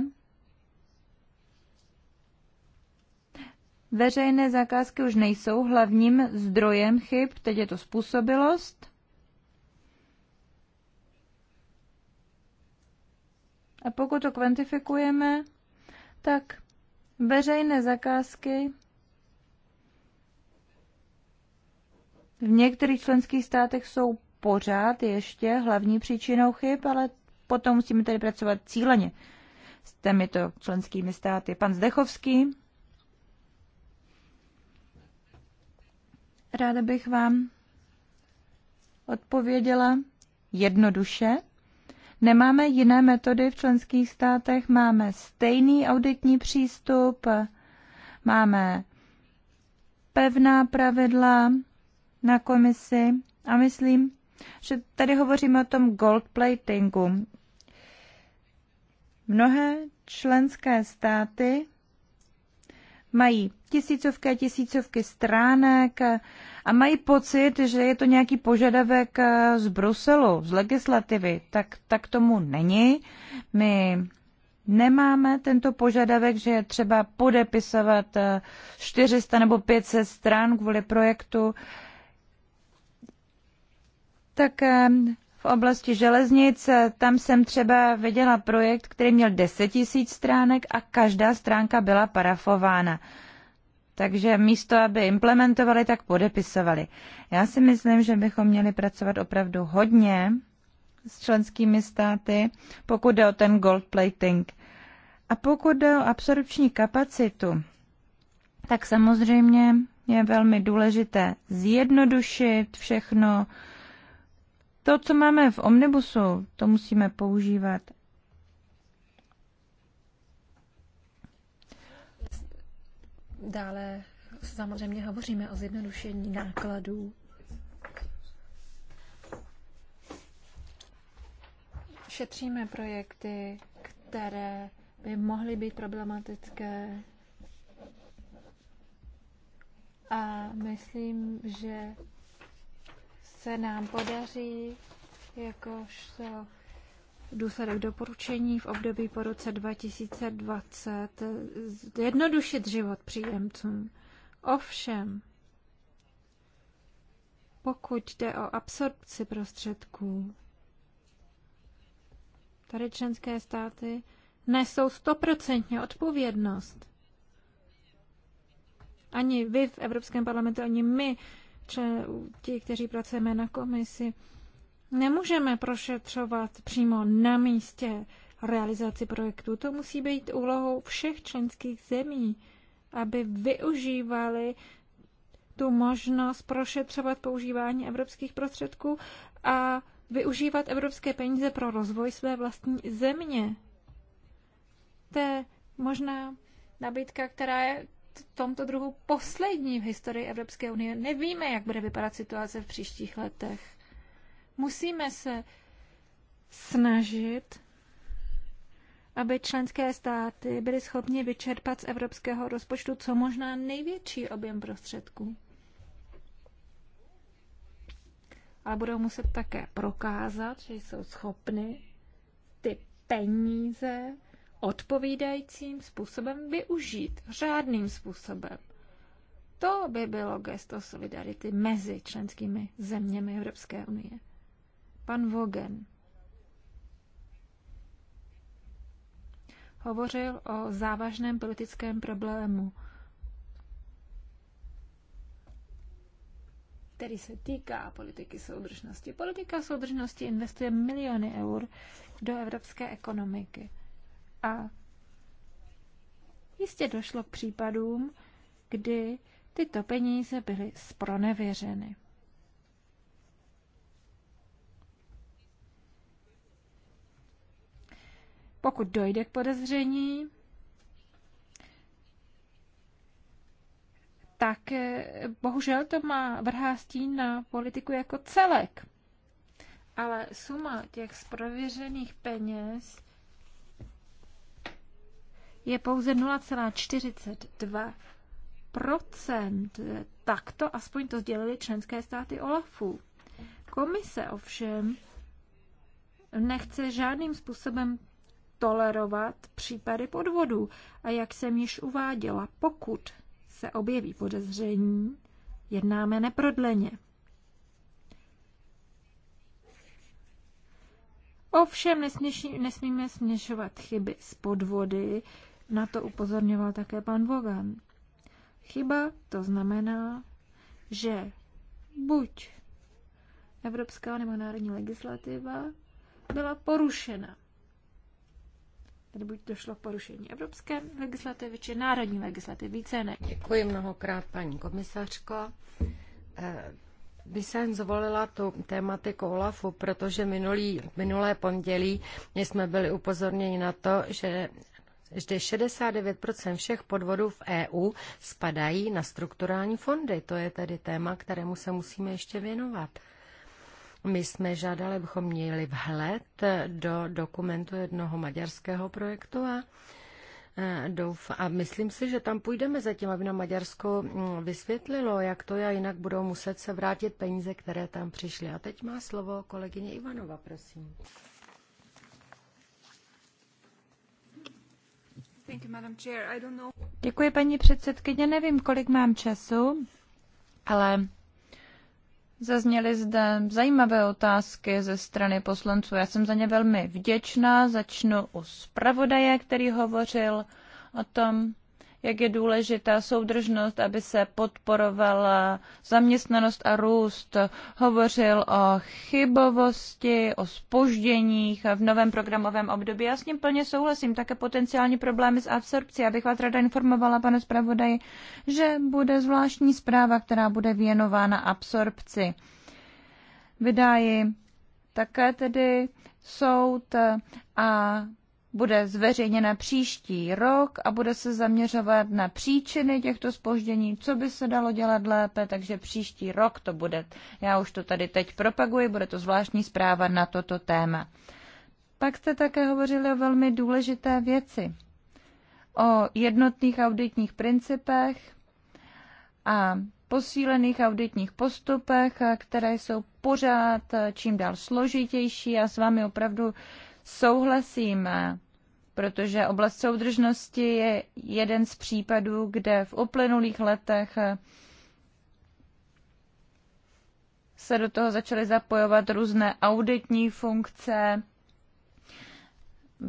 Speaker 4: Veřejné zakázky už nejsou hlavním zdrojem chyb, teď je to způsobilost. A pokud to kvantifikujeme, tak veřejné zakázky v některých členských státech jsou pořád ještě hlavní příčinou chyb, ale potom musíme tady pracovat cíleně s těmito členskými státy. Pan Zdechovský. Ráda bych vám odpověděla jednoduše. Nemáme jiné metody v členských státech, máme stejný auditní přístup, máme pevná pravidla na komisi a myslím, že tady hovoříme o tom gold platingu. Mnohé členské státy mají tisícovky a tisícovky stránek a mají pocit, že je to nějaký požadavek eh, z Bruselu, z legislativy. Tak, tak tomu není. My nemáme tento požadavek, že je třeba podepisovat 400 eh, nebo 500 stran kvůli projektu. Tak. Eh, v oblasti železnic, tam jsem třeba viděla projekt, který měl 10 tisíc stránek a každá stránka byla parafována. Takže místo, aby implementovali, tak podepisovali. Já si myslím, že bychom měli pracovat opravdu hodně s členskými státy, pokud jde o ten gold plating. A pokud jde o absorpční kapacitu, tak samozřejmě je velmi důležité zjednodušit všechno, to, co máme v omnibusu, to musíme používat.
Speaker 3: Dále samozřejmě hovoříme o zjednodušení nákladů. Šetříme projekty, které by mohly být problematické. A myslím, že se nám podaří, jakožto důsledek doporučení v období po roce 2020, zjednodušit život příjemcům. Ovšem, pokud jde o absorpci prostředků, tady členské státy nesou stoprocentně odpovědnost. Ani vy v Evropském parlamentu, ani my tře, ti, kteří pracujeme na komisi, nemůžeme prošetřovat přímo na místě realizaci projektu. To musí být úlohou všech členských zemí, aby využívali tu možnost prošetřovat používání evropských prostředků a využívat evropské peníze pro rozvoj své vlastní země. To je možná nabídka, která je tomto druhu poslední v historii Evropské unie. Nevíme, jak bude vypadat situace v příštích letech. Musíme se snažit, aby členské státy byly schopni vyčerpat z evropského rozpočtu co možná největší objem prostředků. Ale budou muset také prokázat, že jsou schopny ty peníze odpovídajícím způsobem využít, řádným způsobem. To by bylo gesto solidarity mezi členskými zeměmi Evropské unie. Pan Vogen hovořil o závažném politickém problému, který se týká politiky soudržnosti. Politika soudržnosti investuje miliony eur do evropské ekonomiky. A jistě došlo k případům, kdy tyto peníze byly spronevěřeny. Pokud dojde k podezření, tak eh, bohužel to má vrhá stín na politiku jako celek. Ale suma těch zprověřených peněz je pouze 0,42%. Takto aspoň to sdělili členské státy OLAFu. Komise ovšem nechce žádným způsobem tolerovat případy podvodu A jak jsem již uváděla, pokud se objeví podezření, jednáme neprodleně. Ovšem nesmíme směšovat chyby s podvody, na to upozorňoval také pan Vogan. Chyba to znamená, že buď evropská nebo národní legislativa byla porušena. Tedy buď došlo k porušení evropské legislativy či národní
Speaker 2: legislativy, více ne. Děkuji mnohokrát, paní komisařko. Vy eh, jsem zvolila tu tématiku OLAFu, protože minulý, minulé pondělí jsme byli upozorněni na to, že že 69 všech podvodů v EU spadají na strukturální fondy. To je tedy téma, kterému se musíme ještě věnovat. My jsme žádali, abychom měli vhled do dokumentu jednoho maďarského projektu a e, Douf. A myslím si, že tam půjdeme zatím, aby na Maďarsko vysvětlilo, jak to a jinak budou muset se vrátit peníze, které tam přišly. A teď má slovo kolegyně Ivanova, prosím.
Speaker 4: Děkuji, paní předsedkyně. Nevím, kolik mám času, ale zazněly zde zajímavé otázky ze strany poslanců. Já jsem za ně velmi vděčná. Začnu u zpravodaje, který hovořil o tom, jak je důležitá soudržnost, aby se podporovala zaměstnanost a růst. Hovořil o chybovosti, o spožděních v novém programovém období. Já s ním plně souhlasím. Také potenciální problémy s absorpcí. Abych vás rada informovala, pane zpravodaji, že bude zvláštní zpráva, která bude věnována absorpci. Vydáji také tedy soud a bude zveřejněna příští rok a bude se zaměřovat na příčiny těchto spoždění, co by se dalo dělat lépe, takže příští rok to bude. Já už to tady teď propaguji, bude to zvláštní zpráva na toto téma. Pak jste také hovořili o velmi důležité věci. O jednotných auditních principech a posílených auditních postupech, které jsou pořád čím dál složitější. Já s vámi opravdu souhlasím, protože oblast soudržnosti je jeden z případů, kde v uplynulých letech se do toho začaly zapojovat různé auditní funkce,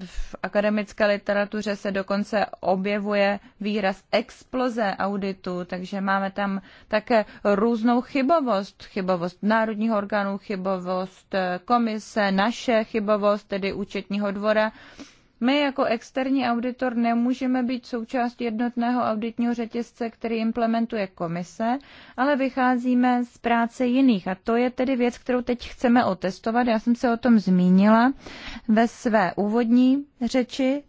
Speaker 4: v akademické literatuře se dokonce objevuje výraz exploze auditu, takže máme tam také různou chybovost. Chybovost národního orgánu, chybovost eh, komise, naše chybovost, tedy účetního dvora. My jako externí auditor nemůžeme být součást jednotného auditního řetězce, který implementuje komise, ale vycházíme z práce jiných. A to je tedy věc, kterou teď chceme otestovat. Já jsem se o tom zmínila ve své úvodní řeči.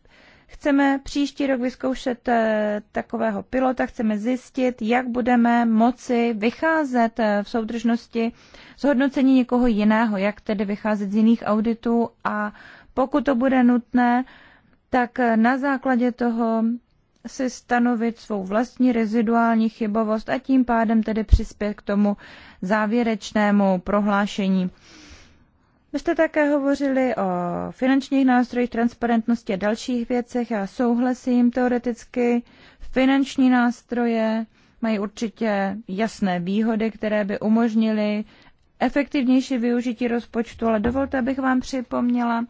Speaker 4: Chceme příští rok vyzkoušet eh, takového pilota, chceme zjistit, jak budeme moci vycházet eh, v soudržnosti hodnocení někoho jiného, jak tedy vycházet z jiných auditů a pokud to bude nutné, tak na základě toho si stanovit svou vlastní reziduální chybovost a tím pádem tedy přispět k tomu závěrečnému prohlášení. Vy jste také hovořili o finančních nástrojích, transparentnosti a dalších věcech. Já souhlasím teoreticky. Finanční nástroje mají určitě jasné výhody, které by umožnily efektivnější využití rozpočtu, ale dovolte, abych vám připomněla,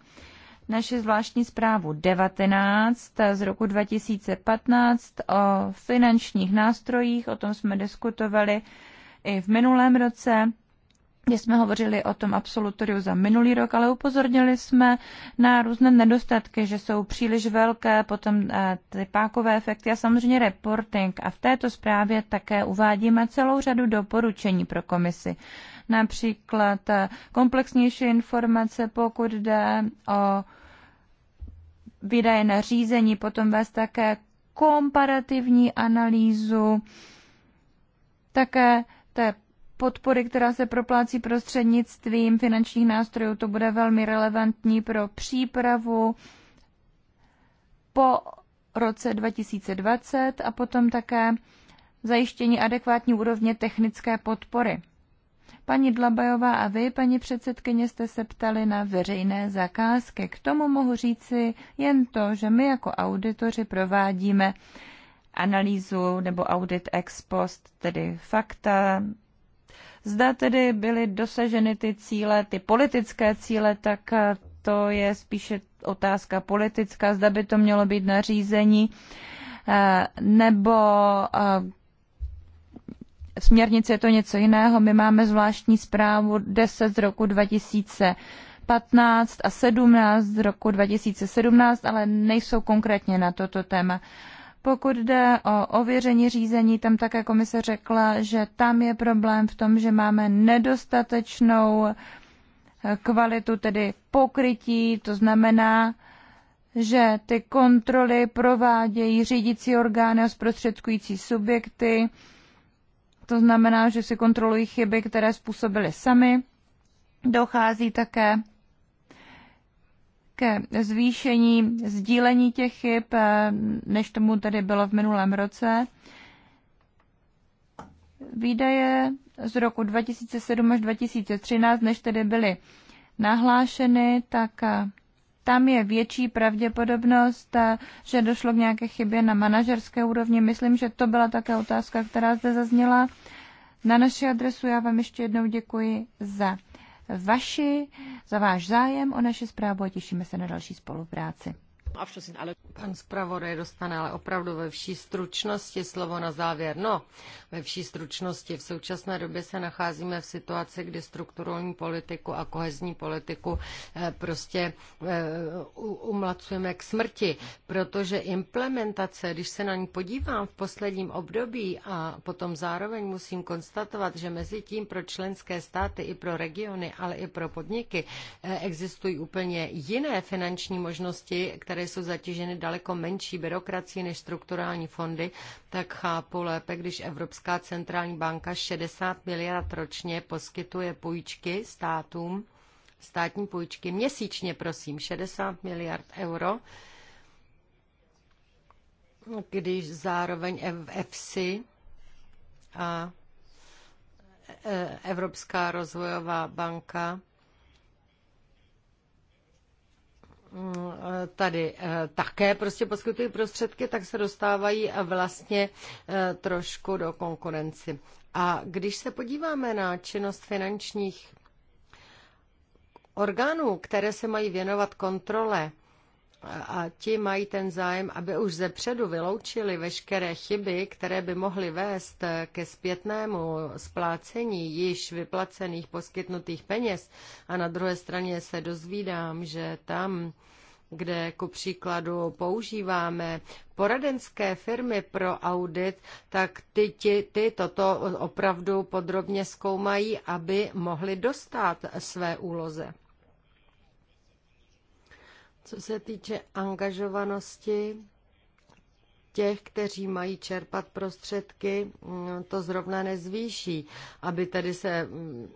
Speaker 4: naše zvláštní zprávu 19 z roku 2015 o finančních nástrojích. O tom jsme diskutovali i v minulém roce, kde jsme hovořili o tom absolutoriu za minulý rok, ale upozornili jsme na různé nedostatky, že jsou příliš velké, potom eh, ty pákové efekty a samozřejmě reporting. A v této zprávě také uvádíme celou řadu doporučení pro komisi například eh, komplexnější informace, pokud jde o výdaje na řízení, potom vést také komparativní analýzu, také té podpory, která se proplácí prostřednictvím finančních nástrojů, to bude velmi relevantní pro přípravu po roce 2020 a potom také zajištění adekvátní úrovně technické podpory. Paní Dlabajová a vy, paní předsedkyně, jste se ptali na veřejné zakázky. K tomu mohu říci jen to, že my jako auditoři provádíme analýzu nebo audit ex post, tedy fakta, Zda tedy byly dosaženy ty cíle, ty politické cíle, tak to je spíše otázka politická, zda by to mělo být nařízení eh, nebo eh, směrnice je to něco jiného. My máme zvláštní zprávu 10 z roku 2015 a 17 z roku 2017, ale nejsou konkrétně na toto téma. Pokud jde o ověření řízení, tam také komise řekla, že tam je problém v tom, že máme nedostatečnou kvalitu, tedy pokrytí, to znamená, že ty kontroly provádějí řídící orgány a zprostředkující subjekty, to znamená, že si kontrolují chyby, které způsobili sami. Dochází také ke zvýšení sdílení těch chyb, eh, než tomu tedy bylo v minulém roce. Výdaje z roku 2007 až 2013, než tedy byly nahlášeny, tak eh, tam je větší pravděpodobnost, eh, že došlo k nějaké chybě na manažerské úrovni. Myslím, že to byla také otázka, která zde zazněla. Na naši adresu já vám ještě jednou děkuji za vaši, za váš zájem o naši zprávu a těšíme se na další spolupráci.
Speaker 2: Pan zpravodaj dostane ale opravdu ve vší stručnosti slovo na závěr. No, ve vší stručnosti. V současné době se nacházíme v situaci, kdy strukturální politiku a kohezní politiku eh, prostě eh, umlacujeme k smrti, protože implementace, když se na ní podívám v posledním období a potom zároveň musím konstatovat, že mezi tím pro členské státy i pro regiony, ale i pro podniky eh, existují úplně jiné finanční možnosti, které které jsou zatíženy daleko menší byrokracií než strukturální fondy, tak chápu lépe, když Evropská centrální banka 60 miliard ročně poskytuje půjčky státům, státní půjčky měsíčně, prosím, 60 miliard euro, když zároveň EFSI a e, Evropská rozvojová banka Eh, tady eh, také prostě poskytují prostředky, tak se dostávají eh, vlastně trošku do konkurenci. A když se podíváme na činnost finančních orgánů, které se mají věnovat kontrole a ti mají ten zájem, aby už zepředu vyloučili veškeré chyby, které by mohly vést ke zpětnému splácení již vyplacených poskytnutých peněz. A na druhé straně se dozvídám, že tam, kde ku příkladu používáme poradenské firmy pro audit, tak ty, ty, ty toto opravdu podrobně zkoumají, aby mohli dostat své úloze. Co se týče angažovanosti těch, kteří mají čerpat prostředky, mm, to zrovna nezvýší, aby tedy se mm,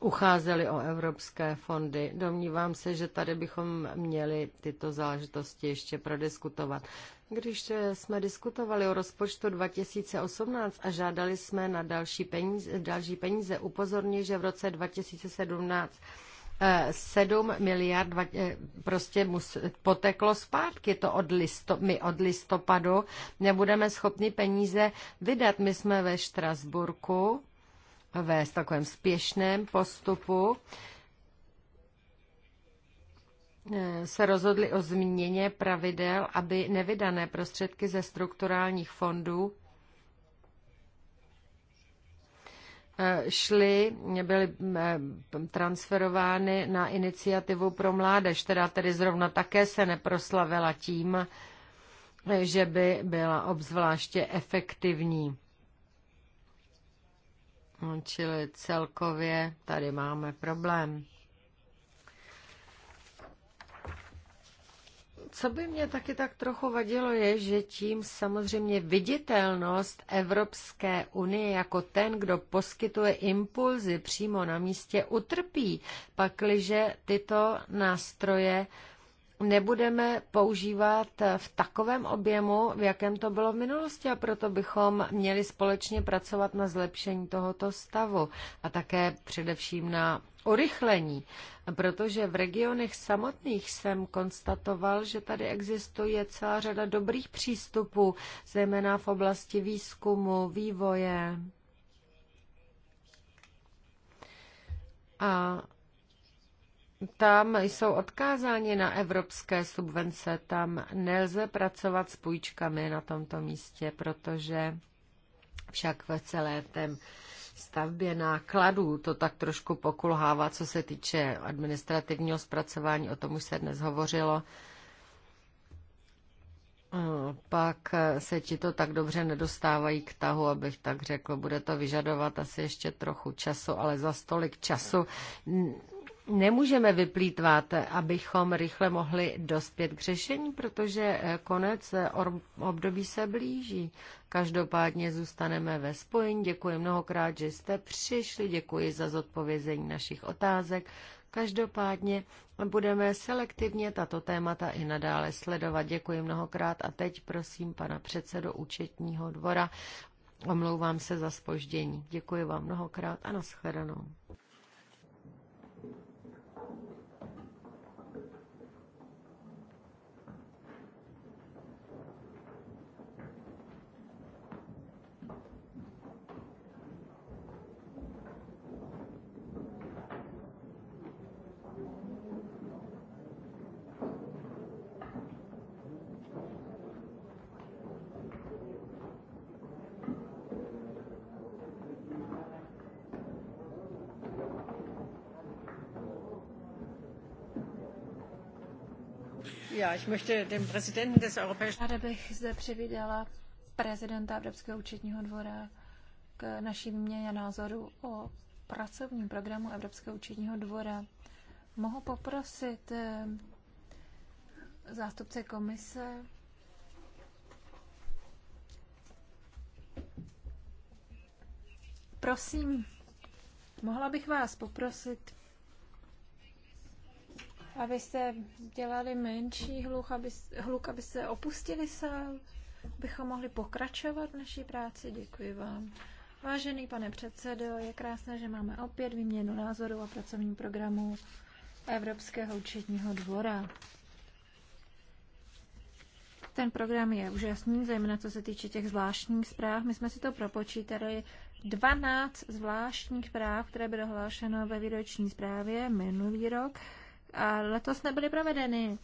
Speaker 2: ucházeli o evropské fondy. Domnívám se, že tady bychom měli tyto záležitosti ještě prodiskutovat. Když eh, jsme diskutovali o rozpočtu 2018 a žádali jsme na další peníze, další peníze upozorně, že v roce 2017 7 miliard eh, prostě mus, poteklo zpátky. To od listo, my od listopadu nebudeme schopni peníze vydat. My jsme ve Štrasburku ve takovém spěšném postupu eh, se rozhodli o změně pravidel, aby nevydané prostředky ze strukturálních fondů Eh, šly, byly eh, transferovány na iniciativu pro mládež, která tedy zrovna také se neproslavila tím, eh, že by byla obzvláště efektivní. Čili celkově tady máme problém. co by mě taky tak trochu vadilo, je, že tím samozřejmě viditelnost Evropské unie jako ten, kdo poskytuje impulzy přímo na místě, utrpí, pakliže tyto nástroje nebudeme používat v takovém objemu, v jakém to bylo v minulosti a proto bychom měli společně pracovat na zlepšení tohoto stavu a také především na urychlení, protože v regionech samotných jsem konstatoval, že tady existuje celá řada dobrých přístupů, zejména v oblasti výzkumu, vývoje. A tam jsou odkázáni na evropské subvence, tam nelze pracovat s půjčkami na tomto místě, protože však v celé tém stavbě nákladů to tak trošku pokulhává, co se týče administrativního zpracování, o tom už se dnes hovořilo. Eh, pak eh, se ti to tak dobře nedostávají k tahu, abych tak řekl. Bude to vyžadovat asi ještě trochu času, ale za stolik času nemůžeme vyplýtvat, abychom rychle mohli dospět k řešení, protože eh, konec eh, období se blíží. Každopádně zůstaneme ve spojení. Děkuji mnohokrát, že jste přišli. Děkuji za zodpovězení našich otázek. Každopádně budeme selektivně tato témata i nadále sledovat. Děkuji mnohokrát a teď prosím pana předsedu účetního dvora. Omlouvám se za spoždění. Děkuji vám mnohokrát a naschledanou.
Speaker 3: Já Ráda bych zde přivídala prezidenta Evropského účetního dvora k naší výměně názoru o pracovním programu Evropského účetního dvora. Mohu poprosit eh, zástupce komise, Prosím, mohla bych vás poprosit abyste dělali menší hluk, aby, hluk, aby se opustili sál, abychom mohli pokračovat v naší práci. Děkuji vám. Vážený pane předsedo, je krásné, že máme opět výměnu názorů a pracovním programu Evropského účetního dvora. Ten program je úžasný, zejména co se týče těch zvláštních zpráv. My jsme si to propočítali. 12 zvláštních práv, které bylo hlášeno ve výroční zprávě minulý rok a letos nebyly provedeny.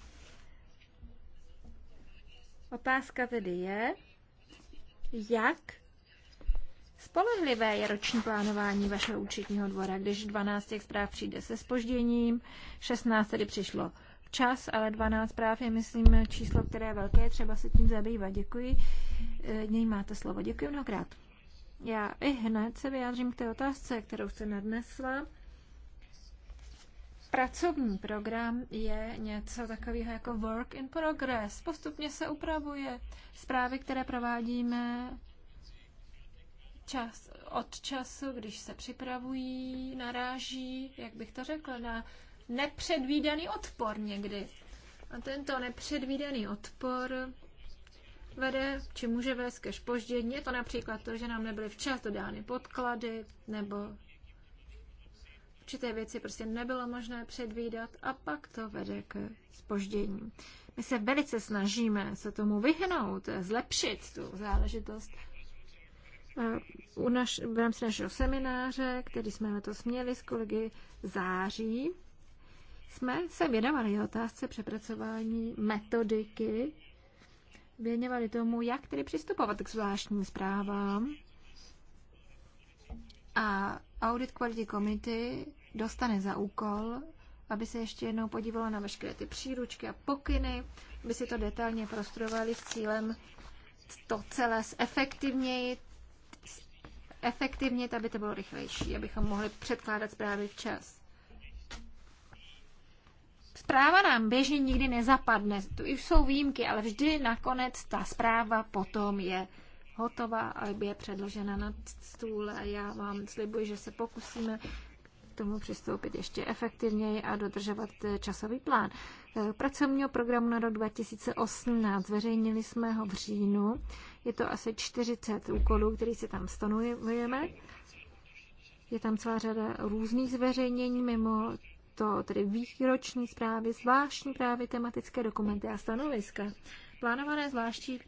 Speaker 3: Otázka tedy je, jak spolehlivé je roční plánování vašeho účetního dvora, když 12 těch zpráv přijde se spožděním, 16 tedy přišlo čas, ale 12 zpráv je, myslím, číslo, které je velké, třeba se tím zabývat. Děkuji. E, něj máte slovo. Děkuji mnohokrát. Já i hned se vyjádřím k té otázce, kterou jste nadnesla pracovní program je něco takového jako work in progress. Postupně se upravuje. Zprávy, které provádíme čas, od času, když se připravují, naráží, jak bych to řekla, na nepředvídaný odpor někdy. A tento nepředvídaný odpor vede, či může vést ke špoždění. Je to například to, že nám nebyly včas dodány podklady, nebo určité věci prostě nebylo možné předvídat a pak to vede k spoždění. My se velice snažíme se tomu vyhnout, zlepšit tu záležitost. Eh, u naš, v rámci našeho semináře, který jsme letos měli s kolegy září, jsme se věnovali otázce přepracování metodiky, věnovali tomu, jak tedy přistupovat k zvláštním zprávám. A Audit Quality Committee dostane za úkol, aby se ještě jednou podívalo na veškeré ty příručky a pokyny, aby si to detailně prostudovali s cílem to celé zefektivněji, efektivnit, aby to bylo rychlejší, abychom mohli předkládat zprávy včas. Zpráva nám běžně nikdy nezapadne, tu už jsou výjimky, ale vždy nakonec ta zpráva potom je hotová a je předložena na stůl a já vám slibuji, že se pokusíme k tomu přistoupit ještě efektivněji a dodržovat časový plán. E, pracovního programu na rok 2018 zveřejnili jsme ho v říjnu. Je to asi 40 úkolů, který si tam stanovujeme. Je tam celá řada různých zveřejnění mimo to tedy výroční zprávy, zvláštní právě tematické dokumenty a stanoviska. Plánované zvláštní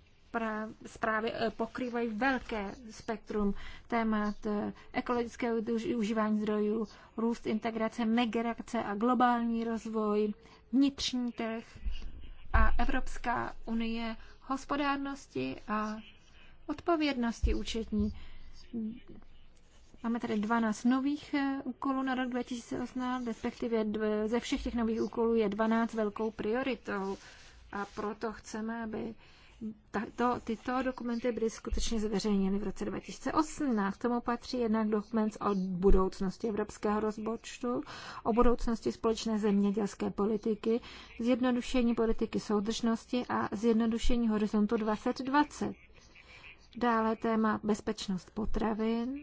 Speaker 3: zprávy eh, pokrývají velké spektrum témat eh, ekologického užívání zdrojů, růst integrace, migrace a globální rozvoj, vnitřní trh a Evropská unie hospodárnosti a odpovědnosti účetní. Máme tady 12 nových eh, úkolů na rok 2018, respektive ze všech těch nových úkolů je 12 velkou prioritou a proto chceme, aby tato, tyto dokumenty byly skutečně zveřejněny v roce 2018. K tomu patří jednak dokument o budoucnosti evropského rozpočtu, o budoucnosti společné zemědělské politiky, zjednodušení politiky soudržnosti a zjednodušení horizontu 2020. Dále téma bezpečnost potravin,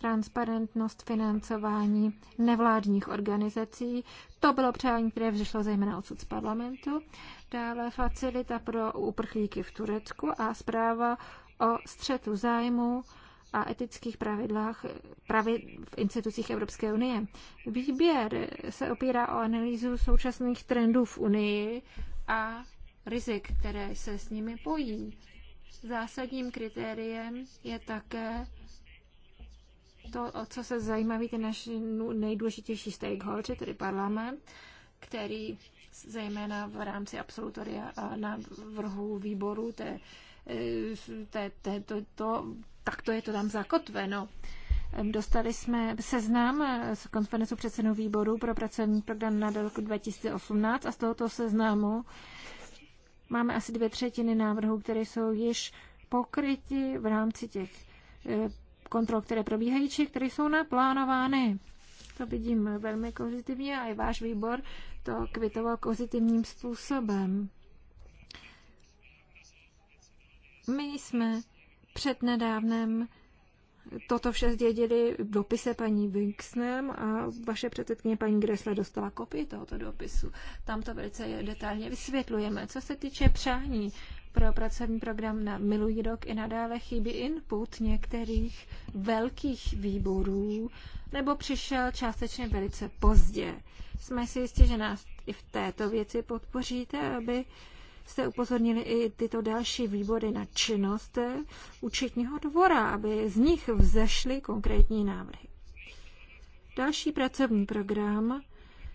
Speaker 3: transparentnost financování nevládních organizací. To bylo přání, které vzešlo zejména odsud z parlamentu dále facilita pro uprchlíky v Turecku a zpráva o střetu zájmu a etických pravidlách pravid v institucích Evropské unie. Výběr se opírá o analýzu současných trendů v Unii a rizik, které se s nimi pojí. Zásadním kritériem je také to, o co se zajímaví ty naši nejdůležitější stakeholders, tedy parlament, který zejména v rámci absolutoria a vrhu výboru, té, e, té, té, to, to, tak to je to tam zakotveno. Dostali jsme seznam e, z konferencu předsedů výboru pro pracovní program na roku 2018 a z tohoto seznamu máme asi dvě třetiny návrhů, které jsou již pokryty v rámci těch e, kontrol, které probíhají, či které jsou naplánovány. To vidím velmi pozitivně a i váš výbor to kvitoval pozitivním způsobem. My jsme před nedávnem toto vše zdědili v dopise paní Winksnem a vaše předsedkyně paní Gressler dostala kopii tohoto dopisu. Tam to velice detailně vysvětlujeme. Co se týče přání pro pracovní program na milují rok i nadále chybí input některých velkých výborů nebo přišel částečně velice pozdě. Jsme si jistí, že nás i v této věci podpoříte, aby jste upozornili i tyto další výbory na činnost eh, účetního dvora, aby z nich vzešly konkrétní návrhy. Další pracovní program,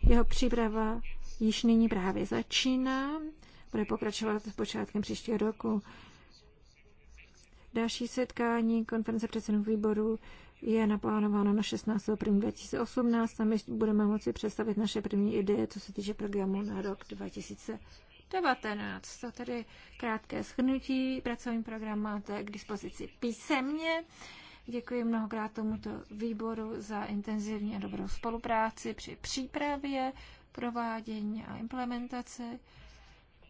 Speaker 3: jeho příprava již nyní právě začíná, bude pokračovat s počátkem příštího roku. Další setkání konference předsedů výboru je naplánováno na 16.1.2018 a my budeme moci představit naše první ideje, co se týče programu na rok 2019. To tedy krátké schrnutí. Pracovní program máte k dispozici písemně. Děkuji mnohokrát tomuto výboru za intenzivní a dobrou spolupráci při přípravě, provádění a implementaci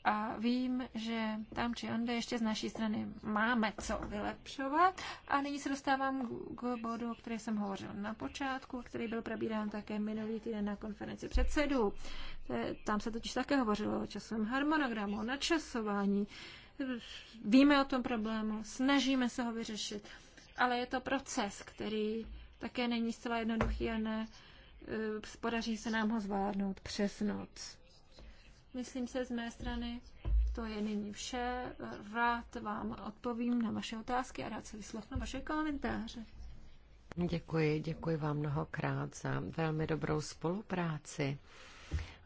Speaker 3: a vím, že tam či onde ještě z naší strany máme co vylepšovat. A nyní se dostávám k bodu, o který jsem hovořil na počátku, který byl probírán také minulý týden na konferenci předsedů. Tam se totiž také hovořilo o časovém harmonogramu, o načasování. Víme o tom problému, snažíme se ho vyřešit, ale je to proces, který také není zcela jednoduchý a ne eh, podaří se nám ho zvládnout přes noc. Myslím se z mé strany, to je nyní vše. Rád vám odpovím na vaše otázky a rád se vyslechnu vaše komentáře.
Speaker 2: Děkuji, děkuji vám mnohokrát za velmi dobrou spolupráci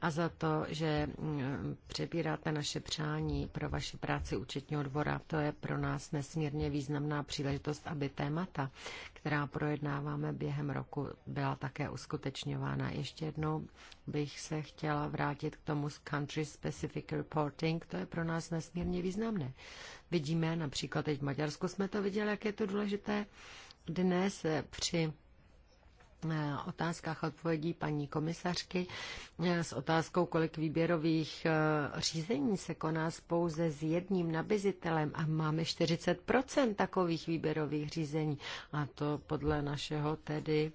Speaker 2: a za to, že mm, přebíráte naše přání pro vaši práci účetního dvora. To je pro nás nesmírně významná příležitost, aby témata, která projednáváme během roku, byla také uskutečňována. Ještě jednou bych se chtěla vrátit k tomu country specific reporting. To je pro nás nesmírně významné. Vidíme, například teď v Maďarsku jsme to viděli, jak je to důležité dnes při otázkách odpovědí paní komisařky s otázkou, kolik výběrových eh, řízení se koná pouze s jedním nabizitelem a máme 40% takových výběrových řízení a to podle našeho tedy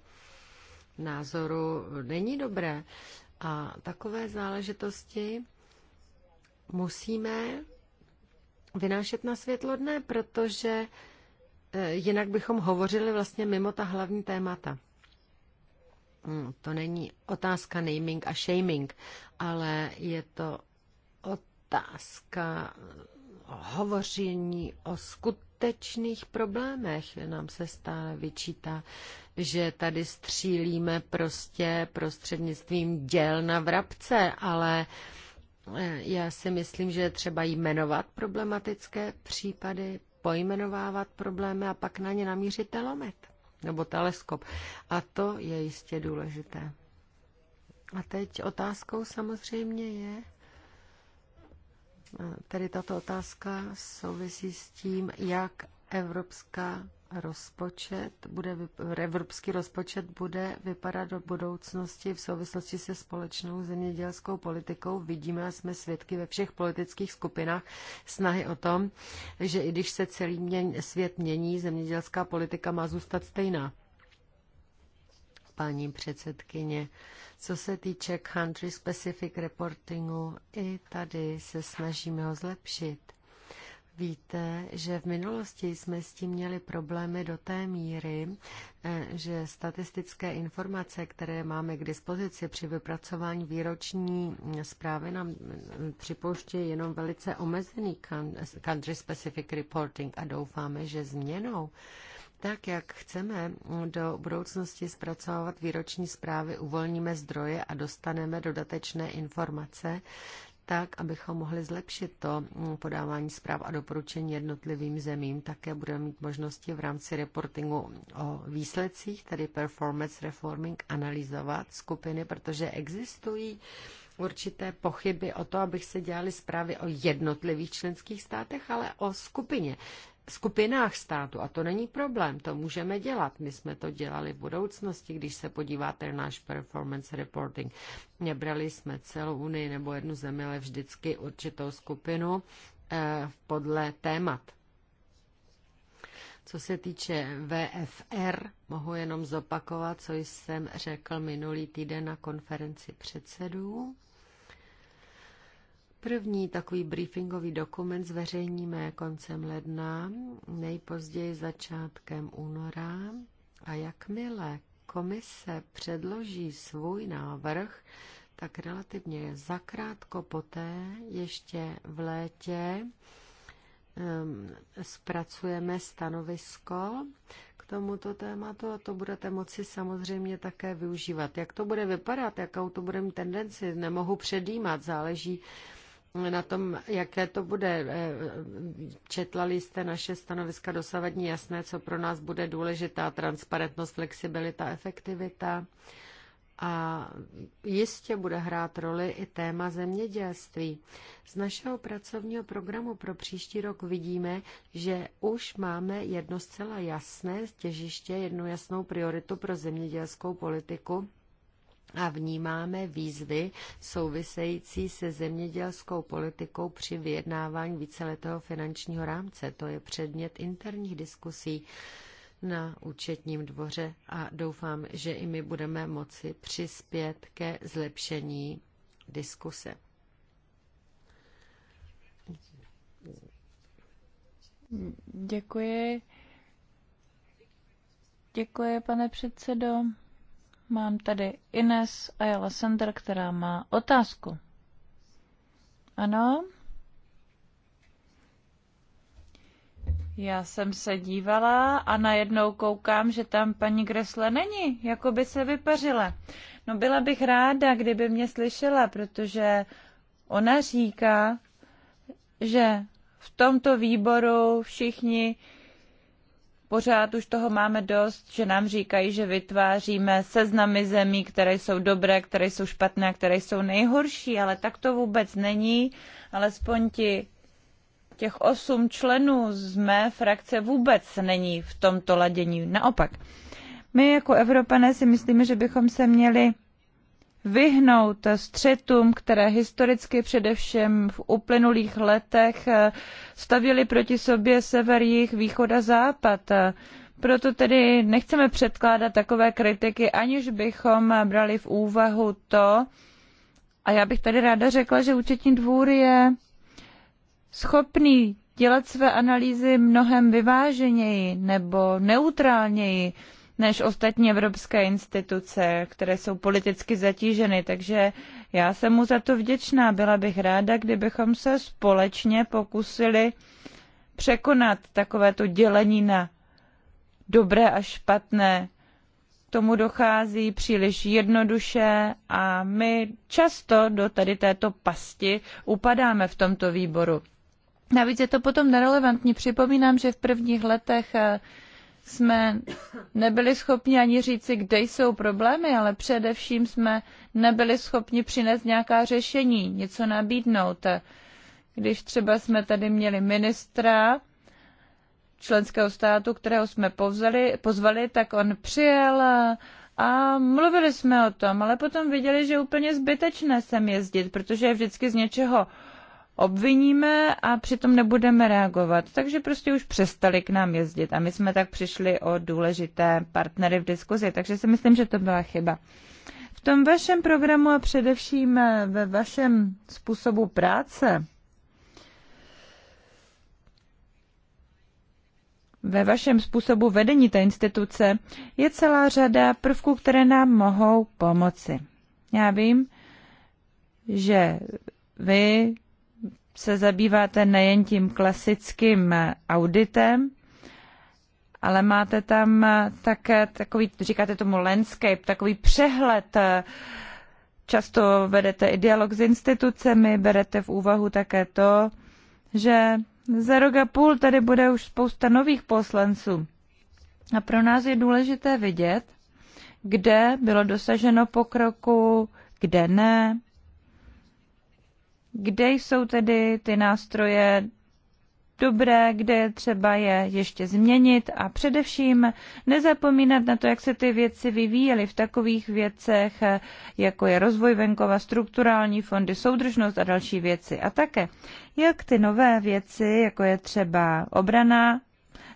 Speaker 2: názoru není dobré. A takové záležitosti musíme vynášet na světlo dne, protože eh, jinak bychom hovořili vlastně mimo ta hlavní témata. Mm, to není otázka naming a shaming, ale je to otázka hovoření o skutečných problémech. Nám se stále vyčítá, že tady střílíme prostě prostřednictvím děl na vrabce, ale eh, já si myslím, že třeba jmenovat problematické případy, pojmenovávat problémy a pak na ně namířit telomet nebo teleskop. A to je jistě důležité. A teď otázkou samozřejmě je, eh, tedy tato otázka souvisí s tím, jak Evropská rozpočet bude, evropský rozpočet bude vypadat do budoucnosti v souvislosti se společnou zemědělskou politikou. Vidíme a jsme svědky ve všech politických skupinách snahy o tom, že i když se celý měn, svět mění, zemědělská politika má zůstat stejná. Paní předsedkyně, co se týče country specific reportingu, i tady se snažíme ho zlepšit Víte, že v minulosti jsme s tím měli problémy do té míry, eh, že statistické informace, které máme k dispozici při vypracování výroční zprávy, nám eh, připouštějí jenom velice omezený country-specific reporting a doufáme, že změnou tak, jak chceme do budoucnosti zpracovávat výroční zprávy, uvolníme zdroje a dostaneme dodatečné informace, tak, abychom mohli zlepšit to mm, podávání zpráv a doporučení jednotlivým zemím. Také budeme mít možnosti v rámci reportingu o výsledcích, tedy performance reforming, analyzovat skupiny, protože existují určité pochyby o to, abych se dělali zprávy o jednotlivých členských státech, ale o skupině skupinách státu. A to není problém, to můžeme dělat. My jsme to dělali v budoucnosti, když se podíváte na náš performance reporting. Nebrali jsme celou Unii nebo jednu zemi, ale vždycky určitou skupinu eh, podle témat. Co se týče VFR, mohu jenom zopakovat, co jsem řekl minulý týden na konferenci předsedů. První takový briefingový dokument zveřejníme koncem ledna, nejpozději začátkem února. A jakmile komise předloží svůj návrh, tak relativně zakrátko poté, ještě v létě, ehm, zpracujeme stanovisko k tomuto tématu a to budete moci samozřejmě také využívat. Jak to bude vypadat, jakou to bude mít tendenci, nemohu předjímat, záleží na tom, jaké to bude. Eh, Četla jste naše stanoviska dosavadní jasné, co pro nás bude důležitá transparentnost, flexibilita, efektivita. A jistě bude hrát roli i téma zemědělství. Z našeho pracovního programu pro příští rok vidíme, že už máme jedno zcela jasné těžiště, jednu jasnou prioritu pro zemědělskou politiku a vnímáme výzvy související se zemědělskou politikou při vyjednávání víceletého finančního rámce. To je předmět interních diskusí na účetním dvoře a doufám, že i my budeme moci přispět ke zlepšení diskuse. Děkuji.
Speaker 4: Děkuji, pane předsedo. Mám tady Ines Ayala Sender, která má otázku. Ano? Já jsem se dívala a najednou koukám, že tam paní Gresle není, jako by se vypařila. No byla bych ráda, kdyby mě slyšela, protože ona říká, že v tomto výboru všichni pořád už toho máme dost, že nám říkají, že vytváříme seznamy zemí, které jsou dobré, které jsou špatné, které jsou nejhorší, ale tak to vůbec není. Alespoň ti těch osm členů z mé frakce vůbec není v tomto ladění. Naopak, my jako Evropané si myslíme, že bychom se měli vyhnout střetům, které historicky především v uplynulých letech eh, stavěly proti sobě sever, jich, východ a západ. Proto tedy nechceme předkládat takové kritiky, aniž bychom brali v úvahu to, a já bych tady ráda řekla, že účetní dvůr je schopný dělat své analýzy mnohem vyváženěji nebo neutrálněji, než ostatní evropské instituce, které jsou politicky zatíženy. Takže já jsem mu za to vděčná. Byla bych ráda, kdybychom se společně pokusili překonat takovéto dělení na dobré a špatné. K tomu dochází příliš jednoduše a my často do tady této pasti upadáme v tomto výboru. Navíc je to potom nerelevantní. Připomínám, že v prvních letech eh, jsme nebyli schopni ani říci, kde jsou problémy, ale především jsme nebyli schopni přinést nějaká řešení, něco nabídnout. Když třeba jsme tady měli ministra členského státu, kterého jsme povzali, pozvali, tak on přijel a mluvili jsme o tom, ale potom viděli, že úplně zbytečné sem jezdit, protože je vždycky z něčeho obviníme a přitom nebudeme reagovat. Takže prostě už přestali k nám jezdit a my jsme tak přišli o důležité partnery v diskuzi, takže si myslím, že to byla chyba. V tom vašem programu a především eh, ve vašem způsobu práce, ve vašem způsobu vedení té instituce je celá řada prvků, které nám mohou pomoci. Já vím, že vy se zabýváte nejen tím klasickým auditem, ale máte tam také takový, říkáte tomu landscape, takový přehled. Často vedete i dialog s institucemi, berete v úvahu také to, že za rok a půl tady bude už spousta nových poslanců. A pro nás je důležité vidět, kde bylo dosaženo pokroku, kde ne, kde jsou tedy ty nástroje dobré, kde je třeba je ještě změnit a především nezapomínat na to, jak se ty věci vyvíjely v takových věcech, jako je rozvoj venkova, strukturální fondy, soudržnost a další věci. A také, jak ty nové věci, jako je třeba obrana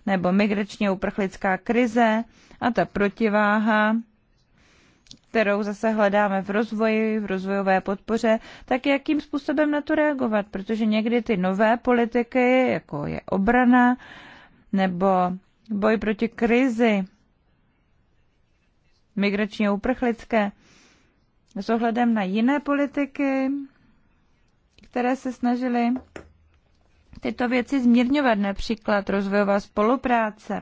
Speaker 4: nebo migračně uprchlická krize a ta protiváha, kterou zase hledáme v rozvoji, v rozvojové podpoře, tak jakým způsobem na to reagovat, protože někdy ty nové politiky, jako je obrana nebo boj proti krizi, migrační uprchlické, s ohledem na jiné politiky, které se snažily tyto věci zmírňovat, například rozvojová spolupráce,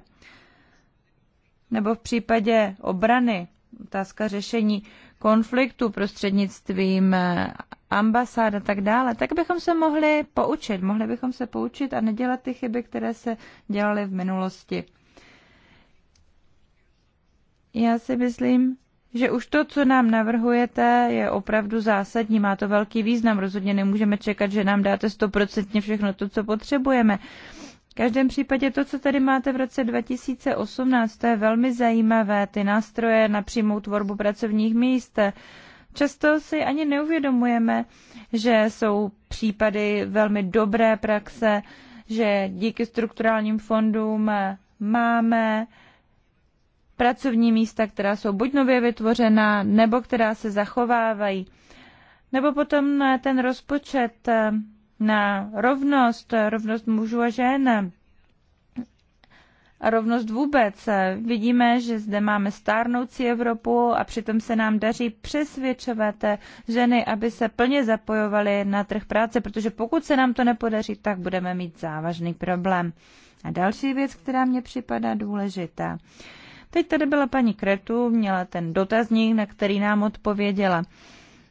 Speaker 4: nebo v případě obrany otázka řešení konfliktu prostřednictvím eh, ambasád a tak dále, tak bychom se mohli poučit. Mohli bychom se poučit a nedělat ty chyby, které se dělaly v minulosti. Já si myslím, že už to, co nám navrhujete, je opravdu zásadní, má to velký význam. Rozhodně nemůžeme čekat, že nám dáte stoprocentně všechno to, co potřebujeme každém případě to, co tady máte v roce 2018, to je velmi zajímavé, ty nástroje na přímou tvorbu pracovních míst. Často si ani neuvědomujeme, že jsou případy velmi dobré praxe, že díky strukturálním fondům máme pracovní místa, která jsou buď nově vytvořena, nebo která se zachovávají. Nebo potom ten rozpočet na rovnost, rovnost mužů a žen a rovnost vůbec. Vidíme, že zde máme stárnoucí Evropu a přitom se nám daří přesvědčovat ženy, aby se plně zapojovaly na trh práce, protože pokud se nám to nepodaří, tak budeme mít závažný problém. A další věc, která mě připadá důležitá. Teď tady byla paní Kretu, měla ten dotazník, na který nám odpověděla.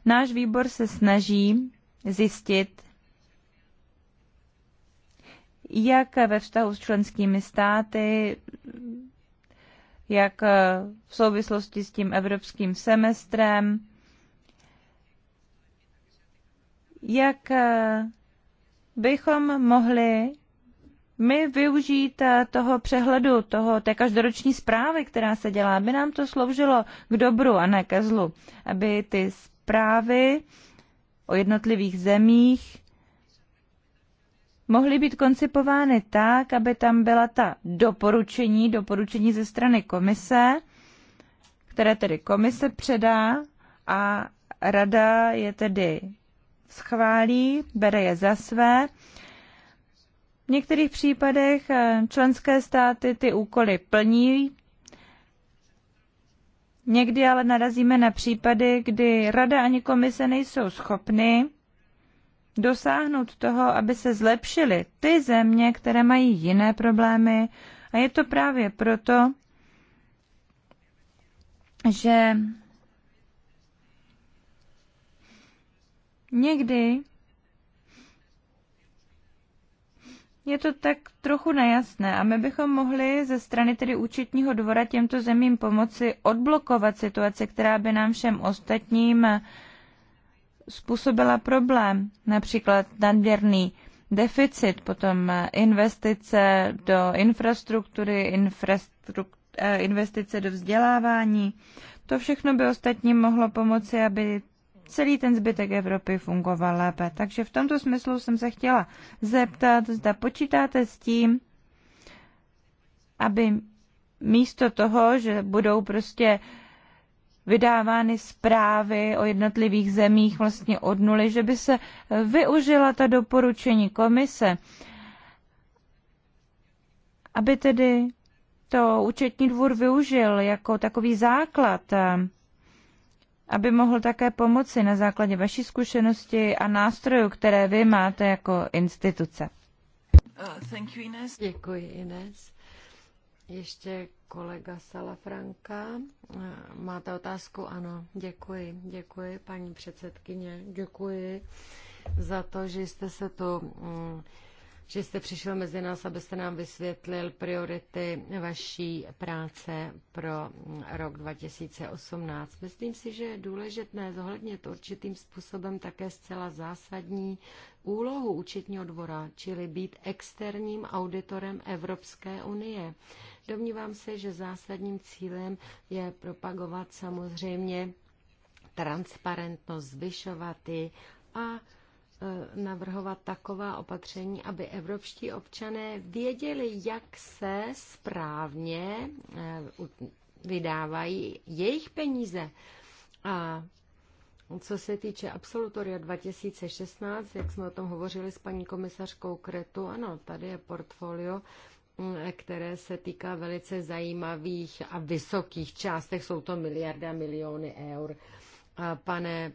Speaker 4: Náš výbor se snaží zjistit, jak ve vztahu s členskými státy, jak v souvislosti s tím evropským semestrem, jak bychom mohli my využít toho přehledu, toho, té každoroční zprávy, která se dělá, aby nám to sloužilo k dobru a ne ke zlu. Aby ty zprávy o jednotlivých zemích mohly být koncipovány tak, aby tam byla ta doporučení, doporučení ze strany komise, které tedy komise předá a rada je tedy schválí, bere je za své. V některých případech eh, členské státy ty úkoly plní, někdy ale narazíme na případy, kdy rada ani komise nejsou schopny dosáhnout toho, aby se zlepšily ty země, které mají jiné problémy. A je to právě proto, že někdy je to tak trochu nejasné a my bychom mohli ze strany tedy účetního dvora těmto zemím pomoci odblokovat situaci, která by nám všem ostatním způsobila problém, například nadměrný deficit, potom eh, investice do infrastruktury, infrastruktury eh, investice do vzdělávání. To všechno by ostatním mohlo pomoci, aby celý ten zbytek Evropy fungoval lépe. Takže v tomto smyslu jsem se chtěla zeptat, zda počítáte s tím, aby místo toho, že budou prostě uh, vydávány zprávy o jednotlivých zemích vlastně od nuly, že by se využila ta doporučení komise, aby tedy to účetní dvůr využil jako takový základ, aby mohl také pomoci na základě vaší zkušenosti a nástrojů, které vy máte jako instituce.
Speaker 2: Uh, thank you, Ines. Děkuji, Ines. Ještě kolega Salafranka. Máte otázku? Ano, děkuji. Děkuji, paní předsedkyně. Děkuji za to, že jste se tu mm, že jste přišel mezi nás, abyste nám vysvětlil priority vaší práce pro mm, rok 2018. Myslím si, že je důležité zohlednit určitým způsobem také zcela zásadní úlohu účetního dvora, čili být externím auditorem Evropské unie. Domnívám se, že zásadním cílem je propagovat samozřejmě transparentnost, zvyšovat ji a e, navrhovat taková opatření, aby evropští občané věděli, jak se správně e, vydávají jejich peníze. A co se týče absolutoria 2016, jak jsme o tom hovořili s paní komisařkou Kretu, ano, tady je portfolio, které se týká velice zajímavých a vysokých částech. Jsou to miliardy a miliony eur. A pane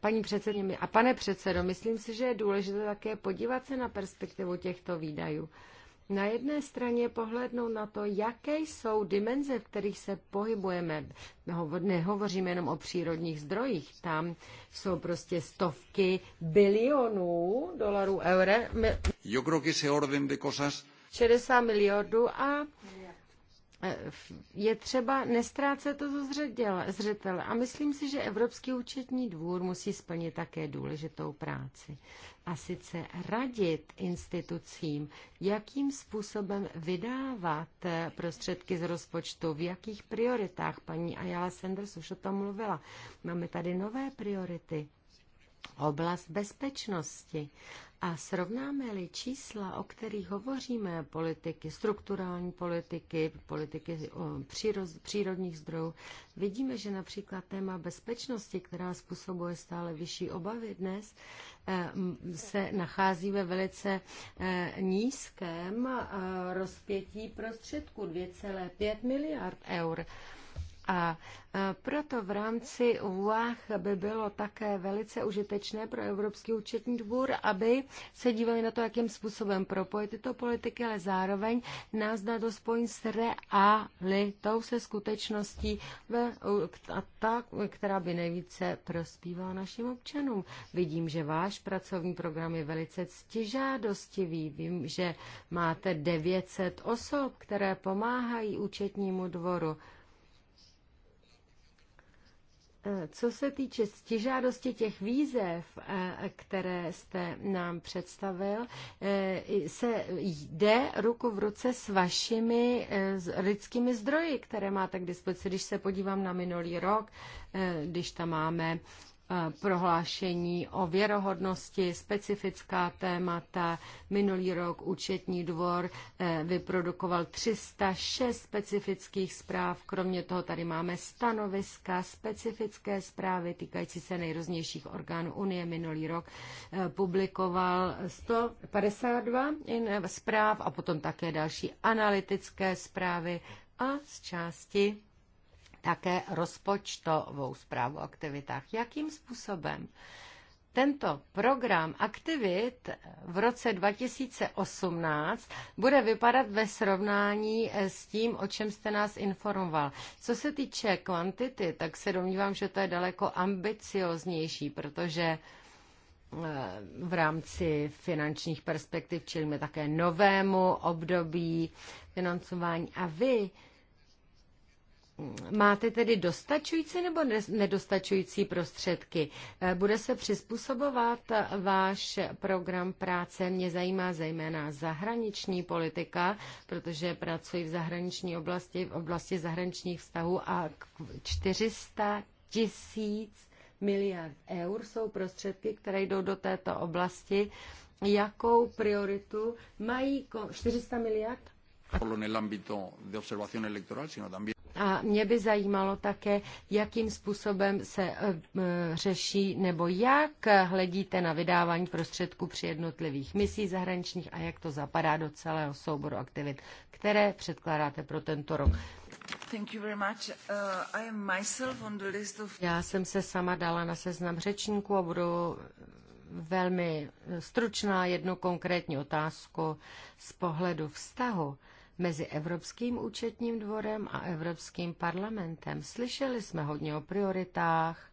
Speaker 2: paní předsedně, a pane předsedo, myslím si, že je důležité také podívat se na perspektivu těchto výdajů. Na jedné straně pohlednout na to, jaké jsou dimenze, v kterých se pohybujeme. Nehovoříme jenom o přírodních zdrojích, tam jsou prostě stovky bilionů dolarů, eur.
Speaker 1: Yo creo que ese orden de cosas
Speaker 2: 60 milionů a eh, je třeba nestrácet to zřetele. A myslím si, že Evropský účetní dvůr musí splnit také důležitou práci. A sice radit institucím, jakým způsobem vydávat eh, prostředky z rozpočtu, v jakých prioritách. Paní Ayala Sanders už o tom mluvila. Máme tady nové priority. Oblast bezpečnosti. A srovnáme-li čísla, o kterých hovoříme, politiky, strukturální politiky, politiky příroz, přírodních zdrojů, vidíme, že například téma bezpečnosti, která způsobuje stále vyšší obavy dnes, eh, se nachází ve velice eh, nízkém eh, rozpětí prostředků 2,5 miliard eur. A e, proto v rámci úvah by bylo také velice užitečné pro Evropský účetní dvůr, aby se dívali na to, jakým způsobem propojit tyto politiky, ale zároveň nás dá do s realitou, se skutečností, ta, která by nejvíce prospívala našim občanům. Vidím, že váš pracovní program je velice ctižádostivý. Vím, že máte 900 osob, které pomáhají účetnímu dvoru. Eh, co se týče stižádosti těch výzev, eh, které jste nám představil, eh, se jde ruku v ruce s vašimi lidskými zdroji, které máte k dispozici. Když se podívám na minulý rok, když tam máme Eh, prohlášení o věrohodnosti, specifická témata. Minulý rok účetní dvor eh, vyprodukoval 306 specifických zpráv. Kromě toho tady máme stanoviska, specifické zprávy týkající se nejrůznějších orgánů Unie. Minulý rok eh, publikoval 152 zpráv a potom také další analytické zprávy a z části také rozpočtovou zprávu o aktivitách. Jakým způsobem tento program aktivit v roce 2018 bude vypadat ve srovnání s tím, o čem jste nás informoval. Co se týče kvantity, tak se domnívám, že to je daleko ambicioznější, protože eh, v rámci finančních perspektiv čelíme také novému období financování. A vy Máte tedy dostačující nebo nedostačující prostředky? Eh, bude se přizpůsobovat váš program práce? Mě zajímá zejména zahraniční politika, protože pracuji v zahraniční oblasti, v oblasti zahraničních vztahů a 400 tisíc miliard eur jsou prostředky, které jdou do této oblasti. Jakou prioritu mají 400 miliard? No a mě by zajímalo také, jakým způsobem se eh, eh, řeší nebo jak hledíte na vydávání prostředků při jednotlivých misích zahraničních a jak to zapadá do celého souboru aktivit, které předkládáte pro tento rok. Já jsem se sama dala na seznam řečníků a budu velmi stručná jednu konkrétní otázku z pohledu vztahu mezi Evropským účetním dvorem a Evropským parlamentem. Slyšeli jsme hodně o prioritách,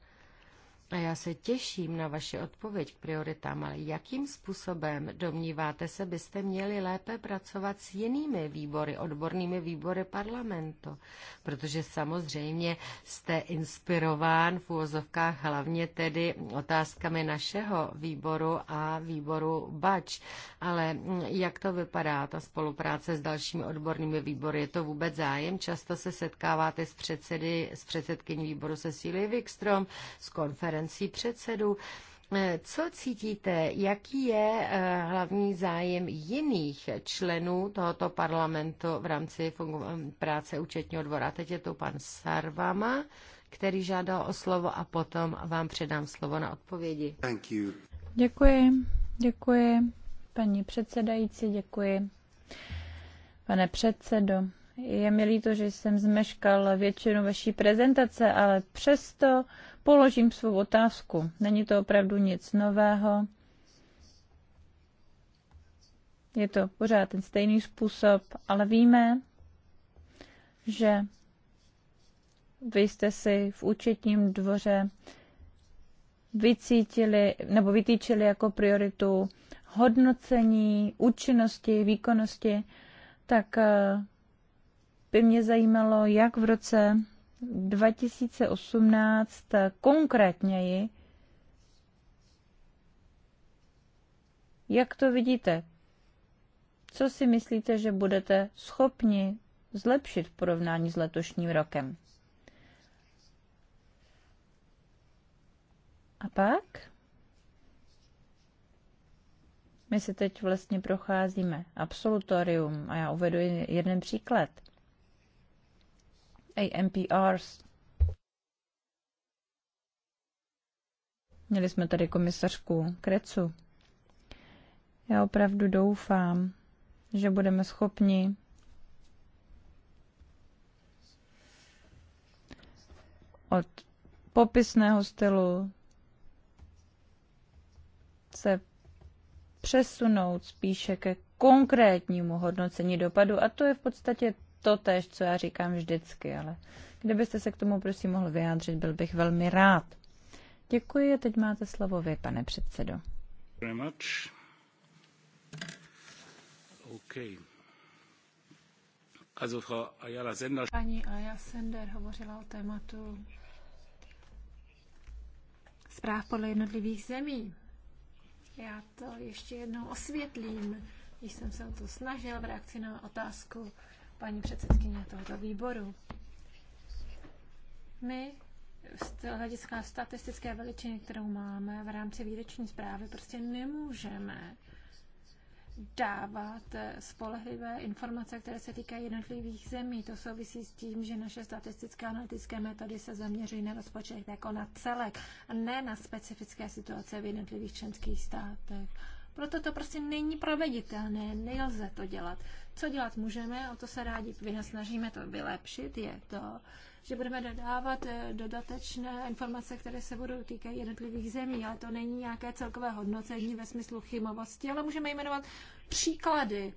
Speaker 2: a já se těším na vaši odpověď k prioritám, ale jakým způsobem, domníváte se, byste měli lépe pracovat s jinými výbory, odbornými výbory parlamentu? Protože samozřejmě jste inspirován v úvozovkách hlavně tedy otázkami našeho výboru a výboru BAČ. Ale jak to vypadá, ta spolupráce s dalšími odbornými výbory? Je to vůbec zájem? Často se setkáváte s, předsedy, s předsedkyní výboru Cecilie Wikstrom, s konferencí konferencí předsedu. Eh, co cítíte, jaký je eh, hlavní zájem jiných členů tohoto parlamentu v rámci eh, práce účetního dvora? Teď je tu pan Sarvama, který žádal o slovo a potom vám předám slovo na odpovědi. Thank you. Děkuji, děkuji, paní
Speaker 4: předsedající, děkuji, pane předsedo. Je mi líto, že jsem zmeškal většinu vaší prezentace, ale přesto položím svou otázku. Není to opravdu nic nového. Je to pořád ten stejný způsob, ale víme, že vy jste si v účetním dvoře vycítili nebo vytýčili jako prioritu hodnocení účinnosti, výkonnosti, tak eh, by mě zajímalo, jak v roce 2018 konkrétněji, jak to vidíte? Co si myslíte, že budete schopni zlepšit v porovnání s letošním rokem? A pak? My se teď vlastně procházíme absolutorium a já uvedu jeden příklad. AMPRs. Měli jsme tady komisařku Krecu. Já opravdu doufám, že budeme schopni od popisného stylu se přesunout spíše ke konkrétnímu hodnocení dopadu a to je v podstatě to tež, co já říkám vždycky, ale kdybyste se k tomu prosím mohl vyjádřit, byl bych velmi rád. Děkuji a teď máte slovo vy, pane předsedo.
Speaker 5: Okay. Also Frau Ayala Sender.
Speaker 3: Sender hovořila o tématu zpráv podle jednotlivých zemí. Já to ještě jednou osvětlím, když jsem se o to snažil v reakci na otázku paní předsedkyně tohoto výboru. My z hlediska statistické veličiny, kterou máme v rámci výroční zprávy, prostě nemůžeme dávat spolehlivé informace, které se týkají jednotlivých zemí. To souvisí s tím, že naše statistické analytické metody se zaměřují na rozpočet jako na celek, a ne na specifické situace v jednotlivých členských státech. Proto to prostě není proveditelné, nelze to dělat. Co dělat můžeme, o to se rádi Snažíme to vylepšit, je to, že budeme dodávat eh, dodatečné informace, které se budou týkat jednotlivých zemí, ale to není nějaké celkové hodnocení ve smyslu chybovosti, ale můžeme jmenovat příklady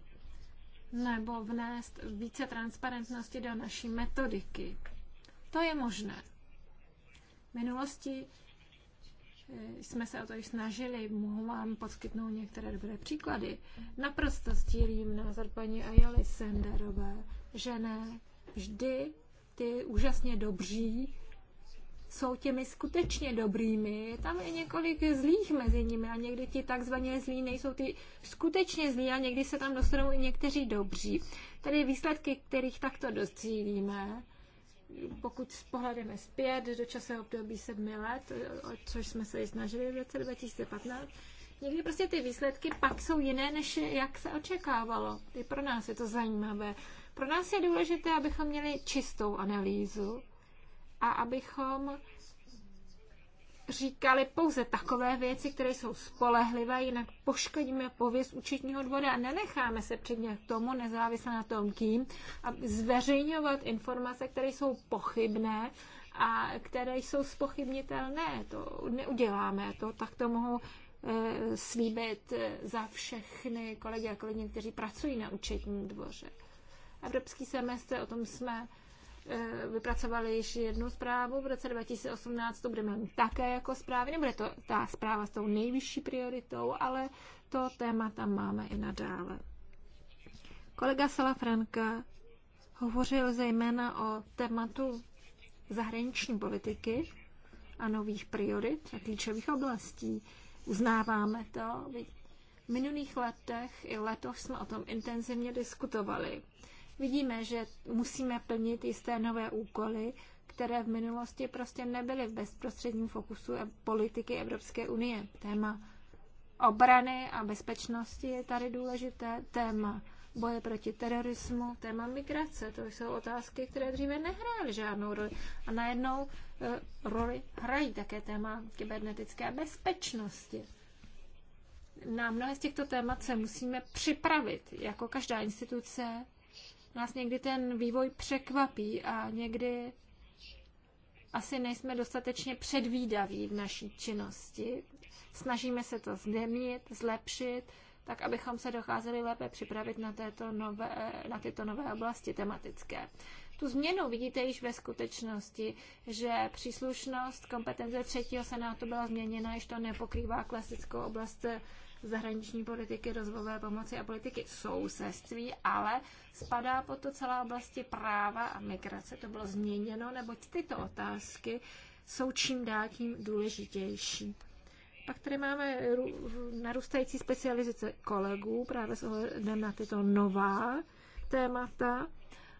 Speaker 3: nebo vnést více transparentnosti do naší metodiky. To je možné. V minulosti jsme se o to již snažili, mohu vám poskytnout některé dobré příklady. Naprosto stílím názor paní Ayali Senderové, že ne vždy ty úžasně dobří jsou těmi skutečně dobrými. Tam je několik zlých mezi nimi a někdy ti takzvaně zlí nejsou ty skutečně zlí a někdy se tam dostanou i někteří dobří. Tady výsledky, kterých takto docílíme, pokud pohledeme zpět do časového období sedmi let, o což jsme se i snažili v roce 2015, někdy prostě ty výsledky pak jsou jiné, než jak se očekávalo. I pro nás je to zajímavé. Pro nás je důležité, abychom měli čistou analýzu a abychom říkali pouze takové věci, které jsou spolehlivé, jinak poškodíme pověst účetního dvora a nenecháme se předně k tomu, nezávisle na tom kým, a zveřejňovat informace, které jsou pochybné a které jsou spochybnitelné. To neuděláme, to tak to mohu e, slíbit e, za všechny kolegy a kolegy, kteří pracují na účetním dvoře. Evropský semestr, o tom jsme Eh, vypracovali již jednu zprávu, v roce 2018 to budeme mít také jako zprávy, nebude to ta zpráva s tou nejvyšší prioritou, ale to téma tam máme i nadále. Kolega Franka hovořil zejména o tématu zahraniční politiky a nových priorit a klíčových oblastí. Uznáváme to. V minulých letech i letos jsme o tom intenzivně diskutovali. Vidíme, že musíme plnit jisté nové úkoly, které v minulosti prostě nebyly v bezprostředním fokusu e- politiky Evropské unie. Téma obrany a bezpečnosti je tady důležité, téma boje proti terorismu, téma migrace. To jsou otázky, které dříve nehrály žádnou roli. A najednou uh, roli hrají také téma kybernetické bezpečnosti. Na mnohé z těchto témat se musíme připravit, jako každá instituce, nás někdy ten vývoj překvapí a někdy asi nejsme dostatečně předvídaví v naší činnosti. Snažíme se to změnit, zlepšit, tak abychom se docházeli lépe připravit na, této nové, na tyto nové oblasti tematické. Tu změnu vidíte již ve skutečnosti, že příslušnost kompetence třetího senátu byla změněna, již to nepokrývá klasickou oblast zahraniční politiky, rozvojové pomoci a politiky sousedství, ale spadá pod to celá oblasti práva a migrace. To bylo změněno, neboť tyto otázky jsou čím dál tím důležitější. Pak tady máme narůstající specializace kolegů právě s ohledem na tyto nová témata.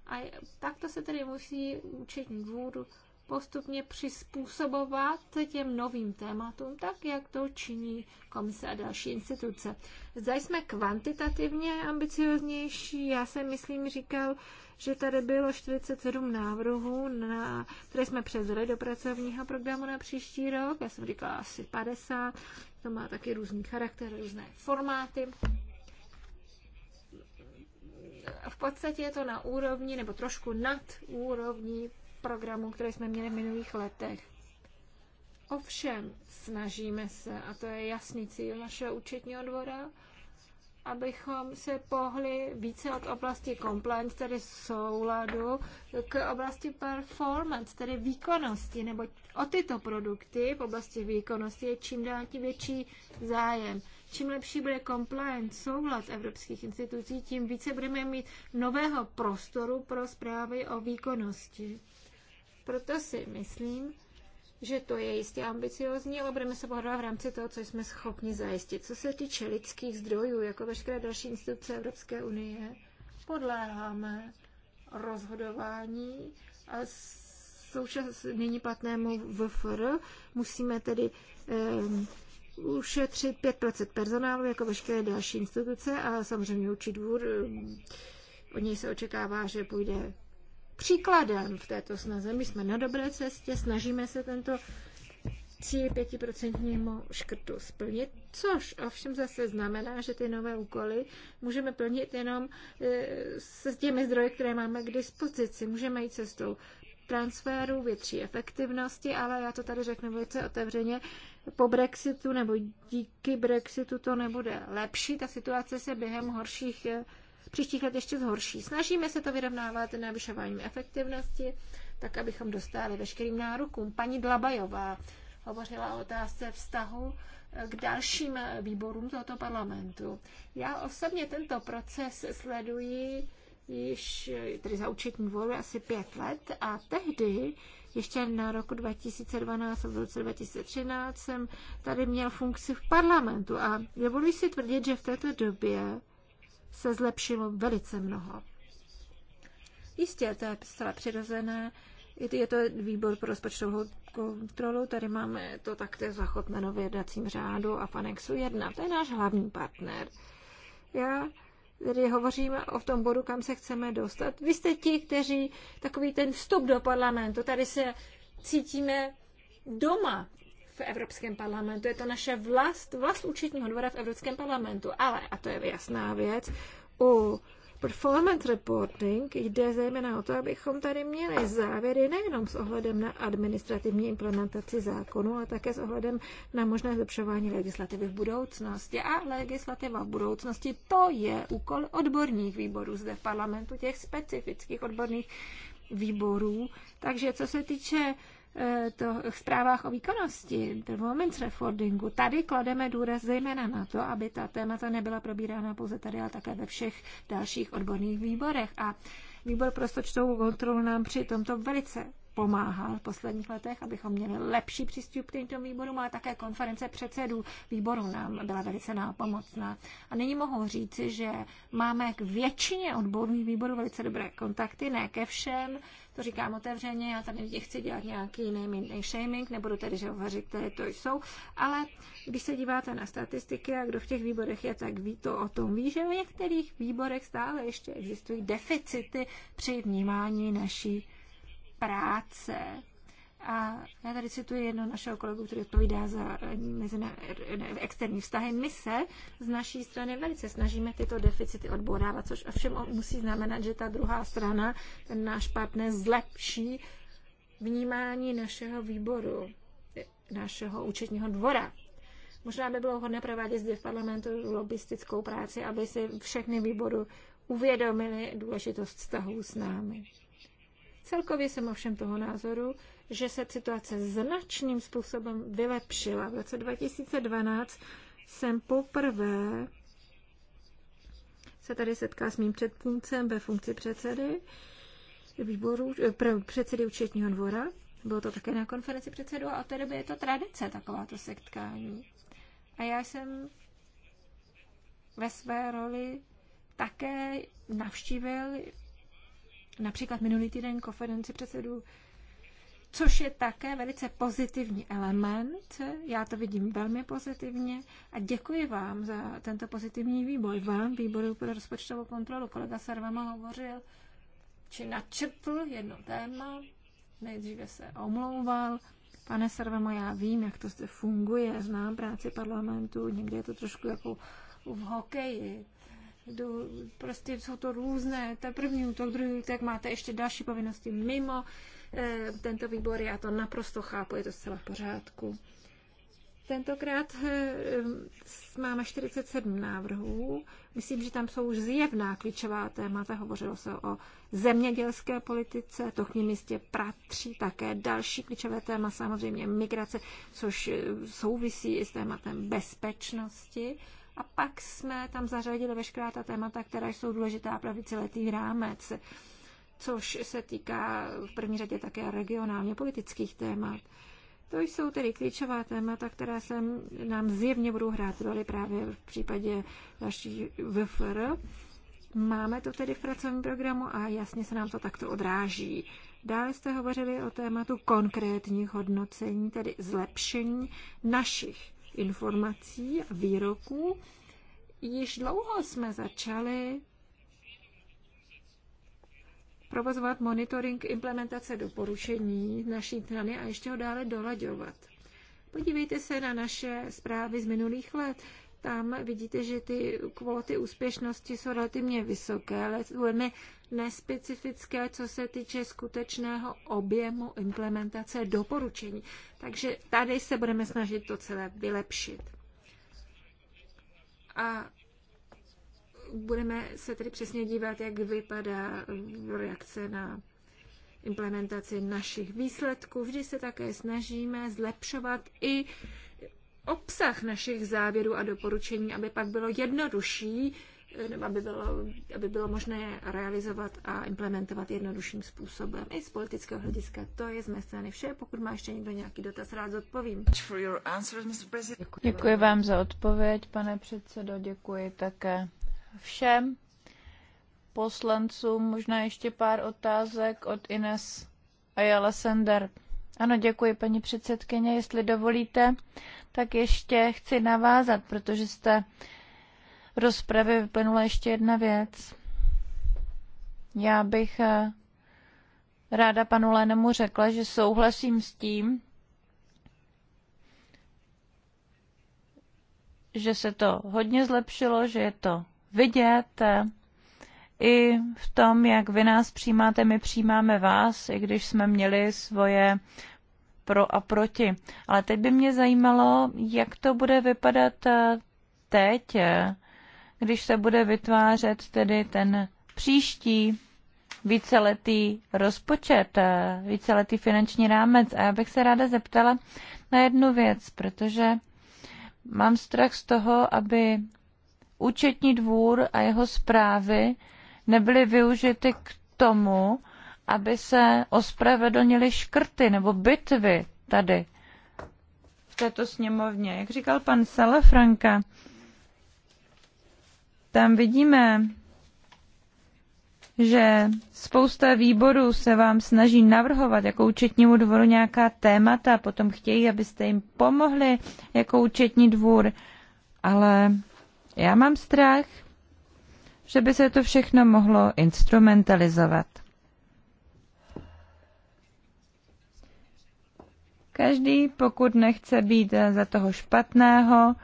Speaker 3: A takto se tedy musí učit dvůr postupně přizpůsobovat těm novým tématům, tak jak to činí komise a další instituce. Zda jsme kvantitativně ambicioznější, já se myslím, říkal, že tady bylo 47 návrhů, na, které jsme převzali do pracovního programu na příští rok. Já jsem říkala asi 50, to má taky různý charakter, různé formáty v podstatě je to na úrovni, nebo trošku nad úrovní programů, které jsme měli v minulých letech. Ovšem, snažíme se, a to je jasný cíl našeho účetního dvora, abychom se pohli více od oblasti compliance, tedy souladu, k oblasti performance, tedy výkonnosti, nebo o tyto produkty v oblasti výkonnosti je čím dál tím větší zájem. Čím lepší bude compliance, soulad evropských institucí, tím více budeme mít nového prostoru pro zprávy o výkonnosti. Proto si myslím, že to je jistě ambiciozní, ale budeme se pohledovat v rámci toho, co jsme schopni zajistit. Co se týče lidských zdrojů, jako veškeré další instituce Evropské unie, podléháme rozhodování a součas nyní platnému VFR musíme tedy um, ušetřit 5% personálu, jako veškeré další instituce a samozřejmě určitý dvůr, um, od něj se očekává, že půjde příkladem v této snaze. My jsme na dobré cestě, snažíme se tento cíl 5% škrtu splnit, což ovšem zase znamená, že ty nové úkoly můžeme plnit jenom eh, s těmi zdroji, které máme k dispozici. Můžeme jít cestou transferu, větší efektivnosti, ale já to tady řeknu velice otevřeně, po Brexitu nebo díky Brexitu to nebude lepší. Ta situace se během horších eh, příštích let ještě zhorší. Snažíme se to vyrovnávat navyšováním efektivnosti, tak abychom dostali veškerým nárokům. Paní Dlabajová hovořila o otázce vztahu eh, k dalším eh, výborům tohoto parlamentu. Já osobně tento proces sleduji již eh, tedy za účetní dvoru asi pět let a tehdy ještě na roku 2012 a v roce 2013 jsem tady měl funkci v parlamentu a dovoluji si tvrdit, že v této době se zlepšilo velice mnoho. Jistě, to je zcela přirozené. Je to výbor pro rozpočtovou kontrolu, tady máme to takto zachotmeno v jednacím řádu a Fanexu 1. To je náš hlavní partner. Já tedy hovoříme o tom bodu, kam se chceme dostat. Vy jste ti, kteří takový ten vstup do parlamentu, tady se cítíme doma v Evropském parlamentu. Je to naše vlast, vlast účetního dvora v Evropském parlamentu. Ale, a to je jasná věc, u performance reporting jde zejména o to, abychom tady měli závěry nejenom s ohledem na administrativní implementaci zákonu, ale také s ohledem na možné zlepšování legislativy v budoucnosti. A legislativa v budoucnosti to je úkol odborných výborů zde v parlamentu, těch specifických odborných výborů. Takže co se týče Eh, to, v zprávách o výkonnosti, moments reformingu. tady klademe důraz zejména na to, aby ta témata nebyla probírána pouze tady, ale také ve všech dalších odborných výborech. A výbor pro stočtovou kontrolu nám při tomto velice pomáhal v posledních letech, abychom měli lepší přístup k těmto výborům, ale také konference předsedů výborů nám byla velice nápomocná. A nyní mohu říci, že máme k většině odborných výborů velice dobré kontakty, ne ke všem, to říkám otevřeně, já tady chci dělat nějaký name and shaming, nebudu tedy že hovořit, které to jsou, ale když se díváte na statistiky a kdo v těch výborech je, tak ví to o tom ví, že v některých výborech stále ještě existují deficity při vnímání naší práce. A já tady cituji jedno našeho kolegu, který odpovídá za eh, mezina, eh, externí vztahy. My se z naší strany velice snažíme tyto deficity odbourávat, což ovšem musí znamenat, že ta druhá strana, ten náš partner, zlepší vnímání našeho výboru, našeho účetního dvora. Možná by bylo hodné provádět zde v parlamentu lobistickou práci, aby si všechny výboru uvědomili důležitost vztahů s námi. Celkově jsem ovšem toho názoru, že se situace značným způsobem vylepšila. V roce 2012 jsem poprvé se tady setká s mým předpůncem ve funkci předsedy výboru, eh, předsedy účetního dvora. Bylo to také na konferenci předsedu a od té doby je to tradice takováto setkání. A já jsem ve své roli také navštívil například minulý týden konferenci předsedů, což je také velice pozitivní element. Já to vidím velmi pozitivně a děkuji vám za tento pozitivní výboj. Vám, výboru pro rozpočtovou kontrolu, kolega Sarvama hovořil, či načrtl jedno téma, nejdříve se omlouval. Pane Sarvama, já vím, jak to zde funguje, znám práci parlamentu, někdy je to trošku jako v hokeji jdu, prostě jsou to různé, ta první útok, druhý útok, máte ještě další povinnosti mimo e, tento výbor, já to naprosto chápu, je to zcela v pořádku. Tentokrát eh, máme 47 návrhů. Myslím, že tam jsou už zjevná klíčová témata. Hovořilo se o zemědělské politice, to k ním jistě patří také další klíčové téma, samozřejmě migrace, což eh, souvisí i s tématem bezpečnosti. A pak jsme tam zařadili veškerá ta témata, která jsou důležitá pro víceletý rámec, což se týká v první řadě také regionálně politických témat. To jsou tedy klíčová témata, která se nám zjevně budou hrát roli právě v případě naší VFR. Máme to tedy v pracovním programu a jasně se nám to takto odráží. Dále jste hovořili o tématu konkrétních hodnocení, tedy zlepšení našich informací a výroků. Již dlouho jsme začali provozovat monitoring implementace doporučení naší strany a ještě ho dále dolaďovat. Podívejte se na naše zprávy z minulých let. Tam vidíte, že ty kvóty úspěšnosti jsou relativně vysoké, ale budeme nespecifické, co se týče skutečného objemu implementace doporučení. Takže tady se budeme snažit to celé vylepšit. A budeme se tedy přesně dívat, jak vypadá reakce na implementaci našich výsledků. Vždy se také snažíme zlepšovat i obsah našich závěrů a doporučení, aby pak bylo jednodušší Eh, aby bylo, aby bylo možné realizovat a implementovat jednodušším způsobem. I z politického hlediska. To je z mé strany vše. Pokud má ještě někdo nějaký dotaz, rád zodpovím. Děkuji,
Speaker 4: vám za odpověď, pane předsedo. Děkuji také všem poslancům. Možná ještě pár otázek od Ines Jala Sender. Ano, děkuji, paní předsedkyně. Jestli dovolíte, tak ještě chci navázat, protože jste rozpravy vyplynula ještě jedna věc. Já bych eh, ráda panu Lénemu řekla, že souhlasím s tím, že se to hodně zlepšilo, že je to vidět eh, i v tom, jak vy nás přijímáte, my přijímáme vás, i když jsme měli svoje pro a proti. Ale teď by mě zajímalo, jak to bude vypadat eh, teď, když se bude vytvářet tedy ten příští víceletý rozpočet, eh, víceletý finanční rámec. A já bych se ráda zeptala na jednu věc, protože mám strach z toho, aby účetní dvůr a jeho zprávy nebyly využity k tomu, aby se ospravedlnily škrty nebo bitvy tady v této sněmovně. Jak říkal pan Salafranka, Franka, tam vidíme, že spousta výborů se vám snaží navrhovat jako účetnímu dvoru nějaká témata a potom chtějí, abyste jim pomohli jako účetní dvůr. Ale já mám strach, že by se to všechno mohlo instrumentalizovat. Každý, pokud nechce být za toho špatného,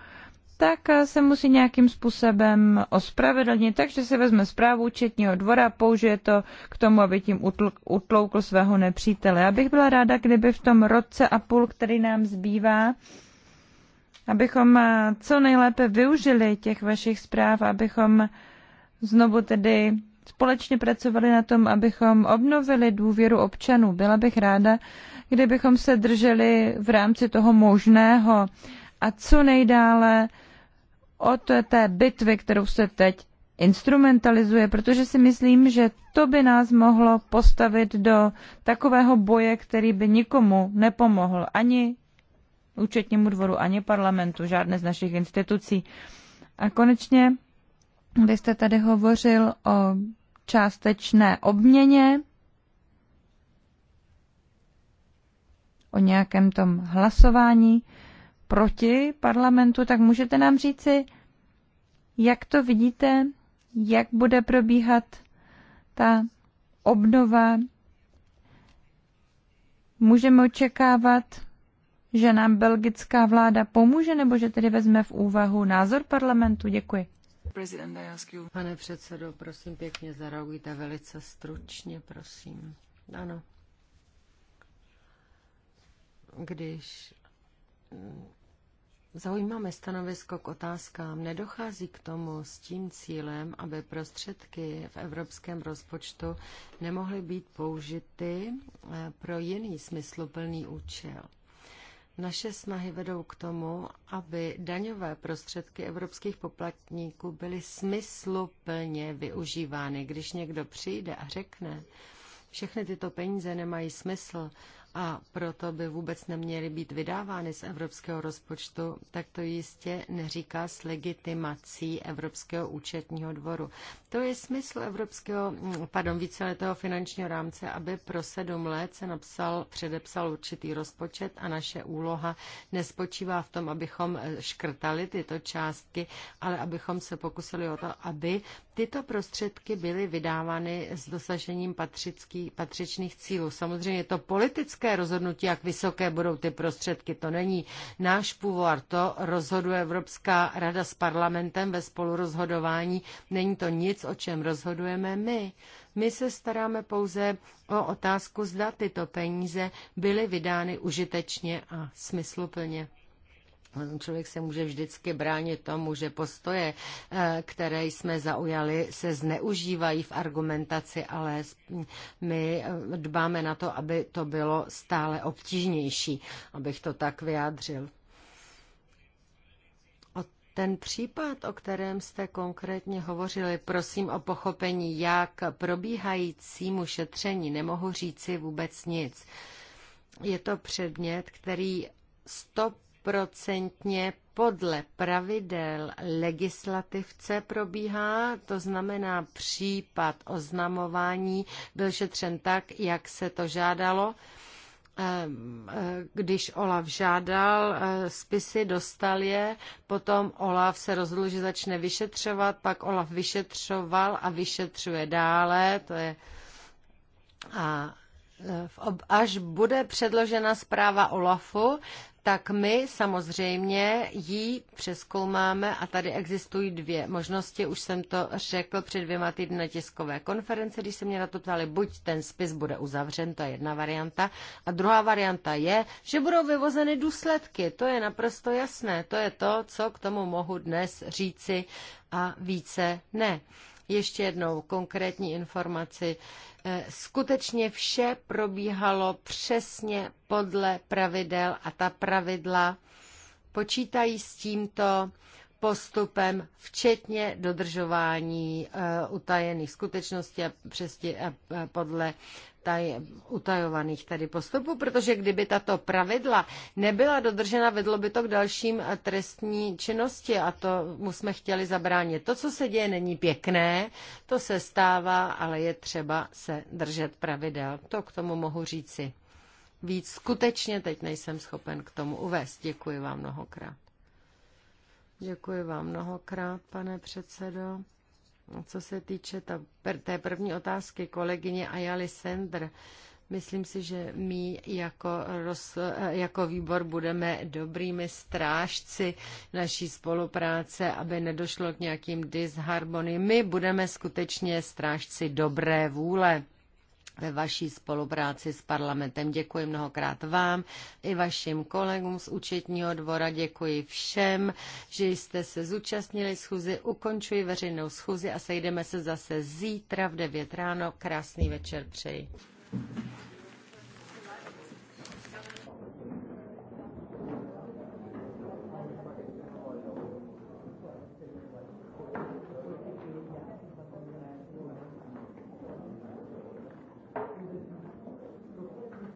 Speaker 4: tak eh, se musí nějakým způsobem ospravedlnit, takže se vezme zprávu účetního dvora a použije to k tomu, aby tím utl- utloukl svého nepřítele. Abych byla ráda, kdyby v tom roce a půl, který nám zbývá, abychom eh, co nejlépe využili těch vašich zpráv, abychom znovu tedy společně pracovali na tom, abychom obnovili důvěru občanů. Byla bych ráda, kdybychom se drželi v rámci toho možného a co nejdále od té bitvy, kterou se teď instrumentalizuje, protože si myslím, že to by nás mohlo postavit do takového boje, který by nikomu nepomohl, ani účetnímu dvoru, ani parlamentu, žádné z našich institucí. A konečně, vy jste tady hovořil o částečné obměně, o nějakém tom hlasování proti parlamentu, tak můžete nám říci, jak to vidíte, jak bude probíhat ta obnova. Můžeme očekávat, že nám belgická vláda pomůže, nebo že tedy vezme v úvahu názor parlamentu? Děkuji.
Speaker 2: Pane předsedo, prosím pěkně, zareagujte velice stručně, prosím. Ano. Když zaujímáme stanovisko k otázkám. Nedochází k tomu s tím cílem, aby prostředky v evropském rozpočtu nemohly být použity eh, pro jiný smysluplný účel. Naše snahy vedou k tomu, aby daňové prostředky evropských poplatníků byly smysluplně využívány. Když někdo přijde a řekne, všechny tyto peníze nemají smysl a proto by vůbec neměly být vydávány z evropského rozpočtu, tak to jistě neříká s legitimací Evropského účetního dvoru. To je smysl evropského, pardon, víceletého finančního rámce, aby pro sedm let se napsal, předepsal určitý rozpočet a naše úloha nespočívá v tom, abychom škrtali tyto částky, ale abychom se pokusili o to, aby tyto prostředky byly vydávány s dosažením patřických, patřičných cílů. Samozřejmě je to politické evropské rozhodnutí, jak vysoké budou ty prostředky. To není náš původ, to rozhoduje Evropská rada s parlamentem ve spolurozhodování. Není to nic, o čem rozhodujeme my. My se staráme pouze o otázku, zda tyto peníze byly vydány užitečně a smysluplně. Člověk se může vždycky bránit tomu, že postoje, eh, které jsme zaujali, se zneužívají v argumentaci, ale my eh, dbáme na to, aby to bylo stále obtížnější, abych to tak vyjádřil. Ten případ, o kterém jste konkrétně hovořili, prosím o pochopení, jak probíhajícímu šetření nemohu říci vůbec nic. Je to předmět, který stop procentně podle pravidel legislativce probíhá, to znamená případ oznamování byl šetřen tak, jak se to žádalo. Ehm, eh, když Olaf žádal, eh, spisy dostal je, potom Olaf se rozhodl, že začne vyšetřovat, pak Olaf vyšetřoval a vyšetřuje dále, to je a eh, až bude předložena zpráva Olafu, tak my samozřejmě ji přeskoumáme a tady existují dvě možnosti. Už jsem to řekl před dvěma týdny na tiskové konferenci, když se mě na to ptali, buď ten spis bude uzavřen, to je jedna varianta, a druhá varianta je, že budou vyvozeny důsledky. To je naprosto jasné, to je to, co k tomu mohu dnes říci a více ne ještě jednou konkrétní informaci. Eh, skutečně vše probíhalo přesně podle pravidel a ta pravidla počítají s tímto postupem, včetně dodržování eh, utajených skutečností a přesně eh, eh, podle taj, utajovaných tady postupů, protože kdyby tato pravidla nebyla dodržena, vedlo by to k dalším trestní činnosti a to mu jsme chtěli zabránit. To, co se děje, není pěkné, to se stává, ale je třeba se držet pravidel. To k tomu mohu říci. Víc skutečně teď nejsem schopen k tomu uvést. Děkuji vám mnohokrát. Děkuji vám mnohokrát, pane předsedo. Co se týče ta, té první otázky kolegyně Ayali Sender, myslím si, že my jako, roz, jako výbor budeme dobrými strážci naší spolupráce, aby nedošlo k nějakým disharmoniím. My budeme skutečně strážci dobré vůle ve vaší spolupráci s parlamentem. Děkuji mnohokrát vám i vašim kolegům z účetního dvora. Děkuji všem, že jste se zúčastnili schůzi. Ukončuji veřejnou schůzi a sejdeme se zase zítra v 9 ráno. Krásný večer přeji.